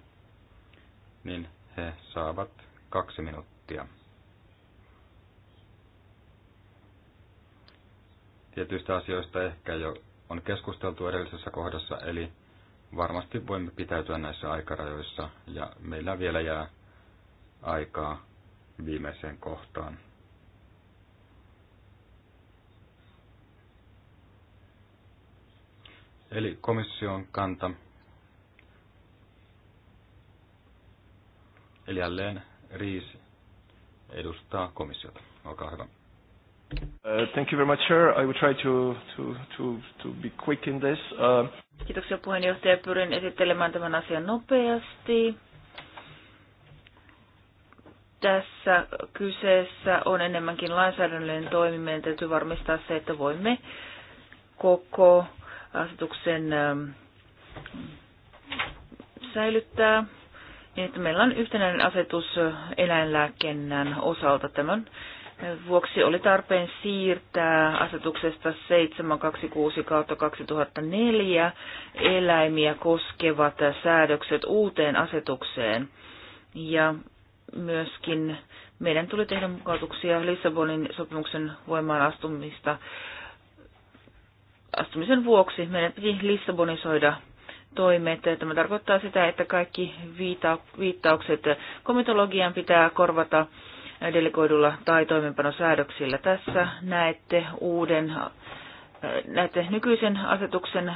niin he saavat kaksi minuuttia. Tietyistä asioista ehkä jo on keskusteltu edellisessä kohdassa, eli varmasti voimme pitäytyä näissä aikarajoissa ja meillä vielä jää aikaa viimeiseen kohtaan. Eli komission kanta. Eli jälleen Riis edustaa komissiota. Olkaa hyvä. Uh, thank you very much, sir. I will try to, to, to, to be quick in this. Uh... Kiitoksia puheenjohtaja. Pyrin esittelemään tämän asian nopeasti. Tässä kyseessä on enemmänkin lainsäädännöllinen toimi. Meidän täytyy varmistaa se, että voimme koko asetuksen ähm, säilyttää, niin että meillä on yhtenäinen asetus äh, eläinlääkennän osalta. Tämän vuoksi oli tarpeen siirtää asetuksesta 726-2004 eläimiä koskevat säädökset uuteen asetukseen. Ja myöskin meidän tuli tehdä mukautuksia Lissabonin sopimuksen voimaan astumista astumisen vuoksi meidän piti Lissabonisoida toimet. Tämä tarkoittaa sitä, että kaikki viittaukset komitologian pitää korvata delegoidulla tai toimenpanosäädöksillä. Tässä näette uuden, näette nykyisen asetuksen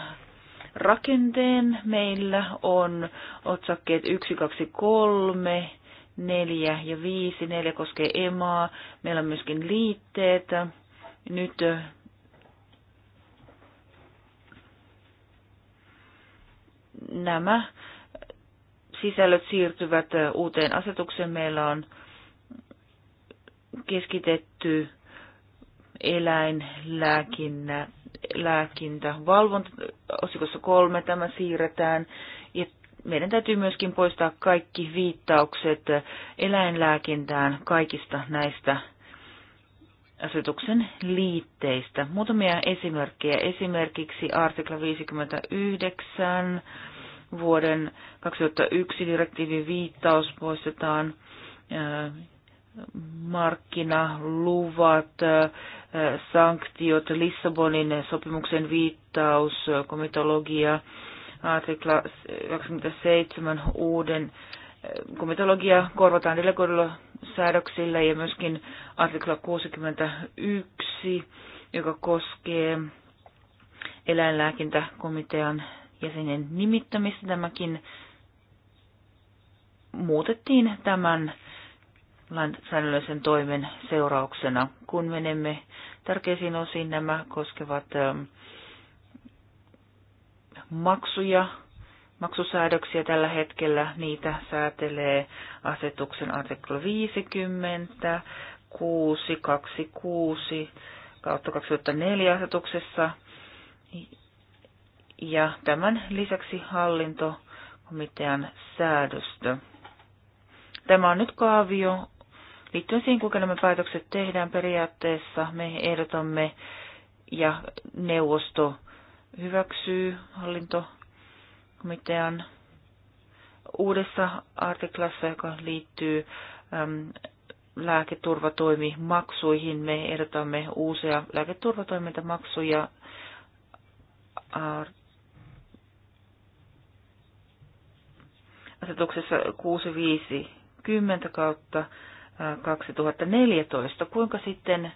rakenteen. Meillä on otsakkeet 1, 2, 3, 4 ja 5. 4 koskee emaa. Meillä on myöskin liitteet. Nyt nämä sisällöt siirtyvät uuteen asetukseen. Meillä on keskitetty eläinlääkintä valvonta, osikossa kolme tämä siirretään. Ja meidän täytyy myöskin poistaa kaikki viittaukset eläinlääkintään kaikista näistä asetuksen liitteistä. Muutamia esimerkkejä. Esimerkiksi artikla 59 vuoden 2001 direktiivin viittaus poistetaan markkinaluvat, sanktiot, Lissabonin sopimuksen viittaus, komitologia, artikla 27 uuden komitologia korvataan delegoidulla säädöksillä ja myöskin artikla 61, joka koskee eläinlääkintäkomitean jäsenen nimittämistä. Tämäkin muutettiin tämän lainsäädännöllisen toimen seurauksena. Kun menemme tärkeisiin osiin, nämä koskevat ähm, maksuja maksusäädöksiä tällä hetkellä. Niitä säätelee asetuksen artikla 50, 626 kautta 2004 asetuksessa. Ja tämän lisäksi hallintokomitean säädöstö. Tämä on nyt kaavio liittyen siihen, kuinka nämä päätökset tehdään periaatteessa. Me ehdotamme ja neuvosto hyväksyy hallinto komitean uudessa artiklassa, joka liittyy äm, lääketurvatoimimaksuihin. Me ehdotamme uusia lääketurvatoimintamaksuja asetuksessa 650 kautta 2014. Kuinka sitten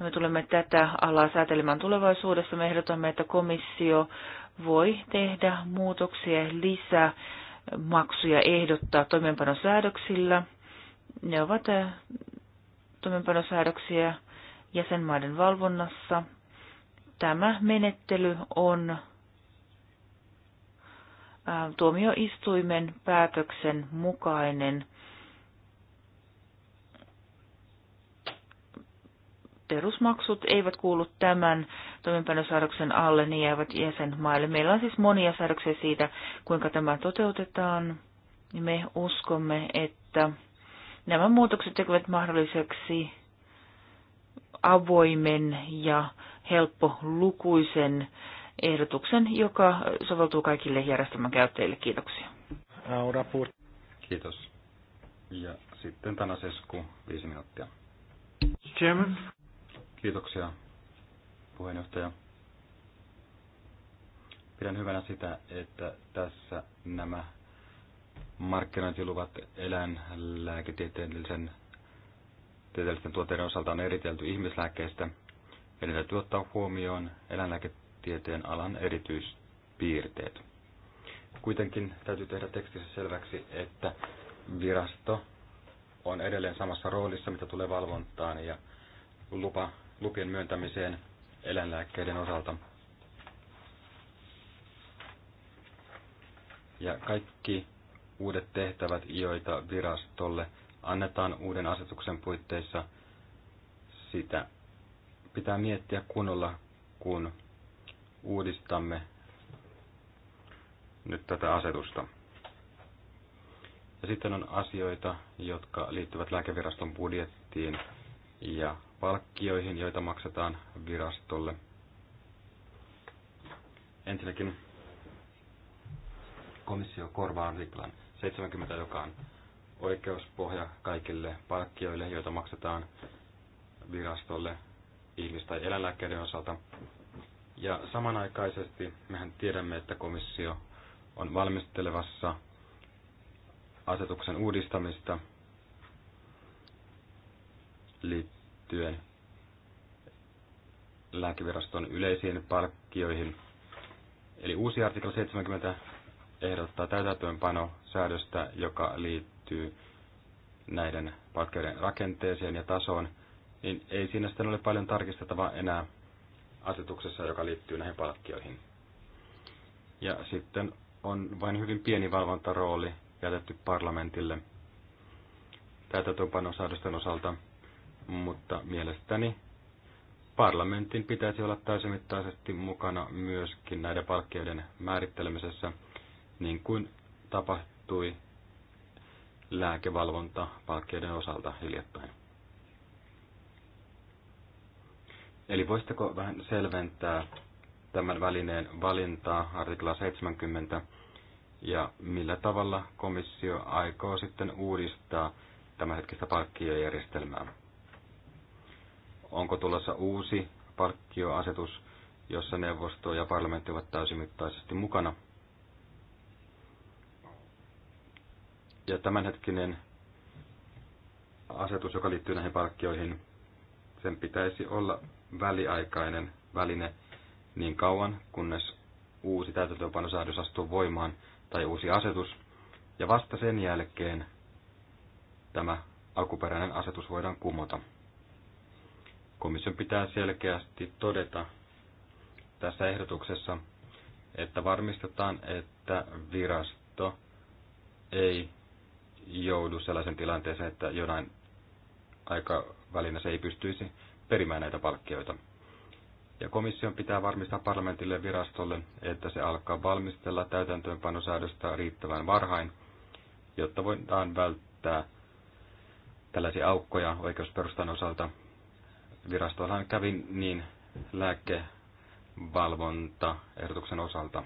me tulemme tätä alaa säätelemään tulevaisuudessa? Me ehdotamme, että komissio voi tehdä muutoksia lisää maksuja ehdottaa toimeenpanosäädöksillä. Ne ovat toimeenpanosäädöksiä jäsenmaiden valvonnassa. Tämä menettely on tuomioistuimen päätöksen mukainen perusmaksut eivät kuulu tämän toimenpanosäädöksen alle, niin jäävät jäsenmaille. Meillä on siis monia säädöksiä siitä, kuinka tämä toteutetaan. Me uskomme, että nämä muutokset tekevät mahdolliseksi avoimen ja helppolukuisen ehdotuksen, joka soveltuu kaikille järjestelmän käyttäjille. Kiitoksia. Kiitos. Ja sitten Tanasesku, viisi minuuttia. Chairman. Kiitoksia puheenjohtaja. Pidän hyvänä sitä, että tässä nämä markkinointiluvat eläinlääketieteellisen tieteellisten tuotteiden osalta on eritelty ihmislääkkeistä. Meidän täytyy ottaa huomioon eläinlääketieteen alan erityispiirteet. Kuitenkin täytyy tehdä tekstissä selväksi, että virasto on edelleen samassa roolissa, mitä tulee valvontaan ja lupa, lupien myöntämiseen eläinlääkkeiden osalta. Ja kaikki uudet tehtävät, joita virastolle annetaan uuden asetuksen puitteissa, sitä pitää miettiä kunnolla, kun uudistamme nyt tätä asetusta. Ja sitten on asioita, jotka liittyvät lääkeviraston budjettiin ja palkkioihin, joita maksetaan virastolle. Ensinnäkin komissio korvaa artiklan 70, joka on oikeuspohja kaikille palkkioille, joita maksetaan virastolle ihmis- tai eläinlääkkeiden osalta. Ja samanaikaisesti mehän tiedämme, että komissio on valmistelevassa asetuksen uudistamista liittyen liittyen lääkeviraston yleisiin palkkioihin. Eli uusi artikla 70 ehdottaa säädöstä, joka liittyy näiden palkkioiden rakenteeseen ja tasoon, niin ei siinä sitten ole paljon tarkistettavaa enää asetuksessa, joka liittyy näihin palkkioihin. Ja sitten on vain hyvin pieni valvontarooli jätetty parlamentille täytäntöönpanosäädösten osalta – mutta mielestäni parlamentin pitäisi olla täysimittaisesti mukana myöskin näiden palkkioiden määrittelemisessä, niin kuin tapahtui lääkevalvonta palkkioiden osalta hiljattain. Eli voisitteko vähän selventää tämän välineen valintaa, artikla 70, ja millä tavalla komissio aikoo sitten uudistaa tämänhetkistä palkkiojärjestelmää? onko tulossa uusi palkkioasetus, jossa neuvosto ja parlamentti ovat täysimittaisesti mukana. Ja tämänhetkinen asetus, joka liittyy näihin palkkioihin, sen pitäisi olla väliaikainen väline niin kauan, kunnes uusi täytäntöönpanosäädös astuu voimaan tai uusi asetus, ja vasta sen jälkeen tämä alkuperäinen asetus voidaan kumota komission pitää selkeästi todeta tässä ehdotuksessa, että varmistetaan, että virasto ei joudu sellaisen tilanteeseen, että jonain aikavälinä se ei pystyisi perimään näitä palkkioita. Ja komission pitää varmistaa parlamentille ja virastolle, että se alkaa valmistella täytäntöönpanosäädöstä riittävän varhain, jotta voidaan välttää tällaisia aukkoja oikeusperustan osalta, virastollahan kävi niin lääkevalvonta ehdotuksen osalta.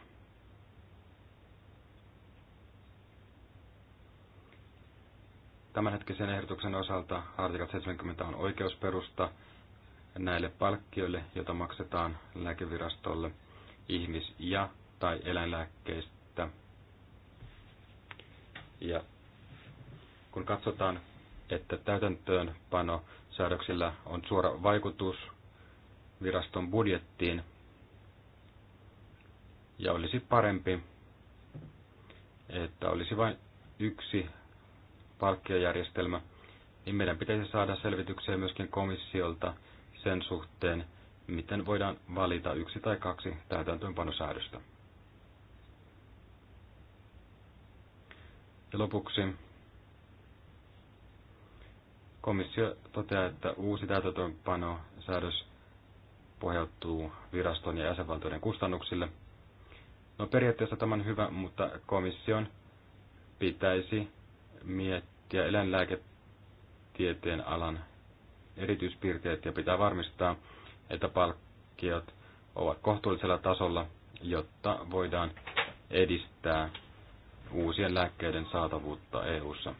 Tämänhetkisen ehdotuksen osalta artikla 70 on oikeusperusta näille palkkioille, joita maksetaan lääkevirastolle ihmis- ja tai eläinlääkkeistä. Ja kun katsotaan, että täytäntöönpano säädöksillä on suora vaikutus viraston budjettiin ja olisi parempi, että olisi vain yksi palkkiojärjestelmä, niin meidän pitäisi saada selvityksiä myöskin komissiolta sen suhteen, miten voidaan valita yksi tai kaksi täytäntöönpanosäädöstä. Ja lopuksi Komissio toteaa, että uusi täytäntöönpano säädös pohjautuu viraston ja jäsenvaltioiden kustannuksille. No periaatteessa tämä on hyvä, mutta komission pitäisi miettiä eläinlääketieteen alan erityispiirteet ja pitää varmistaa, että palkkiot ovat kohtuullisella tasolla, jotta voidaan edistää uusien lääkkeiden saatavuutta EU:ssa.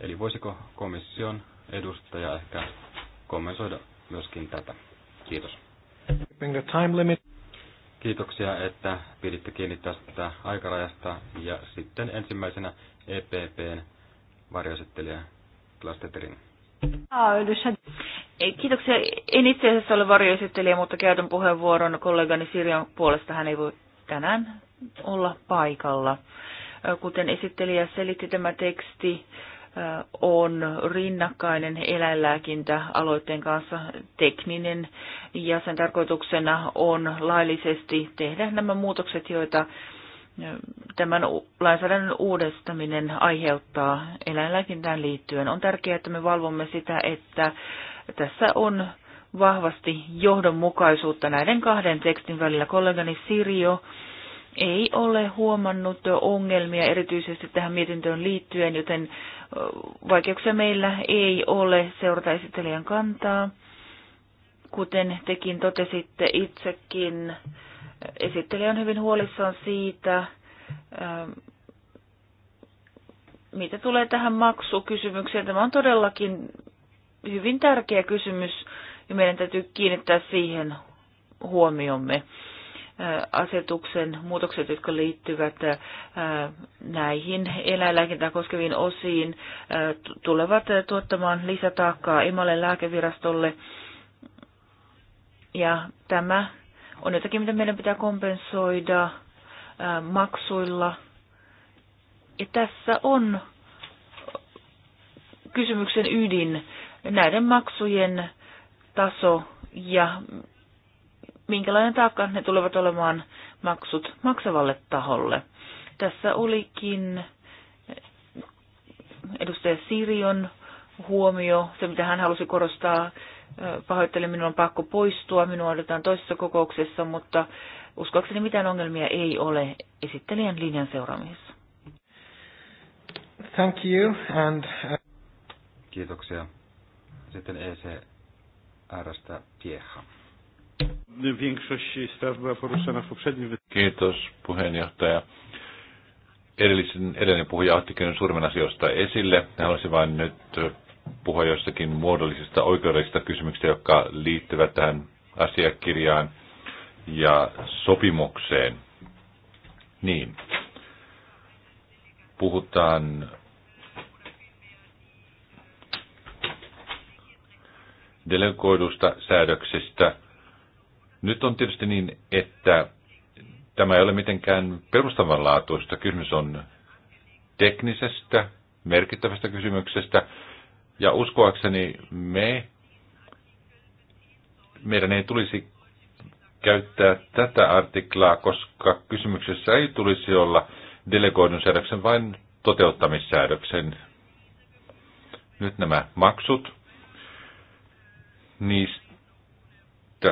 Eli voisiko komission edustaja ehkä kommentoida myöskin tätä? Kiitos. Kiitoksia, että piditte kiinni tästä aikarajasta. Ja sitten ensimmäisenä EPPn varjoesittelijä Klasteterin. E, kiitoksia. En itse asiassa ole varjoesittelijä, mutta käytän puheenvuoron kollegani Sirjan puolesta. Hän ei voi tänään olla paikalla. Kuten esittelijä selitti, tämä teksti on rinnakkainen eläinlääkintäaloitteen kanssa tekninen ja sen tarkoituksena on laillisesti tehdä nämä muutokset, joita tämän lainsäädännön uudistaminen aiheuttaa eläinlääkintään liittyen. On tärkeää, että me valvomme sitä, että tässä on vahvasti johdonmukaisuutta näiden kahden tekstin välillä. Kollegani Sirio ei ole huomannut ongelmia erityisesti tähän mietintöön liittyen, joten vaikeuksia meillä ei ole seurata esittelijän kantaa. Kuten tekin totesitte itsekin, esittelijä on hyvin huolissaan siitä, mitä tulee tähän maksukysymykseen. Tämä on todellakin hyvin tärkeä kysymys ja meidän täytyy kiinnittää siihen huomiomme asetuksen muutokset, jotka liittyvät näihin eläinlääkintää koskeviin osiin, tulevat tuottamaan lisätaakkaa emalle lääkevirastolle. Ja tämä on jotakin, mitä meidän pitää kompensoida maksuilla. Ja tässä on kysymyksen ydin, näiden maksujen taso ja minkälainen taakka ne tulevat olemaan maksut maksavalle taholle. Tässä olikin edustaja Sirion huomio, se mitä hän halusi korostaa, pahoittelen, minun on pakko poistua, minua odotetaan toisessa kokouksessa, mutta uskoakseni mitään ongelmia ei ole esittelijän linjan seuraamisessa. Thank you and... Uh, Kiitoksia. Sitten ECRstä Pieha. Większość spraw była poruszana w poprzednim Kiitos puheenjohtaja. Edellisen, edellinen puhuja otti kyllä suurimman asioista esille. Haluaisin vain nyt puhua jostakin muodollisista oikeudellisista kysymyksistä, jotka liittyvät tähän asiakirjaan ja sopimukseen. Niin. Puhutaan delegoidusta säädöksestä – nyt on tietysti niin, että tämä ei ole mitenkään perustavanlaatuista. Kysymys on teknisestä, merkittävästä kysymyksestä. Ja uskoakseni me, meidän ei tulisi käyttää tätä artiklaa, koska kysymyksessä ei tulisi olla delegoidun säädöksen, vain toteuttamissäädöksen. Nyt nämä maksut, niistä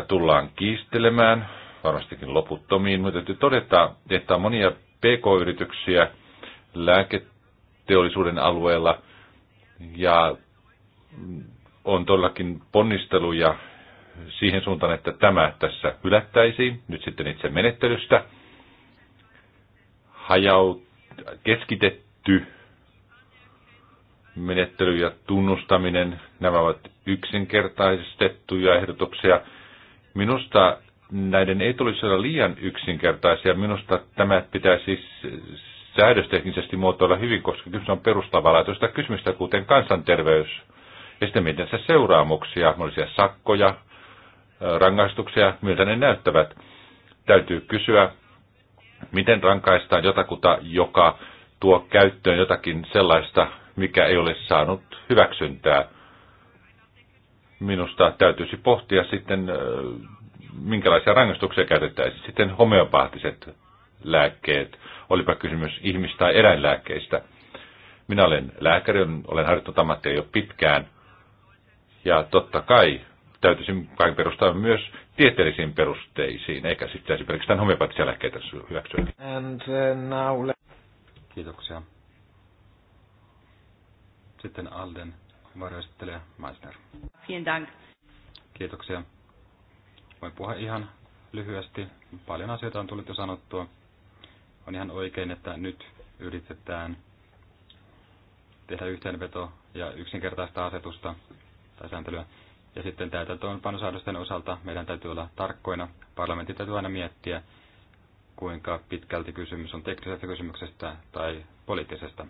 tullaan kiistelemään, varmastikin loputtomiin, mutta täytyy todeta, että on monia pk-yrityksiä lääketeollisuuden alueella ja on todellakin ponnisteluja siihen suuntaan, että tämä tässä hylättäisiin. Nyt sitten itse menettelystä hajaut, keskitetty menettely ja tunnustaminen, nämä ovat yksinkertaistettuja ehdotuksia – Minusta näiden ei tulisi olla liian yksinkertaisia. Minusta tämä pitäisi säädösteknisesti muotoilla hyvin, koska kysymys on perustavanlaatuista kysymystä, kuten kansanterveys. Ja sitten miten se seuraamuksia, mahdollisia sakkoja, rangaistuksia, miltä ne näyttävät. Täytyy kysyä, miten rankaistaan jotakuta, joka tuo käyttöön jotakin sellaista, mikä ei ole saanut hyväksyntää minusta täytyisi pohtia sitten, minkälaisia rangaistuksia käytettäisiin. Sitten homeopaattiset lääkkeet, olipa kysymys ihmis- tai eläinlääkkeistä. Minä olen lääkäri, olen harjoittanut ammattia jo pitkään, ja totta kai täytyisi kaiken perustaa myös tieteellisiin perusteisiin, eikä sitten siis esimerkiksi tämän homeopaattisia lääkkeitä hyväksyä. And, uh, now... Kiitoksia. Sitten Alden varjoistelija Meissner. Vielen Dank. Kiitoksia. Voin puhua ihan lyhyesti. Paljon asioita on tullut jo sanottua. On ihan oikein, että nyt yritetään tehdä yhteenveto ja yksinkertaista asetusta tai sääntelyä. Ja sitten täytäntöönpanosäädösten osalta meidän täytyy olla tarkkoina. Parlamentti täytyy aina miettiä, kuinka pitkälti kysymys on teknisestä kysymyksestä tai poliittisesta.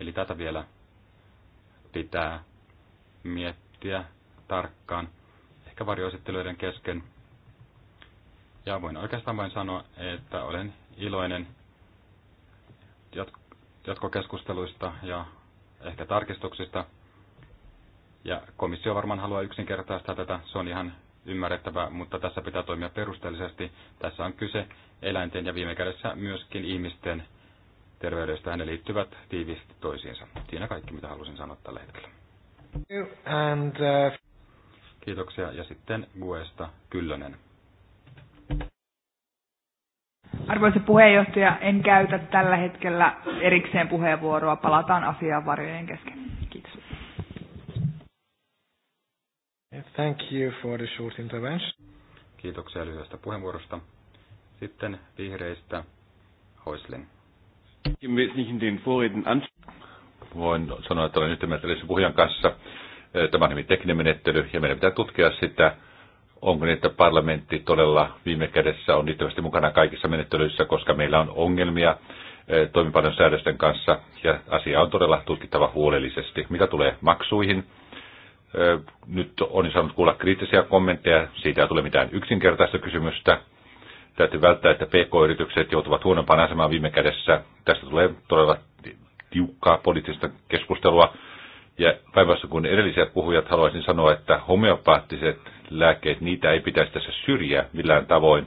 Eli tätä vielä pitää miettiä tarkkaan, ehkä varjoesittelyiden kesken. Ja voin oikeastaan vain sanoa, että olen iloinen jatkokeskusteluista ja ehkä tarkistuksista. Ja komissio varmaan haluaa yksinkertaistaa tätä, se on ihan ymmärrettävää, mutta tässä pitää toimia perusteellisesti. Tässä on kyse eläinten ja viime kädessä myöskin ihmisten terveydestä. Ja ne liittyvät tiiviisti toisiinsa. Siinä kaikki, mitä halusin sanoa tällä hetkellä. And, uh... Kiitoksia. Ja sitten Guesta Kyllönen. Arvoisa puheenjohtaja, en käytä tällä hetkellä erikseen puheenvuoroa. Palataan asiaan varjojen kesken. Kiitos. Thank you for the short intervention. Kiitoksia lyhyestä puheenvuorosta. Sitten vihreistä Hoislin. Voin sanoa, että olen yhtä puhujan kanssa Tämä on hyvin tekninen menettely ja meidän pitää tutkia sitä, onko niin, että parlamentti todella viime kädessä on riittävästi mukana kaikissa menettelyissä, koska meillä on ongelmia toimipaljon säädösten kanssa ja asia on todella tutkittava huolellisesti. Mitä tulee maksuihin? Nyt on saanut kuulla kriittisiä kommentteja, siitä ei tule mitään yksinkertaista kysymystä. Täytyy välttää, että PK-yritykset joutuvat huonompaan asemaan viime kädessä. Tästä tulee todella tiukkaa poliittista keskustelua. Ja päinvastoin kuin edelliset puhujat, haluaisin sanoa, että homeopaattiset lääkkeet, niitä ei pitäisi tässä syrjää millään tavoin,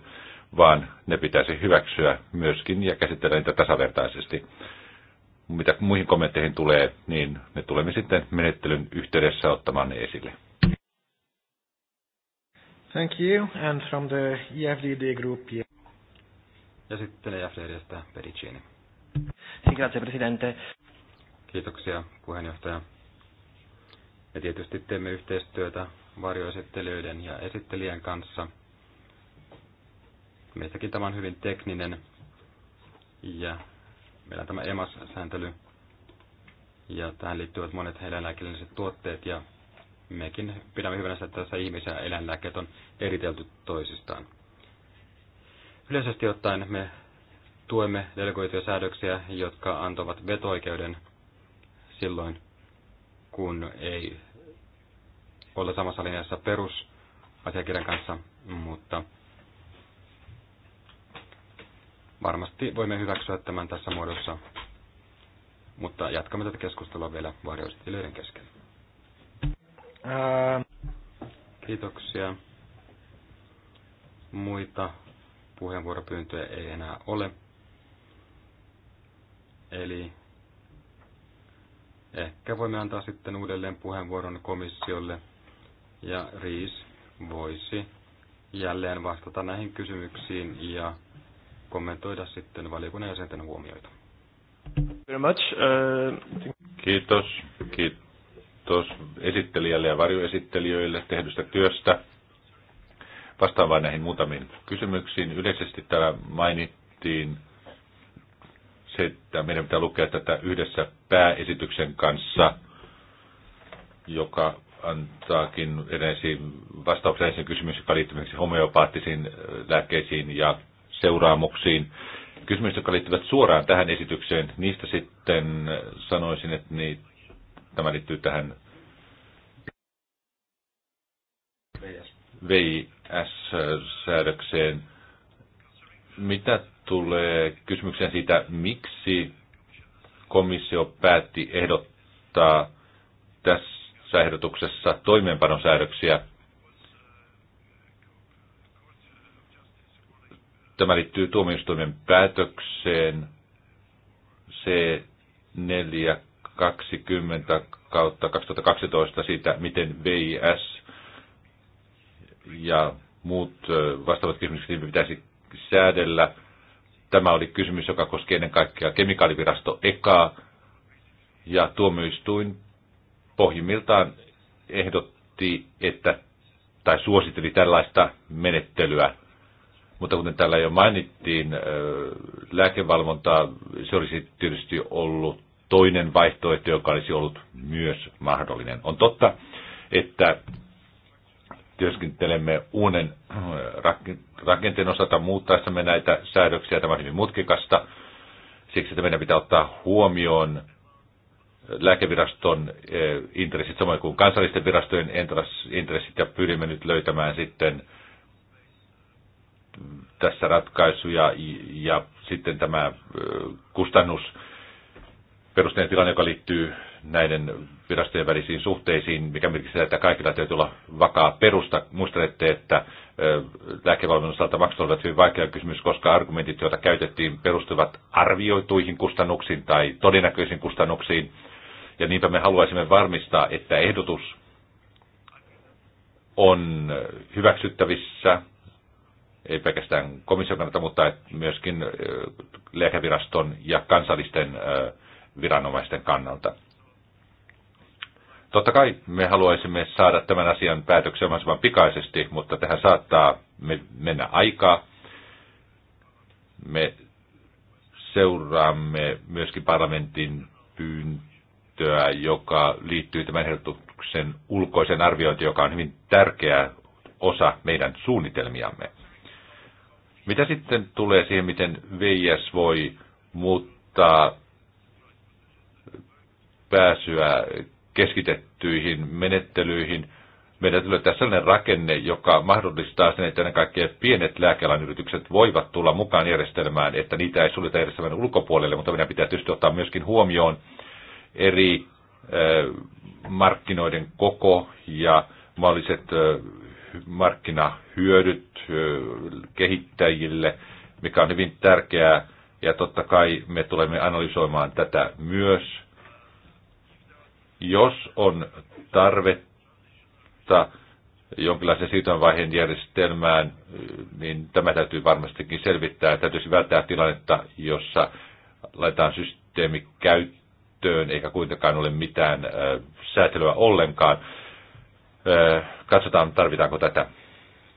vaan ne pitäisi hyväksyä myöskin ja käsitellä niitä tasavertaisesti. Mitä muihin kommentteihin tulee, niin me tulemme sitten menettelyn yhteydessä ottamaan ne esille. Thank you. And from the EFDD group. Ja sitten EFDDstä Pericini. Grazie, Presidente. Kiitoksia, puheenjohtaja. Ja tietysti teemme yhteistyötä varjoesittelijöiden ja esittelijän kanssa. Meistäkin tämä on hyvin tekninen ja meillä on tämä EMAS-sääntely ja tähän liittyvät monet eläinlääkinnälliset tuotteet ja mekin pidämme hyvänä sitä, että tässä ihmis- ja eläinlääkkeet on eritelty toisistaan. Yleisesti ottaen me tuemme delegoituja säädöksiä, jotka antavat vetoikeuden silloin, kun ei olla samassa linjassa perusasiakirjan kanssa, mutta varmasti voimme hyväksyä tämän tässä muodossa, mutta jatkamme tätä keskustelua vielä varjoistilijoiden kesken. Ää... Ähm. Kiitoksia. Muita puheenvuoropyyntöjä ei enää ole. Eli Ehkä voimme antaa sitten uudelleen puheenvuoron komissiolle ja Riis voisi jälleen vastata näihin kysymyksiin ja kommentoida sitten valiokunnan jäsenten huomioita. Very much. Uh, Kiitos. Kiitos esittelijälle ja varjoesittelijöille tehdystä työstä. Vastaan vain näihin muutamiin kysymyksiin. Yleisesti täällä mainittiin se, että meidän pitää lukea tätä yhdessä pääesityksen kanssa, joka antaakin edellisiin vastauksen ensin kysymyksiin joka liittyy homeopaattisiin äh, lääkkeisiin ja seuraamuksiin. Kysymykset, jotka liittyvät suoraan tähän esitykseen, niistä sitten äh, sanoisin, että niin, tämä liittyy tähän vs säädökseen Mitä tulee kysymykseen siitä, miksi komissio päätti ehdottaa tässä ehdotuksessa toimeenpanosäädöksiä. Tämä liittyy tuomioistuimen päätökseen C420 kautta 2012 siitä, miten VIS ja muut vastaavat kysymykset pitäisi säädellä – Tämä oli kysymys, joka koski ennen kaikkea kemikaalivirasto EKAa, ja tuomioistuin pohjimmiltaan ehdotti, että, tai suositteli tällaista menettelyä. Mutta kuten täällä jo mainittiin, lääkevalvonta, se olisi tietysti ollut toinen vaihtoehto, joka olisi ollut myös mahdollinen. On totta, että työskentelemme uuden äh, rakenteen osalta muuttaessamme näitä säädöksiä. Tämä on hyvin mutkikasta. Siksi että meidän pitää ottaa huomioon äh, lääkeviraston äh, intressit samoin kuin kansallisten virastojen intressit ja pyrimme nyt löytämään sitten mm, tässä ratkaisuja ja sitten tämä kustannus perusteen tilanne, joka liittyy näiden virastojen välisiin suhteisiin, mikä merkitsee, että kaikilla täytyy olla vakaa perusta. Muistelette, että lääkevalvonnan osalta maksut olivat hyvin vaikea kysymys, koska argumentit, joita käytettiin, perustuvat arvioituihin kustannuksiin tai todennäköisiin kustannuksiin. Ja niinpä me haluaisimme varmistaa, että ehdotus on hyväksyttävissä, ei pelkästään komission kannalta, mutta myöskin lääkeviraston ja kansallisten viranomaisten kannalta. Totta kai me haluaisimme saada tämän asian päätöksen mahdollisimman pikaisesti, mutta tähän saattaa mennä aikaa. Me seuraamme myöskin parlamentin pyyntöä, joka liittyy tämän ehdotuksen ulkoisen arviointiin, joka on hyvin tärkeä osa meidän suunnitelmiamme. Mitä sitten tulee siihen, miten VIS voi muuttaa pääsyä keskitettyihin menettelyihin. Meidän tulee tässä sellainen rakenne, joka mahdollistaa sen, että ennen kaikkea pienet lääkealan yritykset voivat tulla mukaan järjestelmään, että niitä ei suljeta järjestelmän ulkopuolelle, mutta meidän pitää tietysti ottaa myöskin huomioon eri markkinoiden koko ja mahdolliset markkinahyödyt kehittäjille, mikä on hyvin tärkeää. Ja totta kai me tulemme analysoimaan tätä myös jos on tarvetta jonkinlaisen siirtymävaiheen järjestelmään, niin tämä täytyy varmastikin selvittää. Täytyisi välttää tilannetta, jossa laitetaan systeemi käyttöön, eikä kuitenkaan ole mitään säätelyä ollenkaan. Katsotaan, tarvitaanko tätä.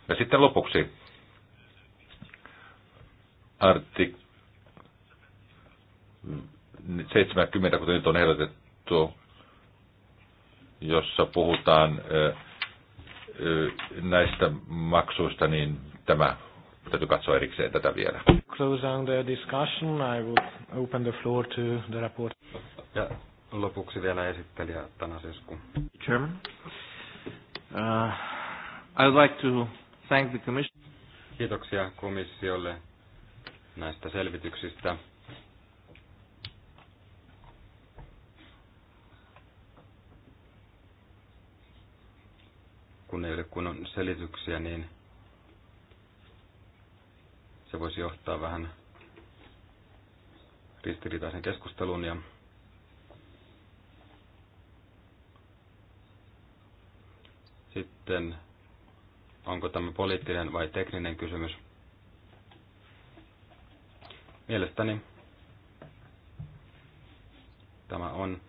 Ja sitten lopuksi artik 70, kuten nyt on ehdotettu, jossa puhutaan näistä maksuista, niin tämä täytyy katsoa erikseen tätä vielä. Closing the discussion, I would open the floor to the report. Ja lopuksi vielä esittelijä Tanasescu. Chairman, uh, I would like to thank the commission. Kiitoksia komissiolle näistä selvityksistä. kun ei ole kunnon selityksiä, niin se voisi johtaa vähän ristiriitaisen keskustelun ja sitten onko tämä poliittinen vai tekninen kysymys. Mielestäni tämä on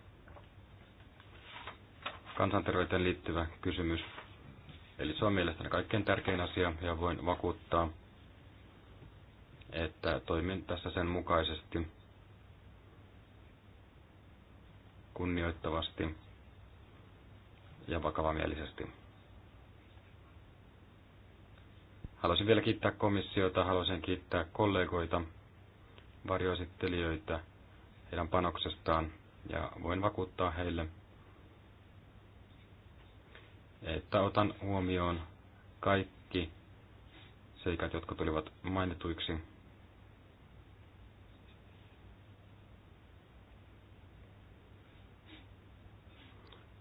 kansanterveyteen liittyvä kysymys. Eli se on mielestäni kaikkein tärkein asia ja voin vakuuttaa, että toimin tässä sen mukaisesti kunnioittavasti ja vakavamielisesti. Haluaisin vielä kiittää komissiota, haluaisin kiittää kollegoita, varjoesittelijöitä heidän panoksestaan ja voin vakuuttaa heille, että otan huomioon kaikki seikat, jotka tulivat mainituiksi.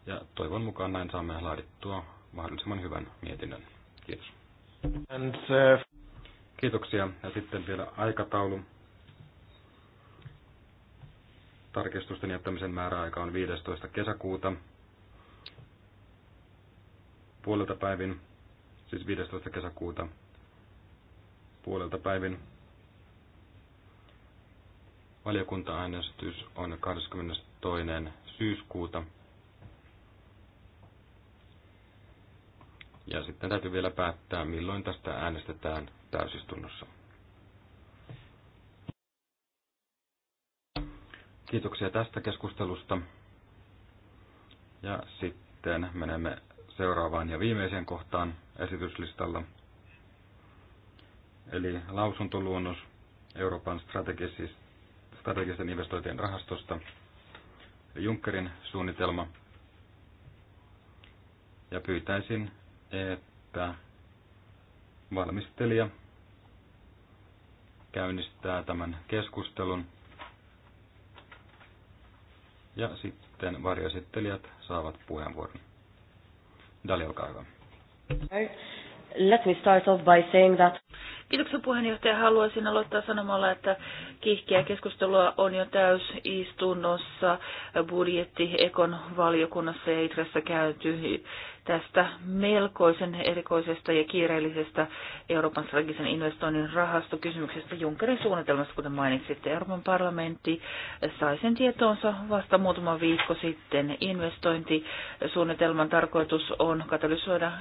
Ja toivon mukaan näin saamme laadittua mahdollisimman hyvän mietinnön. Kiitos. Uh, Kiitoksia. Ja sitten vielä aikataulu. Tarkistusten jättämisen määräaika on 15. kesäkuuta puolelta päivin, siis 15. kesäkuuta puolelta päivin. Valiokuntaäänestys on 22. syyskuuta. Ja sitten täytyy vielä päättää, milloin tästä äänestetään täysistunnossa. Kiitoksia tästä keskustelusta. Ja sitten menemme seuraavaan ja viimeiseen kohtaan esityslistalla. Eli lausuntoluonnos Euroopan strategisten investointien rahastosta, Junckerin suunnitelma. Ja pyytäisin, että valmistelija käynnistää tämän keskustelun. Ja sitten varjoesittelijät saavat puheenvuoron. Dali, olkaa Let me start off by saying that... Kiitoksia puheenjohtaja. Haluaisin aloittaa sanomalla, että kiihkeä keskustelua on jo täysistunnossa budjetti Ekon valiokunnassa ja Itressä käyty tästä melkoisen erikoisesta ja kiireellisestä Euroopan strategisen investoinnin rahastokysymyksestä Junckerin suunnitelmasta, kuten mainitsitte. Euroopan parlamentti sai sen tietoonsa vasta muutama viikko sitten. Investointisuunnitelman tarkoitus on katalysoida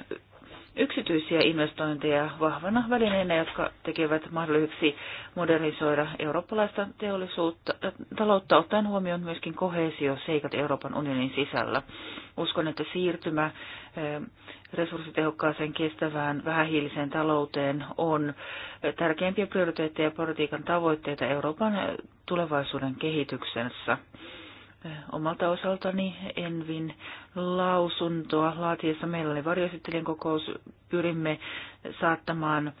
yksityisiä investointeja vahvana välineenä, jotka tekevät mahdolliseksi modernisoida eurooppalaista teollisuutta, äh, taloutta ottaen huomioon myöskin kohesioseikat Euroopan unionin sisällä. Uskon, että siirtymä äh, resurssitehokkaaseen, kestävään, vähähiiliseen talouteen on äh, tärkeimpiä prioriteetteja ja politiikan tavoitteita Euroopan tulevaisuuden kehityksessä omalta osaltani Envin lausuntoa laatiessa. Meillä oli varjoesittelijän kokous. Pyrimme saattamaan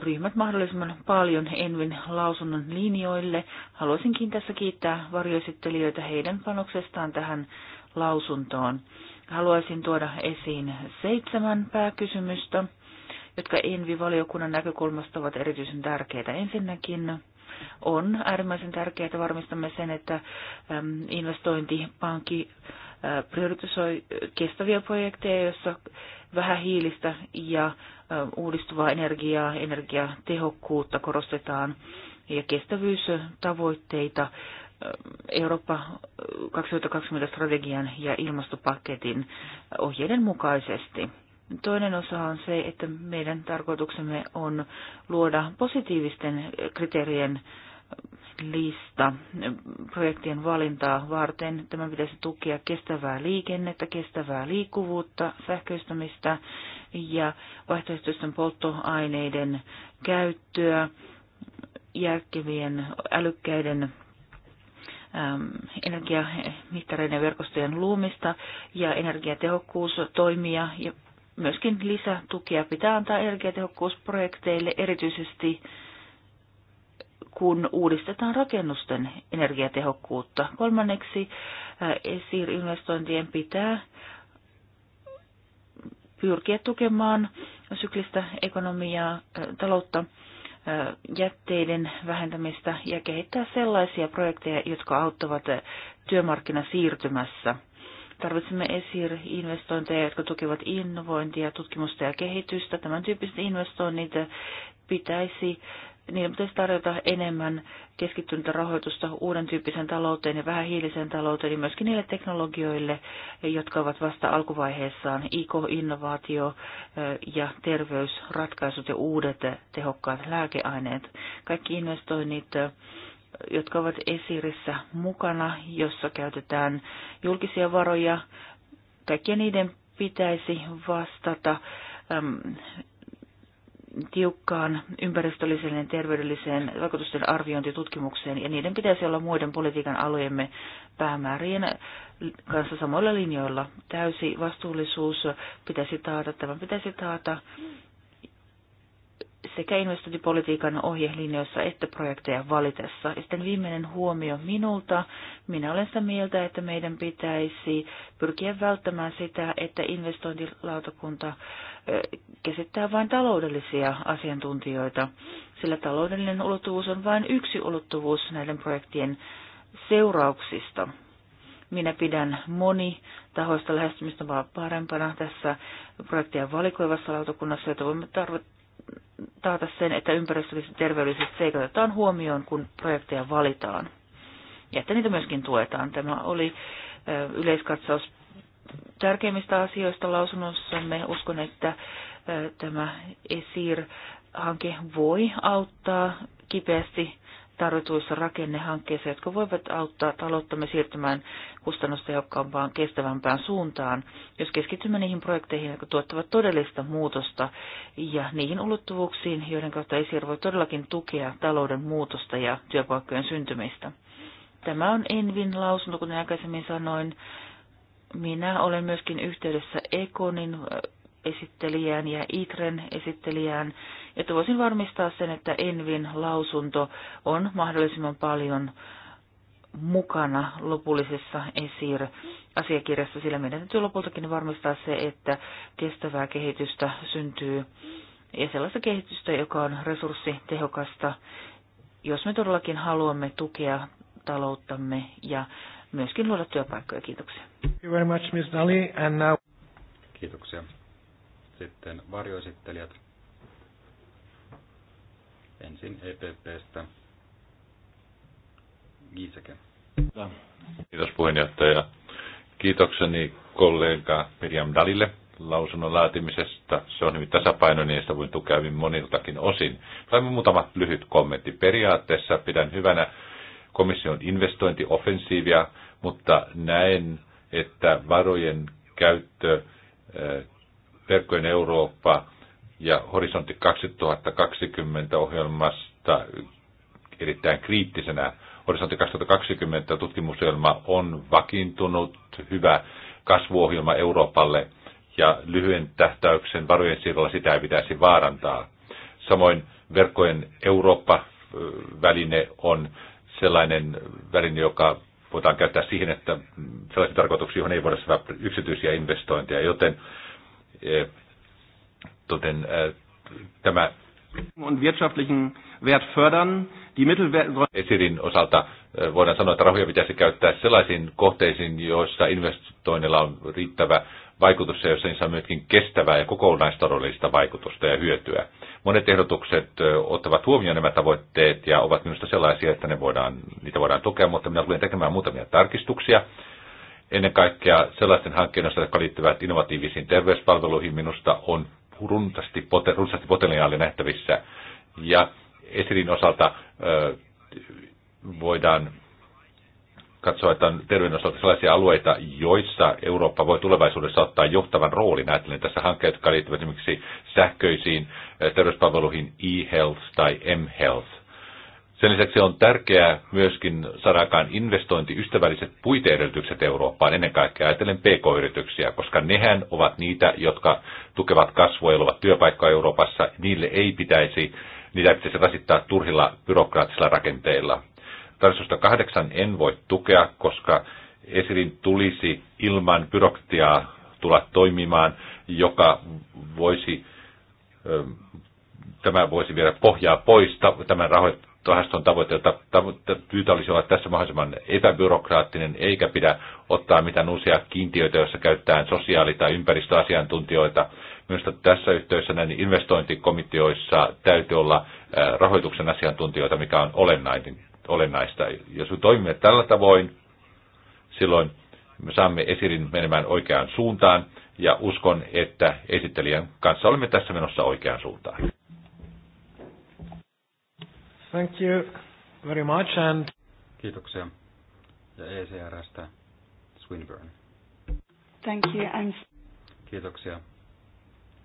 ryhmät mahdollisimman paljon Envin lausunnon linjoille. Haluaisinkin tässä kiittää varjoesittelijöitä heidän panoksestaan tähän lausuntoon. Haluaisin tuoda esiin seitsemän pääkysymystä, jotka Envi-valiokunnan näkökulmasta ovat erityisen tärkeitä. Ensinnäkin on äärimmäisen tärkeää, että varmistamme sen, että investointipankki prioritisoi kestäviä projekteja, joissa hiilistä ja uudistuvaa energiaa, energiatehokkuutta korostetaan ja kestävyystavoitteita Eurooppa 2020 strategian ja ilmastopaketin ohjeiden mukaisesti. Toinen osa on se, että meidän tarkoituksemme on luoda positiivisten kriteerien lista projektien valintaa varten. Tämä pitäisi tukea kestävää liikennettä, kestävää liikkuvuutta, sähköistämistä ja vaihtoehtoisten polttoaineiden käyttöä, järkevien, älykkäiden ähm, energiamittareiden verkostojen luomista ja energiatehokkuustoimia ja myöskin lisätukia pitää antaa energiatehokkuusprojekteille erityisesti kun uudistetaan rakennusten energiatehokkuutta. Kolmanneksi äh, ESIR-investointien pitää pyrkiä tukemaan syklistä ekonomiaa, äh, taloutta, äh, jätteiden vähentämistä ja kehittää sellaisia projekteja, jotka auttavat työmarkkinasiirtymässä – Tarvitsemme ESIR-investointeja, jotka tukevat innovointia, tutkimusta ja kehitystä. Tämän tyyppiset investoinnit pitäisi niin pitäisi tarjota enemmän keskittynyttä rahoitusta uuden tyyppisen talouteen ja vähähiiliseen talouteen, niin myöskin niille teknologioille, jotka ovat vasta alkuvaiheessaan, IK-innovaatio ja terveysratkaisut ja uudet tehokkaat lääkeaineet. Kaikki investoinnit jotka ovat esirissä mukana, jossa käytetään julkisia varoja. Kaikkien niiden pitäisi vastata äm, tiukkaan ympäristölliseen ja terveydelliseen vaikutusten arviointitutkimukseen, ja niiden pitäisi olla muiden politiikan alojemme päämäärien kanssa samoilla linjoilla. Täysi vastuullisuus pitäisi taata, tämän pitäisi taata sekä investointipolitiikan ohjelinjoissa että projekteja valitessa. Ja sitten viimeinen huomio minulta. Minä olen sitä mieltä, että meidän pitäisi pyrkiä välttämään sitä, että investointilautakunta käsittää vain taloudellisia asiantuntijoita, sillä taloudellinen ulottuvuus on vain yksi ulottuvuus näiden projektien seurauksista. Minä pidän moni tahoista lähestymistä vaan parempana tässä projektia valikoivassa lautakunnassa, jota voimme tarvita taata sen, että ympäristölliset terveelliset seikat otetaan huomioon, kun projekteja valitaan. Ja että niitä myöskin tuetaan. Tämä oli yleiskatsaus tärkeimmistä asioista lausunnossamme. Uskon, että tämä ESIR-hanke voi auttaa kipeästi tarjotuissa rakennehankkeissa, jotka voivat auttaa talouttamme siirtymään kustannustehokkaampaan, kestävämpään suuntaan, jos keskitymme niihin projekteihin, jotka tuottavat todellista muutosta ja niihin ulottuvuuksiin, joiden kautta ESIR voi todellakin tukea talouden muutosta ja työpaikkojen syntymistä. Tämä on Envin lausunto, kuten aikaisemmin sanoin. Minä olen myöskin yhteydessä Ekonin esittelijään ja ITREN esittelijään, että voisin varmistaa sen, että Envin lausunto on mahdollisimman paljon mukana lopullisessa ESIR-asiakirjassa, sillä meidän täytyy lopultakin varmistaa se, että kestävää kehitystä syntyy ja sellaista kehitystä, joka on resurssitehokasta, jos me todellakin haluamme tukea talouttamme ja myöskin luoda työpaikkoja. Kiitoksia. Thank you very much, Ms. And now... Kiitoksia. Sitten varjoesittelijät. Ensin EPPstä. Giiseke. Kiitos puheenjohtaja. Kiitokseni kollega Miriam Dalille lausunnon laatimisesta. Se on hyvin tasapainoinen ja sitä voin tukea hyvin moniltakin osin. Saimme muutama lyhyt kommentti. Periaatteessa pidän hyvänä komission investointioffensiivia, mutta näen, että varojen käyttö Verkkojen Eurooppa ja Horisontti 2020 ohjelmasta erittäin kriittisenä. Horisontti 2020 tutkimusohjelma on vakiintunut hyvä kasvuohjelma Euroopalle ja lyhyen tähtäyksen varojen siirrolla sitä ei pitäisi vaarantaa. Samoin verkkojen Eurooppa-väline on sellainen väline, joka voidaan käyttää siihen, että sellaisiin tarkoituksiin, johon ei voida saada yksityisiä investointeja, joten Äh, toten äh, tämä und wirtschaftlichen Wert fördern. Die Mittel Esirin osalta äh, voidaan sanoa, että rahoja pitäisi käyttää sellaisiin kohteisiin, joissa investoinnilla on riittävä vaikutus ja joissa niissä on myöskin kestävää ja kokonaistaloudellista vaikutusta ja hyötyä. Monet ehdotukset ottavat huomioon nämä tavoitteet ja ovat minusta sellaisia, että ne voidaan, niitä voidaan tukea, mutta minä tulen tekemään muutamia tarkistuksia, ennen kaikkea sellaisten hankkeiden osalta, jotka liittyvät innovatiivisiin terveyspalveluihin, minusta on runsaasti, runsaasti potentiaali nähtävissä. Ja Esirin osalta voidaan katsoa, että on terveyden osalta sellaisia alueita, joissa Eurooppa voi tulevaisuudessa ottaa johtavan roolin. Ajattelen tässä hankkeet, jotka liittyvät esimerkiksi sähköisiin terveyspalveluihin e-health tai m-health. Sen lisäksi on tärkeää myöskin saada aikaan investointiystävälliset puiteedellytykset Eurooppaan, ennen kaikkea ajatellen pk-yrityksiä, koska nehän ovat niitä, jotka tukevat kasvua ja luovat työpaikkaa Euroopassa. Niille ei pitäisi, niitä pitäisi rasittaa turhilla byrokraattisilla rakenteilla. Tarkistusta kahdeksan en voi tukea, koska Esirin tulisi ilman byrokratiaa tulla toimimaan, joka voisi, tämä voisi viedä pohjaa pois tämän rahoit rahaston tavoitteita pyytä olisi olla tässä mahdollisimman epäbyrokraattinen, eikä pidä ottaa mitään uusia kiintiöitä, joissa käyttää sosiaali- tai ympäristöasiantuntijoita. Minusta tässä yhteydessä näin investointikomiteoissa täytyy olla rahoituksen asiantuntijoita, mikä on olennaista. Jos me toimimme tällä tavoin, silloin me saamme esirin menemään oikeaan suuntaan, ja uskon, että esittelijän kanssa olemme tässä menossa oikeaan suuntaan. Thank you very much and... Kiitoksia. Ja ECRstä Swinburne. Thank you and... Kiitoksia.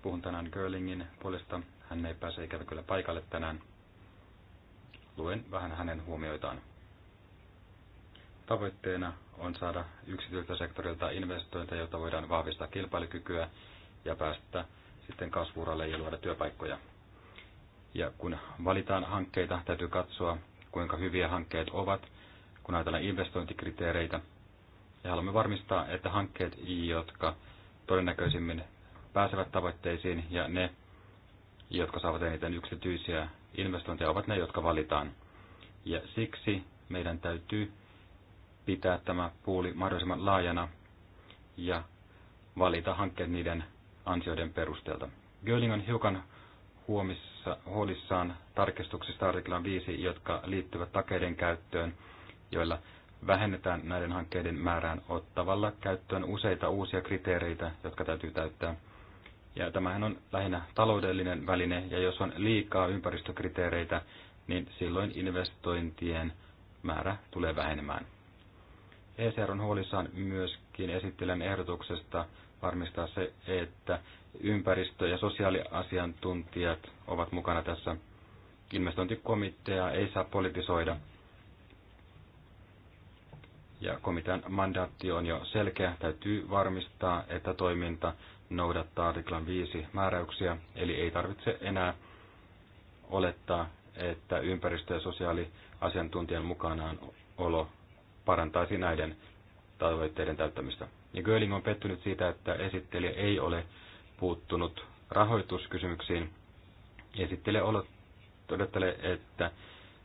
Puhun tänään Girlingin puolesta. Hän ei pääse ikävä kyllä paikalle tänään. Luen vähän hänen huomioitaan. Tavoitteena on saada yksityiltä sektorilta investointeja, jotta voidaan vahvistaa kilpailukykyä ja päästä sitten kasvuuralle ja luoda työpaikkoja. Ja kun valitaan hankkeita, täytyy katsoa, kuinka hyviä hankkeet ovat, kun ajatellaan investointikriteereitä. Ja haluamme varmistaa, että hankkeet, jotka todennäköisimmin pääsevät tavoitteisiin ja ne, jotka saavat eniten yksityisiä investointeja, ovat ne, jotka valitaan. Ja siksi meidän täytyy pitää tämä puuli mahdollisimman laajana ja valita hankkeet niiden ansioiden perusteelta. Göling on hiukan huomis huolissa, huolissaan tarkistuksista artiklan 5, jotka liittyvät takeiden käyttöön, joilla vähennetään näiden hankkeiden määrään ottavalla käyttöön useita uusia kriteereitä, jotka täytyy täyttää. Ja tämähän on lähinnä taloudellinen väline, ja jos on liikaa ympäristökriteereitä, niin silloin investointien määrä tulee vähenemään. ECR on huolissaan myöskin esittelen ehdotuksesta varmistaa se, että ympäristö- ja sosiaaliasiantuntijat ovat mukana tässä. Investointikomitea ei saa politisoida. Ja komitean mandaatti on jo selkeä. Täytyy varmistaa, että toiminta noudattaa artiklan 5 määräyksiä, eli ei tarvitse enää olettaa, että ympäristö- ja sosiaaliasiantuntijan mukanaan olo parantaisi näiden tavoitteiden täyttämistä. Ja Göling on pettynyt siitä, että esittelijä ei ole puuttunut rahoituskysymyksiin. Esittele odottelee, että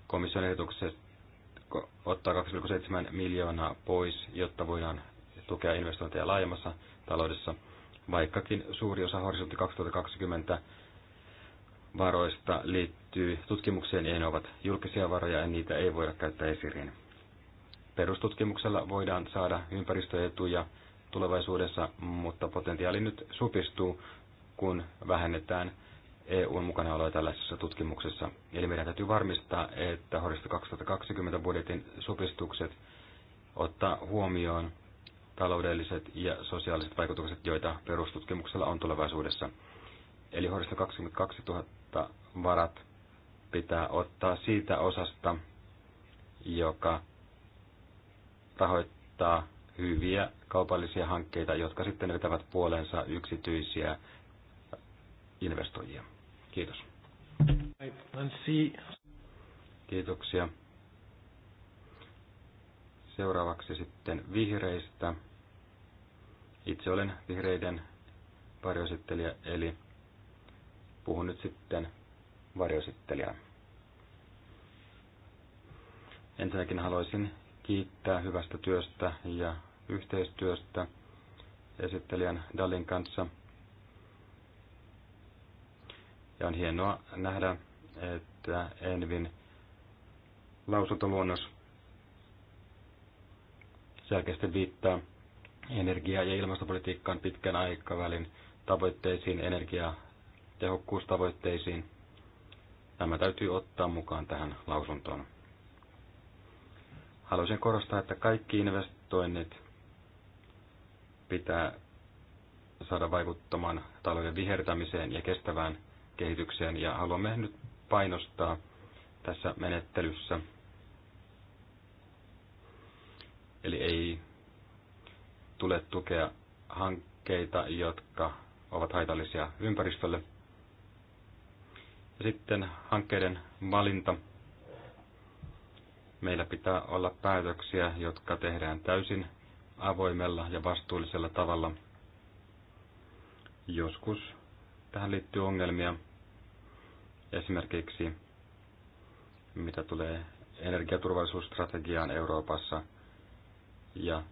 komission ehdotukset ottaa 2,7 miljoonaa pois, jotta voidaan tukea investointeja laajemmassa taloudessa, vaikkakin suuri osa horisontti 2020 varoista liittyy tutkimukseen ja ne ovat julkisia varoja ja niitä ei voida käyttää esiriin. Perustutkimuksella voidaan saada ympäristöetuja, tulevaisuudessa, mutta potentiaali nyt supistuu, kun vähennetään EUn mukanaoloa tällaisessa tutkimuksessa. Eli meidän täytyy varmistaa, että Horisto 2020 budjetin supistukset ottaa huomioon taloudelliset ja sosiaaliset vaikutukset, joita perustutkimuksella on tulevaisuudessa. Eli Horisto 000 varat pitää ottaa siitä osasta, joka rahoittaa hyviä kaupallisia hankkeita, jotka sitten vetävät puoleensa yksityisiä investoijia. Kiitos. Kiitoksia. Seuraavaksi sitten vihreistä. Itse olen vihreiden varjosittelijä, eli puhun nyt sitten varjosittelijään. Ensinnäkin haluaisin kiittää hyvästä työstä ja yhteistyöstä esittelijän Dallin kanssa. Ja on hienoa nähdä, että Envin lausuntoluonnos selkeästi viittaa energia- ja ilmastopolitiikkaan pitkän aikavälin tavoitteisiin, energiatehokkuustavoitteisiin. tämä täytyy ottaa mukaan tähän lausuntoon. Haluaisin korostaa, että kaikki investoinnit pitää saada vaikuttamaan talouden vihertämiseen ja kestävään kehitykseen, ja haluamme nyt painostaa tässä menettelyssä. Eli ei tule tukea hankkeita, jotka ovat haitallisia ympäristölle. Ja sitten hankkeiden valinta. Meillä pitää olla päätöksiä, jotka tehdään täysin avoimella ja vastuullisella tavalla. Joskus tähän liittyy ongelmia, esimerkiksi mitä tulee energiaturvallisuusstrategiaan Euroopassa ja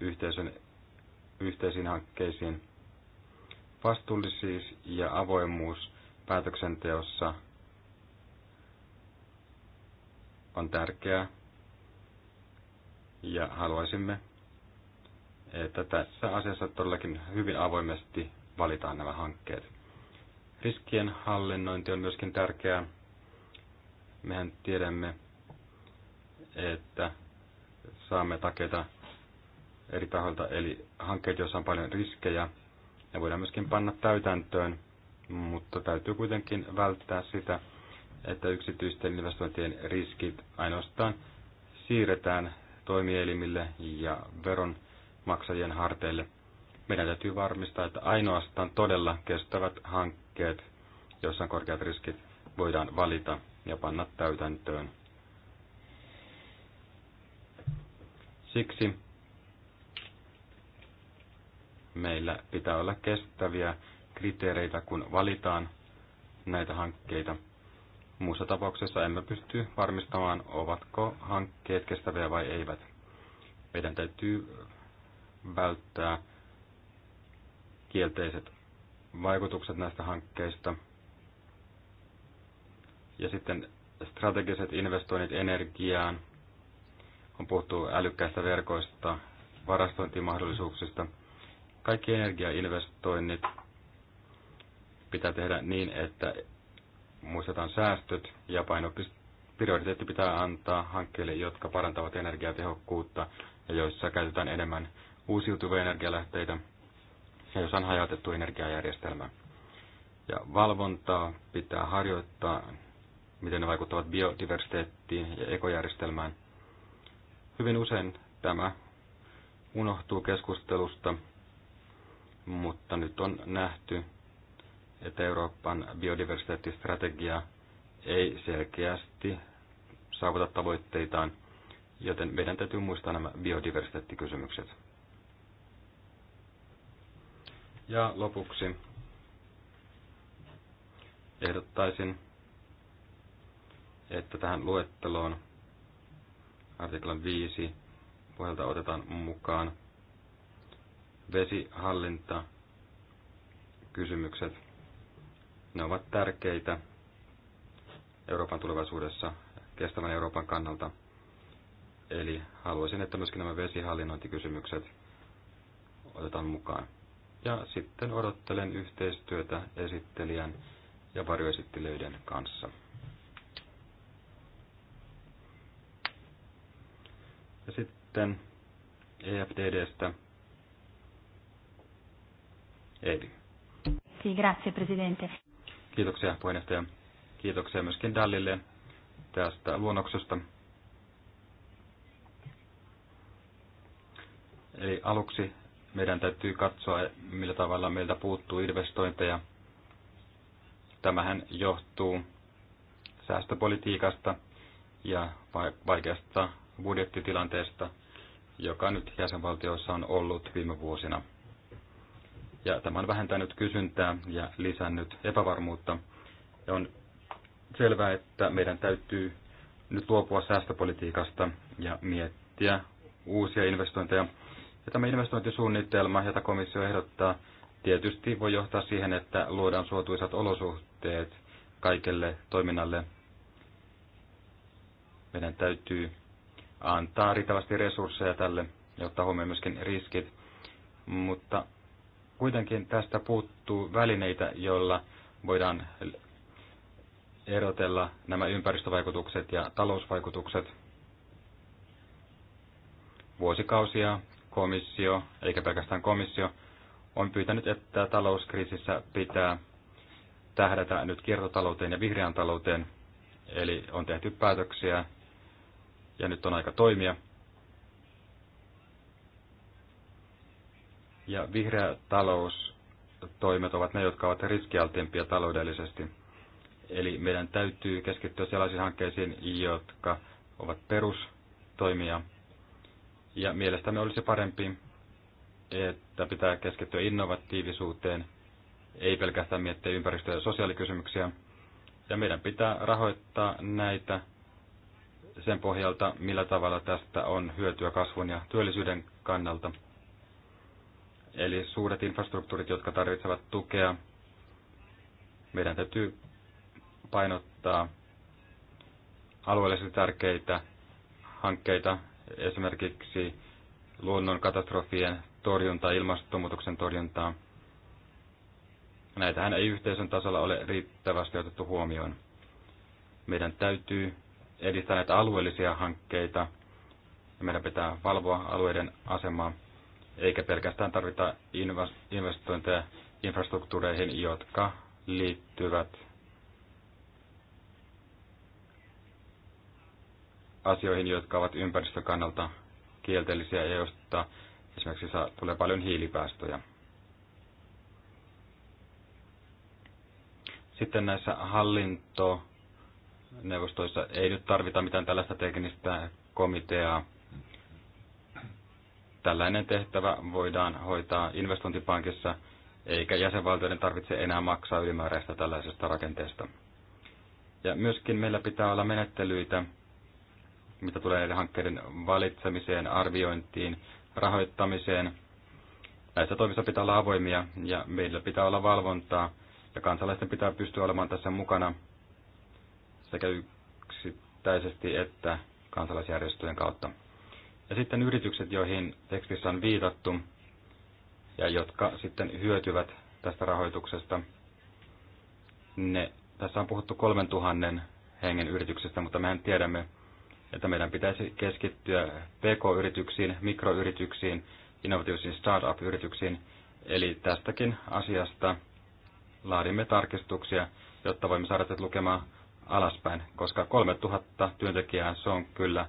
yhteisön, yhteisiin hankkeisiin. Vastuullisuus ja avoimuus päätöksenteossa on tärkeää ja haluaisimme että tässä asiassa todellakin hyvin avoimesti valitaan nämä hankkeet. Riskien hallinnointi on myöskin tärkeää. Mehän tiedämme, että saamme takeita eri tahoilta, eli hankkeet, joissa on paljon riskejä, ne voidaan myöskin panna täytäntöön, mutta täytyy kuitenkin välttää sitä, että yksityisten investointien riskit ainoastaan siirretään toimielimille ja veron maksajien harteille. Meidän täytyy varmistaa, että ainoastaan todella kestävät hankkeet, joissa on korkeat riskit, voidaan valita ja panna täytäntöön. Siksi meillä pitää olla kestäviä kriteereitä, kun valitaan näitä hankkeita. Muussa tapauksessa emme pysty varmistamaan, ovatko hankkeet kestäviä vai eivät. Meidän täytyy välttää kielteiset vaikutukset näistä hankkeista. Ja sitten strategiset investoinnit energiaan. On puhuttu älykkäistä verkoista, varastointimahdollisuuksista. Kaikki energiainvestoinnit pitää tehdä niin, että muistetaan säästöt ja Prioriteetti pitää antaa hankkeille, jotka parantavat energiatehokkuutta ja joissa käytetään enemmän uusiutuvia energialähteitä ja jos on hajautettu energiajärjestelmä. Ja valvontaa pitää harjoittaa, miten ne vaikuttavat biodiversiteettiin ja ekojärjestelmään. Hyvin usein tämä unohtuu keskustelusta, mutta nyt on nähty, että Euroopan biodiversiteettistrategia ei selkeästi saavuta tavoitteitaan, joten meidän täytyy muistaa nämä biodiversiteettikysymykset. Ja lopuksi ehdottaisin, että tähän luetteloon artiklan 5 pohjalta otetaan mukaan vesihallinta, kysymykset. Ne ovat tärkeitä Euroopan tulevaisuudessa kestävän Euroopan kannalta. Eli haluaisin, että myöskin nämä vesihallinnointikysymykset otetaan mukaan ja sitten odottelen yhteistyötä esittelijän ja varjoesittelijöiden kanssa. Ja sitten EFDDstä Eili. Sì, grazie Presidente. Kiitoksia puheenjohtaja. Kiitoksia myöskin Dallille tästä luonnoksesta. Eli aluksi meidän täytyy katsoa, millä tavalla meiltä puuttuu investointeja. Tämähän johtuu säästöpolitiikasta ja vaikeasta budjettitilanteesta, joka nyt jäsenvaltioissa on ollut viime vuosina. Ja tämä on vähentänyt kysyntää ja lisännyt epävarmuutta. Ja on selvää, että meidän täytyy nyt luopua säästöpolitiikasta ja miettiä uusia investointeja. Ja tämä investointisuunnitelma, jota komissio ehdottaa, tietysti voi johtaa siihen, että luodaan suotuisat olosuhteet kaikelle toiminnalle. Meidän täytyy antaa riittävästi resursseja tälle ja ottaa huomioon myöskin riskit. Mutta kuitenkin tästä puuttuu välineitä, joilla voidaan erotella nämä ympäristövaikutukset ja talousvaikutukset. Vuosikausia komissio, eikä pelkästään komissio, on pyytänyt, että talouskriisissä pitää tähdätä nyt kiertotalouteen ja vihreän talouteen. Eli on tehty päätöksiä ja nyt on aika toimia. Ja vihreä taloustoimet ovat ne, jotka ovat riskialtiimpia taloudellisesti. Eli meidän täytyy keskittyä sellaisiin hankkeisiin, jotka ovat perustoimia ja mielestämme olisi parempi, että pitää keskittyä innovatiivisuuteen, ei pelkästään miettiä ympäristö- ja sosiaalikysymyksiä. Ja meidän pitää rahoittaa näitä sen pohjalta, millä tavalla tästä on hyötyä kasvun ja työllisyyden kannalta. Eli suuret infrastruktuurit, jotka tarvitsevat tukea, meidän täytyy painottaa alueellisesti tärkeitä hankkeita, esimerkiksi luonnon katastrofien torjuntaa, ilmastonmuutoksen torjuntaa. Näitähän ei yhteisön tasolla ole riittävästi otettu huomioon. Meidän täytyy edistää näitä alueellisia hankkeita ja meidän pitää valvoa alueiden asemaa, eikä pelkästään tarvita investointeja infrastruktuureihin, jotka liittyvät asioihin, jotka ovat ympäristön kannalta kielteellisiä ja joista esimerkiksi saa, tulee paljon hiilipäästöjä. Sitten näissä hallintoneuvostoissa ei nyt tarvita mitään tällaista teknistä komiteaa. Tällainen tehtävä voidaan hoitaa investointipankissa, eikä jäsenvaltioiden tarvitse enää maksaa ylimääräistä tällaisesta rakenteesta. Ja myöskin meillä pitää olla menettelyitä, mitä tulee näiden hankkeiden valitsemiseen, arviointiin, rahoittamiseen. Näissä toimissa pitää olla avoimia ja meillä pitää olla valvontaa ja kansalaisten pitää pystyä olemaan tässä mukana sekä yksittäisesti että kansalaisjärjestöjen kautta. Ja sitten yritykset, joihin tekstissä on viitattu ja jotka sitten hyötyvät tästä rahoituksesta. Ne, tässä on puhuttu 3000 hengen yrityksestä, mutta mehän tiedämme, että meidän pitäisi keskittyä pk-yrityksiin, mikroyrityksiin, innovatiivisiin startup-yrityksiin. Eli tästäkin asiasta laadimme tarkistuksia, jotta voimme saada tätä lukemaan alaspäin, koska 3000 työntekijää se on kyllä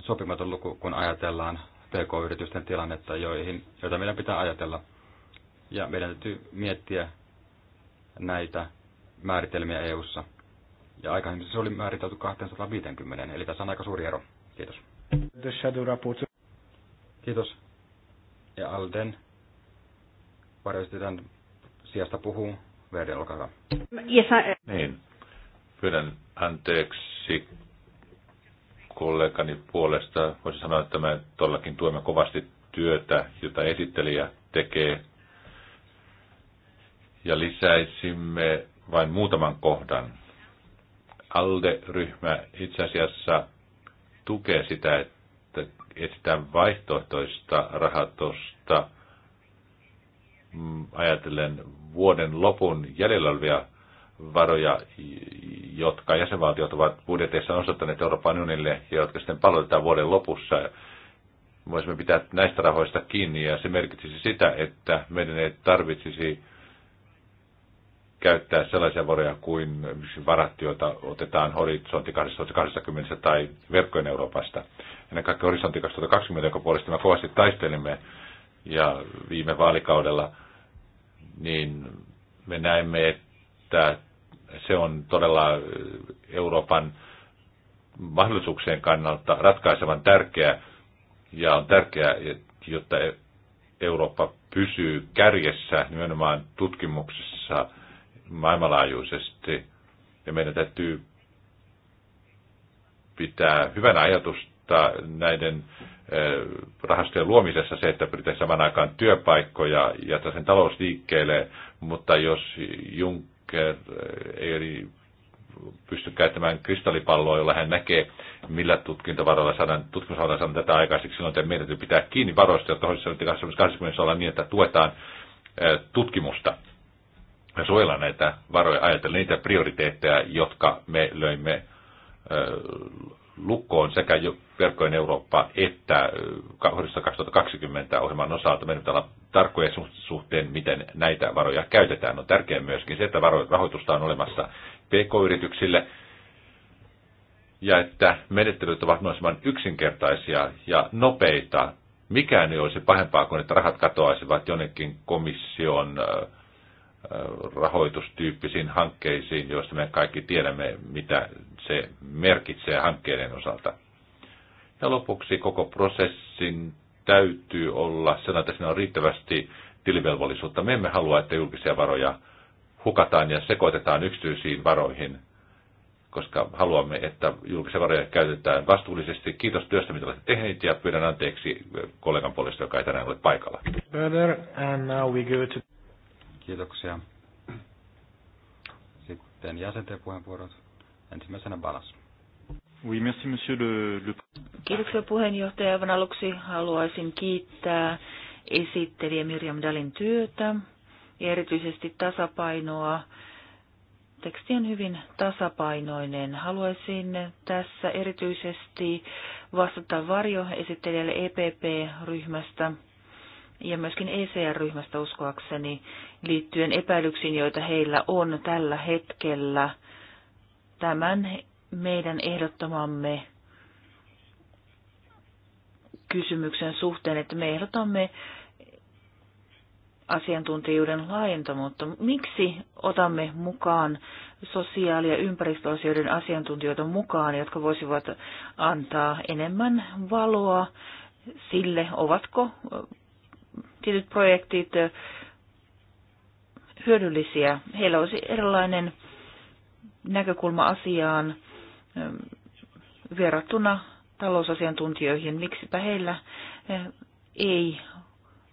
sopimaton luku, kun ajatellaan pk-yritysten tilannetta, joihin, joita meidän pitää ajatella. Ja meidän täytyy miettiä näitä määritelmiä EU:ssa. ssa ja aikaisemmin se oli määritelty 250, eli tässä on aika suuri ero. Kiitos. The shadow Kiitos. Ja Alden tämän sijasta puhuu. Verde, olkaa hyvä. Yes, I... Niin. Pyydän anteeksi kollegani puolesta. voisi sanoa, että me todellakin tuemme kovasti työtä, jota esittelijä tekee. Ja lisäisimme vain muutaman kohdan ALDE-ryhmä itse asiassa tukee sitä, että etsitään vaihtoehtoista rahatosta mm, ajatellen vuoden lopun jäljellä olevia varoja, jotka jäsenvaltiot ovat budjeteissa osoittaneet Euroopan unionille ja jotka sitten palautetaan vuoden lopussa. Voisimme pitää näistä rahoista kiinni ja se merkitsisi sitä, että meidän ei tarvitsisi käyttää sellaisia varoja kuin varat, joita otetaan horisontti 2020 tai verkkojen Euroopasta. Ennen kaikkea horisontti 2020, joka puolesta me kovasti taistelimme ja viime vaalikaudella, niin me näemme, että se on todella Euroopan mahdollisuuksien kannalta ratkaisevan tärkeä ja on tärkeää, jotta Eurooppa pysyy kärjessä nimenomaan tutkimuksessa – maailmanlaajuisesti ja meidän täytyy pitää hyvänä ajatusta näiden eh, rahastojen luomisessa se, että pyritään saman aikaan työpaikkoja ja sen talous liikkeelle, mutta jos Juncker eh, ei pysty käyttämään kristallipalloa, jolla hän näkee, millä tutkintavaroilla saadaan, tutkimusvaroilla saadaan tätä aikaiseksi. Silloin meidän täytyy pitää kiinni varoista, jotka hoidetaan 20 olla niin, että tuetaan eh, tutkimusta me suojellaan näitä varoja ajatellen niitä prioriteetteja, jotka me löimme lukkoon sekä verkkojen Eurooppa että vuodesta 2020 ohjelman osalta. Me nyt tarkkoja suhteen, miten näitä varoja käytetään. On tärkeää myöskin se, että rahoitusta on olemassa pk-yrityksille ja että menettelyt ovat mahdollisimman yksinkertaisia ja nopeita. Mikään ei olisi pahempaa kuin, että rahat katoaisivat jonnekin komission äh, rahoitustyyppisiin hankkeisiin, joista me kaikki tiedämme, mitä se merkitsee hankkeiden osalta. Ja lopuksi koko prosessin täytyy olla sellainen, että siinä on riittävästi tilivelvollisuutta. Me emme halua, että julkisia varoja hukataan ja sekoitetaan yksityisiin varoihin, koska haluamme, että julkisia varoja käytetään vastuullisesti. Kiitos työstä, mitä olette tehneet, ja pyydän anteeksi kollegan puolesta, joka ei tänään ole paikalla. Further, and now we go to... Kiitoksia. Sitten jäsenten puheenvuorot. Ensimmäisenä Balas. Oui, merci, monsieur le, le... Kiitoksia puheenjohtaja. Aivan aluksi haluaisin kiittää esittelijä Mirjam Dalin työtä ja erityisesti tasapainoa. Teksti on hyvin tasapainoinen. Haluaisin tässä erityisesti vastata varjoesittelijälle EPP-ryhmästä ja myöskin ECR-ryhmästä uskoakseni liittyen epäilyksiin, joita heillä on tällä hetkellä tämän meidän ehdottamamme kysymyksen suhteen, että me ehdotamme asiantuntijuuden laajentamutta. Miksi otamme mukaan sosiaali- ja ympäristöasioiden asiantuntijoita mukaan, jotka voisivat antaa enemmän valoa sille, ovatko tietyt projektit hyödyllisiä. Heillä olisi erilainen näkökulma asiaan verrattuna talousasiantuntijoihin. Miksipä heillä ei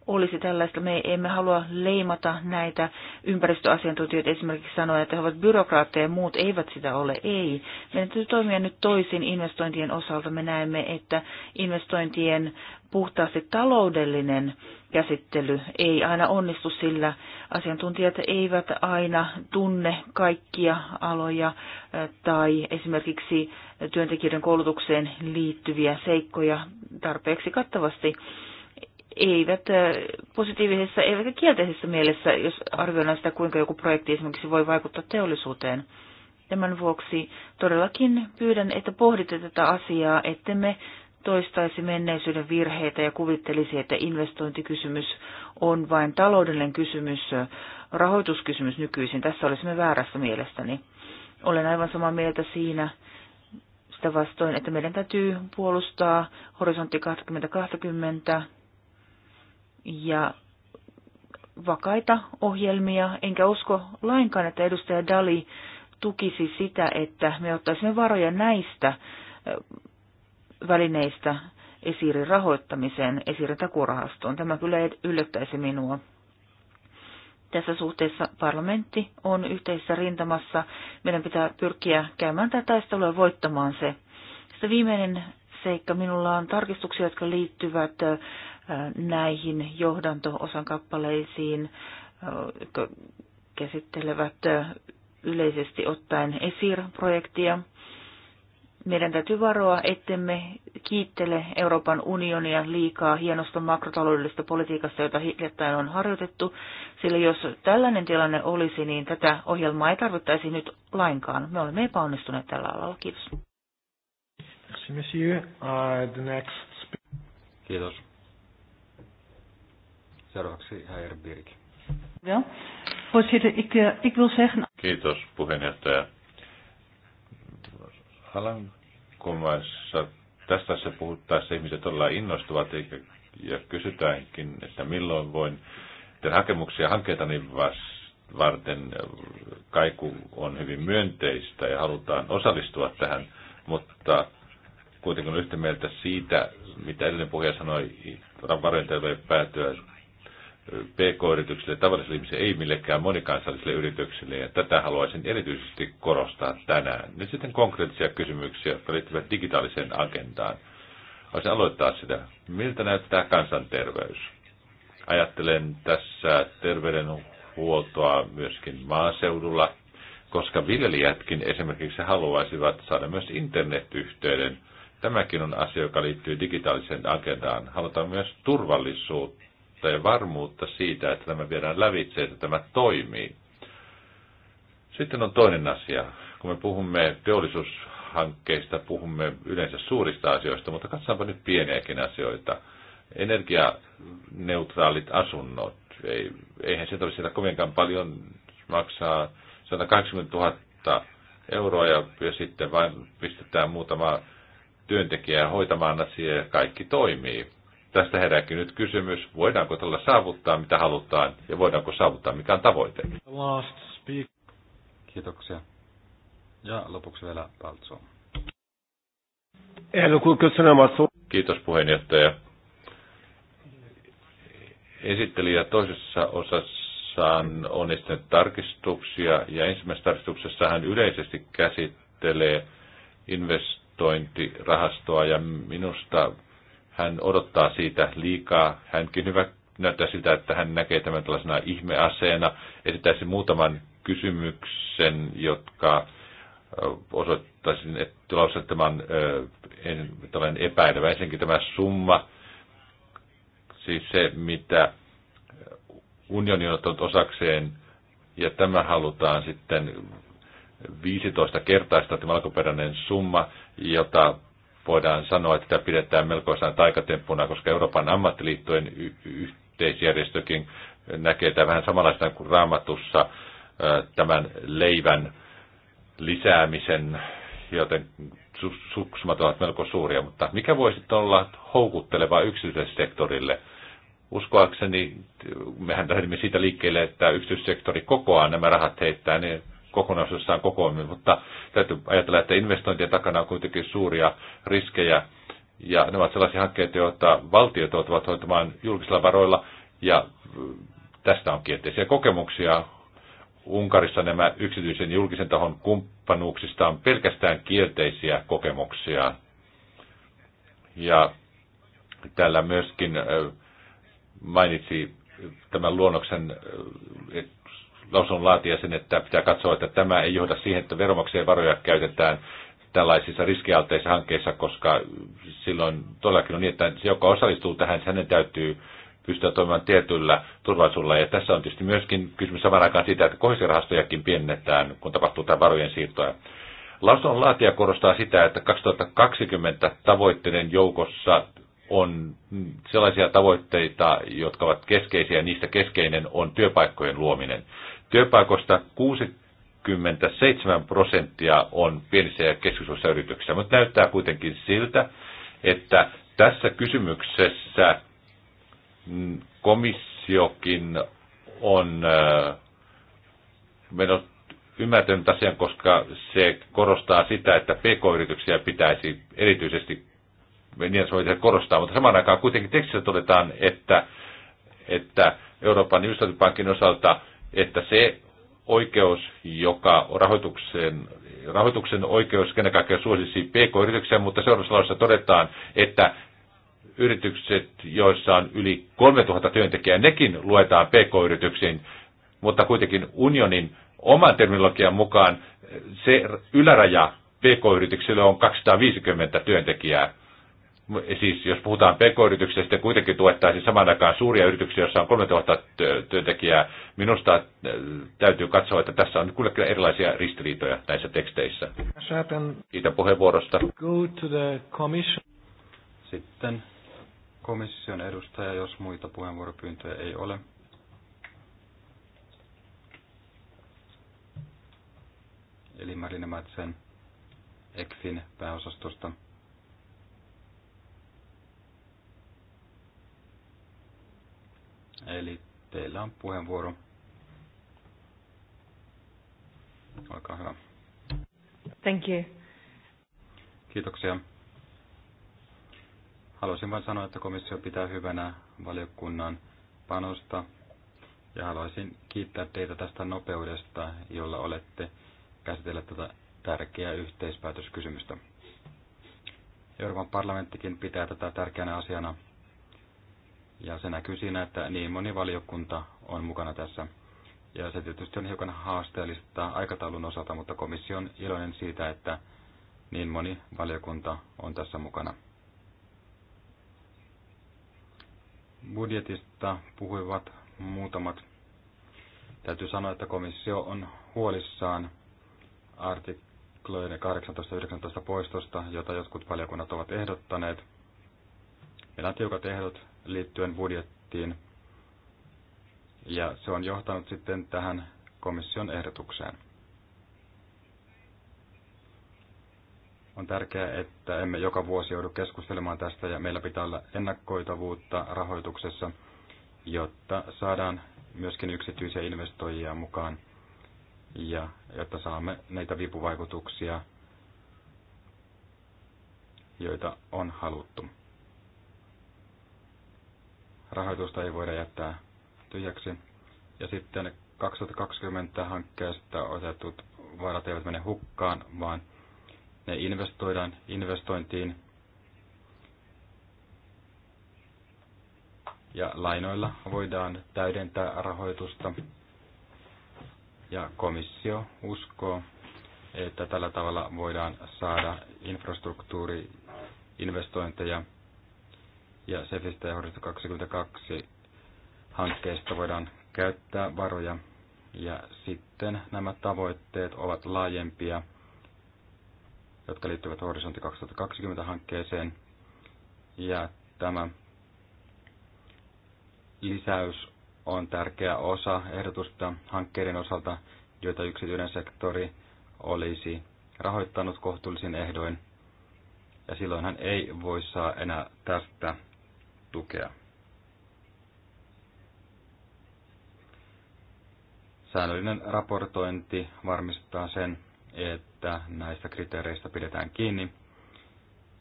olisi tällaista. Me emme halua leimata näitä ympäristöasiantuntijoita esimerkiksi sanoa, että he ovat byrokraatteja ja muut eivät sitä ole. Ei. Meidän täytyy toimia nyt toisin investointien osalta. Me näemme, että investointien puhtaasti taloudellinen käsittely ei aina onnistu, sillä asiantuntijat eivät aina tunne kaikkia aloja tai esimerkiksi työntekijöiden koulutukseen liittyviä seikkoja tarpeeksi kattavasti eivät positiivisessa eivätkä kielteisessä mielessä, jos arvioidaan sitä, kuinka joku projekti esimerkiksi voi vaikuttaa teollisuuteen. Tämän vuoksi todellakin pyydän, että pohditte tätä asiaa, ettemme toistaisi menneisyyden virheitä ja kuvittelisi, että investointikysymys on vain taloudellinen kysymys, rahoituskysymys nykyisin. Tässä olisimme väärässä mielestäni. Olen aivan samaa mieltä siinä sitä vastoin, että meidän täytyy puolustaa horisontti 2020 ja vakaita ohjelmia, enkä usko lainkaan, että edustaja Dali tukisi sitä, että me ottaisimme varoja näistä välineistä esiirin rahoittamiseen, esiirin takurahastoon. Tämä kyllä yllättäisi minua. Tässä suhteessa parlamentti on yhteisessä rintamassa. Meidän pitää pyrkiä käymään tätä taistelua ja voittamaan se. Sitten viimeinen seikka. Minulla on tarkistuksia, jotka liittyvät näihin johdanto-osan kappaleisiin, jotka käsittelevät yleisesti ottaen ESIR-projektia. Meidän täytyy varoa, ettemme kiittele Euroopan unionia liikaa hienosta makrotaloudellista politiikasta, jota hiljattain on harjoitettu, sillä jos tällainen tilanne olisi, niin tätä ohjelmaa ei tarvittaisi nyt lainkaan. Me olemme epäonnistuneet tällä alalla. Kiitos. Uh, Kiitos. Seuraavaksi Häir Birk. Eh, Kiitos puheenjohtaja. Alankomaissa tästä se puhuttaessa ihmiset todella innostuvat eikä ja kysytäänkin, että milloin voin tehdä hakemuksia hankkeita niin varten kaiku on hyvin myönteistä ja halutaan osallistua tähän, mutta kuitenkin on yhtä mieltä siitä, mitä edellinen puhuja sanoi, varojen päätyä PK-yrityksille, tavallisille ihmisille, ei millekään monikansallisille yrityksille, ja tätä haluaisin erityisesti korostaa tänään. Nyt sitten konkreettisia kysymyksiä, jotka liittyvät digitaaliseen agendaan. Voisin aloittaa sitä. Miltä näyttää kansanterveys? Ajattelen tässä terveydenhuoltoa myöskin maaseudulla, koska viljelijätkin esimerkiksi haluaisivat saada myös internetyhteyden. Tämäkin on asia, joka liittyy digitaaliseen agendaan. Halutaan myös turvallisuutta luottamusta ja varmuutta siitä, että tämä viedään lävitse, että tämä toimii. Sitten on toinen asia. Kun me puhumme teollisuushankkeista, puhumme yleensä suurista asioista, mutta katsotaanpa nyt pieniäkin asioita. Energianeutraalit asunnot. Ei, eihän se tarvitse sitä kovinkaan paljon maksaa 180 000 euroa ja, ja sitten vain pistetään muutama työntekijä hoitamaan asiaa ja kaikki toimii. Tästä herääkin nyt kysymys, voidaanko tällä saavuttaa mitä halutaan ja voidaanko saavuttaa mikä on tavoite. Last speak. Kiitoksia. Ja lopuksi vielä Paltso. Kiitos puheenjohtaja. Esittelijä toisessa osassa on esittänyt tarkistuksia ja ensimmäisessä tarkistuksessa hän yleisesti käsittelee investointirahastoa ja minusta hän odottaa siitä liikaa. Hänkin hyvä näyttää siltä, että hän näkee tämän tällaisena ihmeaseena. Esittäisin muutaman kysymyksen, jotka osoittaisin, että tulossa tämän tällainen epäilevä. Ensinnäkin tämä summa, siis se, mitä unioni on ottanut osakseen, ja tämä halutaan sitten 15 kertaista tämä alkuperäinen summa, jota voidaan sanoa, että tätä pidetään melkoisena taikatemppuna, koska Euroopan ammattiliittojen yhteisjärjestökin näkee tämän vähän samanlaista kuin raamatussa tämän leivän lisäämisen, joten suksumat ovat melko suuria, mutta mikä voisi olla houkuttelevaa yksityiselle sektorille? Uskoakseni, mehän lähdimme siitä liikkeelle, että yksityissektori kokoaa nämä rahat heittää, niin kokonaisuudessaan kokoamme, mutta täytyy ajatella, että investointien takana on kuitenkin suuria riskejä, ja ne ovat sellaisia hankkeita, joita valtiot ovat hoitamaan julkisilla varoilla, ja mm, tästä on kielteisiä kokemuksia. Unkarissa nämä yksityisen julkisen tahon kumppanuuksista on pelkästään kielteisiä kokemuksia. Ja täällä myöskin mainitsi tämän luonnoksen lausun laatia sen, että pitää katsoa, että tämä ei johda siihen, että veromaksajien varoja käytetään tällaisissa riskialteissa hankkeissa, koska silloin todellakin on niin, että se, joka osallistuu tähän, hänen täytyy pystyä toimimaan tietyllä turvallisuudella. Ja tässä on tietysti myöskin kysymys samaan aikaan siitä, että kohdisirahastojakin pienennetään, kun tapahtuu tämä varojen siirtoja. Lausunnon laatia korostaa sitä, että 2020 tavoitteiden joukossa on sellaisia tavoitteita, jotka ovat keskeisiä, niistä keskeinen on työpaikkojen luominen. Työpaikoista 67 prosenttia on pienissä ja keskisuurissa yrityksissä, mutta näyttää kuitenkin siltä, että tässä kysymyksessä mm, komissiokin on äh, mennyt ymmärtänyt asian, koska se korostaa sitä, että pk-yrityksiä pitäisi erityisesti niin se korostaa, mutta samaan aikaan kuitenkin tekstissä todetaan, että, että Euroopan investointipankin osalta että se oikeus, joka rahoituksen, rahoituksen oikeus kenen kaikkea suosisi pk-yrityksiä, mutta seuraavassa todetaan, että yritykset, joissa on yli 3000 työntekijää, nekin luetaan pk-yrityksiin, mutta kuitenkin unionin oman terminologian mukaan se yläraja pk-yrityksille on 250 työntekijää. Siis jos puhutaan pk-yrityksistä, sitten kuitenkin tuettaisiin saman aikaan suuria yrityksiä, joissa on 3000 työntekijää. Minusta äh, täytyy katsoa, että tässä on kyllä, kyllä erilaisia ristiriitoja näissä teksteissä. Kiitän puheenvuorosta. Go to the commission. Sitten komission edustaja, jos muita puheenvuoropyyntöjä ei ole. Eli Marina Mätsen, EXin pääosastosta. Eli teillä on puheenvuoro. Olkaa hyvä. Thank you. Kiitoksia. Haluaisin vain sanoa, että komissio pitää hyvänä valiokunnan panosta ja haluaisin kiittää teitä tästä nopeudesta, jolla olette käsitellä tätä tärkeää yhteispäätöskysymystä. Euroopan parlamenttikin pitää tätä tärkeänä asiana ja se näkyy siinä, että niin moni valiokunta on mukana tässä. Ja se tietysti on hiukan haasteellista aikataulun osalta, mutta komissio on iloinen siitä, että niin moni valiokunta on tässä mukana. Budjetista puhuivat muutamat. Täytyy sanoa, että komissio on huolissaan artikloiden 18-19 poistosta, jota jotkut valiokunnat ovat ehdottaneet. Meillä on tiukat ehdot liittyen budjettiin. Ja se on johtanut sitten tähän komission ehdotukseen. On tärkeää, että emme joka vuosi joudu keskustelemaan tästä ja meillä pitää olla ennakkoitavuutta rahoituksessa, jotta saadaan myöskin yksityisiä investoijia mukaan ja jotta saamme näitä vipuvaikutuksia, joita on haluttu rahoitusta ei voida jättää tyhjäksi. Ja sitten 2020 hankkeesta otetut varat eivät mene hukkaan, vaan ne investoidaan investointiin ja lainoilla voidaan täydentää rahoitusta. Ja komissio uskoo, että tällä tavalla voidaan saada infrastruktuuri, investointeja ja SEFistä ja Horista 22 hankkeista voidaan käyttää varoja. Ja sitten nämä tavoitteet ovat laajempia, jotka liittyvät Horisontti 2020 hankkeeseen. Ja tämä lisäys on tärkeä osa ehdotusta hankkeiden osalta, joita yksityinen sektori olisi rahoittanut kohtuullisin ehdoin. Ja silloinhan ei voi saa enää tästä tukea. Säännöllinen raportointi varmistaa sen, että näistä kriteereistä pidetään kiinni.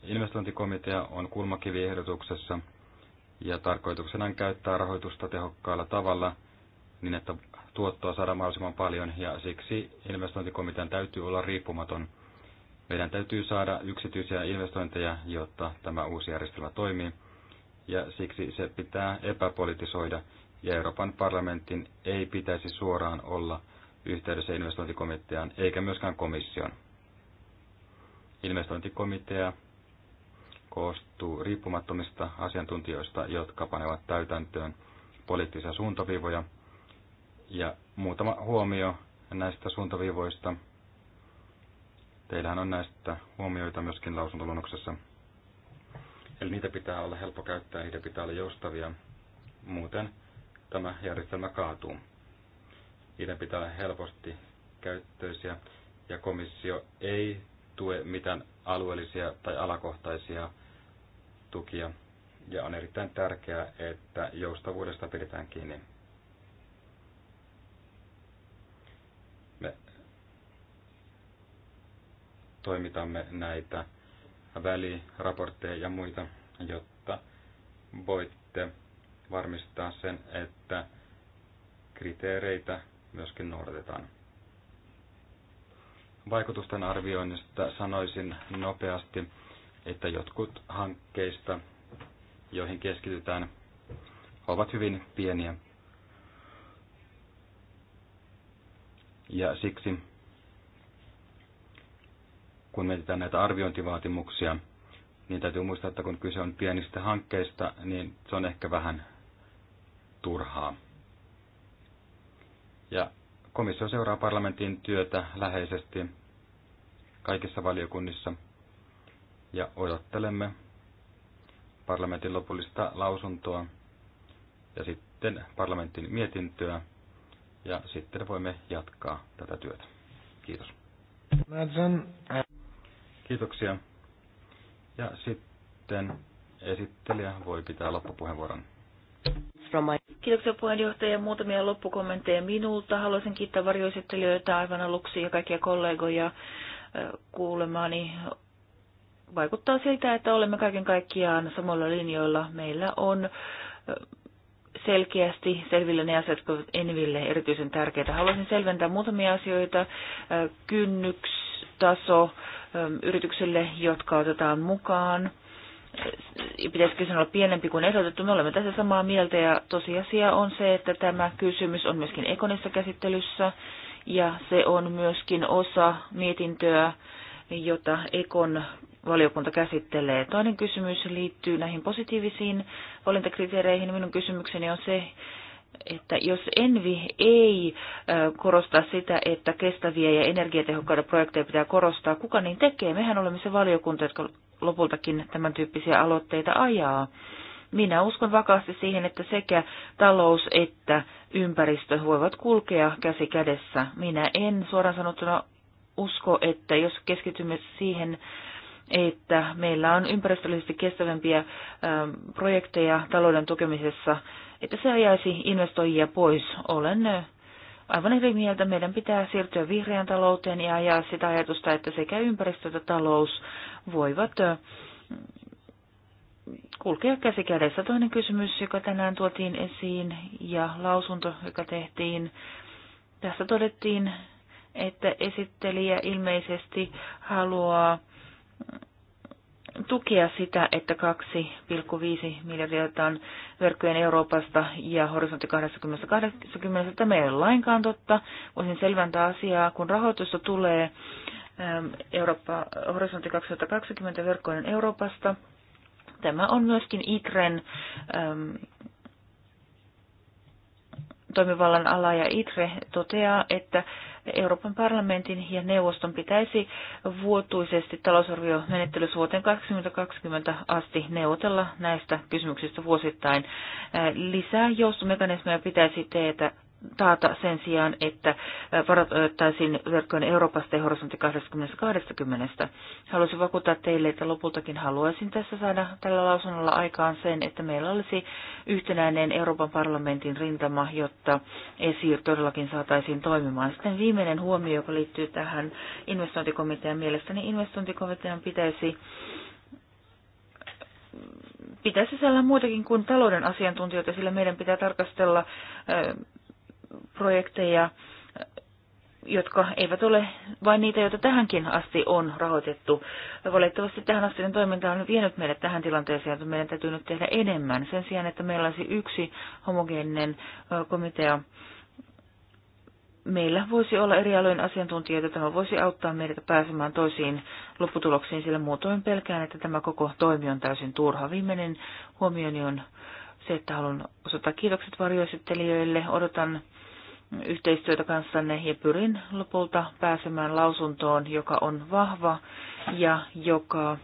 Investointikomitea on kulmakiviehdotuksessa ja tarkoituksena on käyttää rahoitusta tehokkaalla tavalla niin, että tuottoa saadaan mahdollisimman paljon ja siksi investointikomitean täytyy olla riippumaton. Meidän täytyy saada yksityisiä investointeja, jotta tämä uusi järjestelmä toimii ja siksi se pitää epäpolitisoida ja Euroopan parlamentin ei pitäisi suoraan olla yhteydessä investointikomiteaan eikä myöskään komission. Investointikomitea koostuu riippumattomista asiantuntijoista, jotka panevat täytäntöön poliittisia suuntaviivoja. Ja muutama huomio näistä suuntaviivoista. Teillähän on näistä huomioita myöskin lausuntoluonnoksessa. Eli niitä pitää olla helppo käyttää, niitä pitää olla joustavia, muuten tämä järjestelmä kaatuu. Niiden pitää olla helposti käyttöisiä ja komissio ei tue mitään alueellisia tai alakohtaisia tukia ja on erittäin tärkeää, että joustavuudesta pidetään kiinni. Me toimitamme näitä väliraportteja ja muita, jotta voitte varmistaa sen, että kriteereitä myöskin noudatetaan. Vaikutusten arvioinnista sanoisin nopeasti, että jotkut hankkeista, joihin keskitytään, ovat hyvin pieniä. Ja siksi kun mietitään näitä arviointivaatimuksia, niin täytyy muistaa, että kun kyse on pienistä hankkeista, niin se on ehkä vähän turhaa. Ja komissio seuraa parlamentin työtä läheisesti kaikissa valiokunnissa ja odottelemme parlamentin lopullista lausuntoa ja sitten parlamentin mietintöä ja sitten voimme jatkaa tätä työtä. Kiitos. Kiitoksia. Ja sitten esittelijä voi pitää loppupuheenvuoron. Kiitoksia puheenjohtaja. Muutamia loppukommentteja minulta. Haluaisin kiittää varjoesittelijöitä aivan aluksi ja kaikkia kollegoja kuulemaani. Vaikuttaa siltä, että olemme kaiken kaikkiaan samoilla linjoilla. Meillä on selkeästi selville ne asiat, jotka ovat Enville erityisen tärkeitä. Haluaisin selventää muutamia asioita. Kynnyks, taso, yrityksille, jotka otetaan mukaan. Pitäisikö sen olla pienempi kuin ehdotettu? Me olemme tässä samaa mieltä ja tosiasia on se, että tämä kysymys on myöskin Ekonissa käsittelyssä ja se on myöskin osa mietintöä, jota Ekon valiokunta käsittelee. Toinen kysymys liittyy näihin positiivisiin valintakriteereihin. Minun kysymykseni on se, että jos Envi ei korosta sitä, että kestäviä ja energiatehokkaita projekteja pitää korostaa, kuka niin tekee? Mehän olemme se valiokunta, jotka lopultakin tämän tyyppisiä aloitteita ajaa. Minä uskon vakaasti siihen, että sekä talous että ympäristö voivat kulkea käsi kädessä. Minä en suoraan sanottuna usko, että jos keskitymme siihen, että meillä on ympäristöllisesti kestävämpiä projekteja talouden tukemisessa, että se ajaisi investoijia pois. Olen aivan eri mieltä. Meidän pitää siirtyä vihreän talouteen ja ajaa sitä ajatusta, että sekä ympäristö että talous voivat kulkea käsi kädessä. Toinen kysymys, joka tänään tuotiin esiin ja lausunto, joka tehtiin, tässä todettiin, että esittelijä ilmeisesti haluaa tukea sitä, että 2,5 miljardia otetaan verkkojen Euroopasta ja horisontti 2020. Tämä ei ole lainkaan totta. Voisin selventää asiaa, kun rahoitusta tulee ähm, Eurooppa, horisontti 2020 verkkojen Euroopasta. Tämä on myöskin ITREN ähm, toimivallan ala ja ITRE toteaa, että Euroopan parlamentin ja neuvoston pitäisi vuotuisesti talousarviomenettelyssä vuoteen 2020 asti neuvotella näistä kysymyksistä vuosittain. Lisää joustomekanismeja pitäisi teetä, taata sen sijaan, että äh, varat otettaisiin verkkojen Euroopasta ja horisontti 2020. Haluaisin vakuuttaa teille, että lopultakin haluaisin tässä saada tällä lausunnolla aikaan sen, että meillä olisi yhtenäinen Euroopan parlamentin rintama, jotta ESIR todellakin saataisiin toimimaan. Sitten viimeinen huomio, joka liittyy tähän investointikomitean mielestäni investointikomitean pitäisi pitäisi sisällä muitakin kuin talouden asiantuntijoita, sillä meidän pitää tarkastella äh, projekteja, jotka eivät ole vain niitä, joita tähänkin asti on rahoitettu. Valitettavasti tähän asti toiminta on vienyt meidät tähän tilanteeseen, että meidän täytyy nyt tehdä enemmän. Sen sijaan, että meillä olisi yksi homogeeninen komitea, meillä voisi olla eri alojen asiantuntijoita. Tämä voisi auttaa meitä pääsemään toisiin lopputuloksiin, sillä muutoin pelkään, että tämä koko toimi on täysin turha. Viimeinen huomioni on se, että haluan osoittaa kiitokset varjoesittelijöille. Odotan yhteistyötä kanssanne ja pyrin lopulta pääsemään lausuntoon, joka on vahva ja joka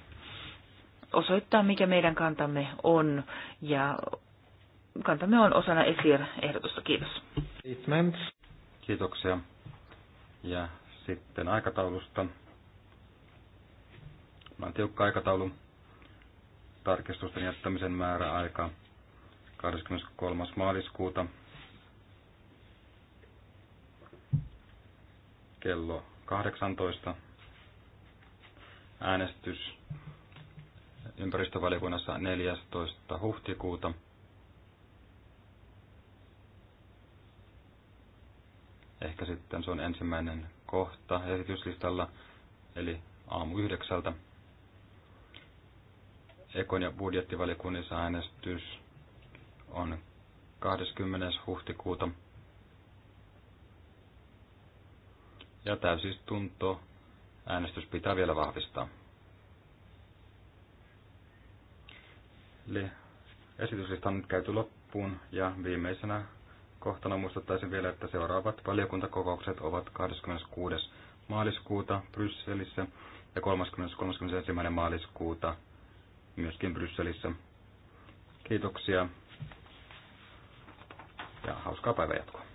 osoittaa, mikä meidän kantamme on ja kantamme on osana ESIR-ehdotusta. Kiitos. Kiitoksia. Ja sitten aikataulusta. Mä on tiukka aikataulu. Tarkistusten jättämisen määräaika 23. maaliskuuta kello 18. Äänestys ympäristövaliokunnassa 14. huhtikuuta. Ehkä sitten se on ensimmäinen kohta esityslistalla, eli aamu yhdeksältä. Ekon ja budjettivaliokunnissa äänestys on 20. huhtikuuta. ja täysistunto äänestys pitää vielä vahvistaa. Eli esityslista on nyt käyty loppuun ja viimeisenä kohtana muistuttaisin vielä, että seuraavat valiokuntakokoukset ovat 26. maaliskuuta Brysselissä ja 30. 31. maaliskuuta myöskin Brysselissä. Kiitoksia ja hauskaa päivänjatkoa.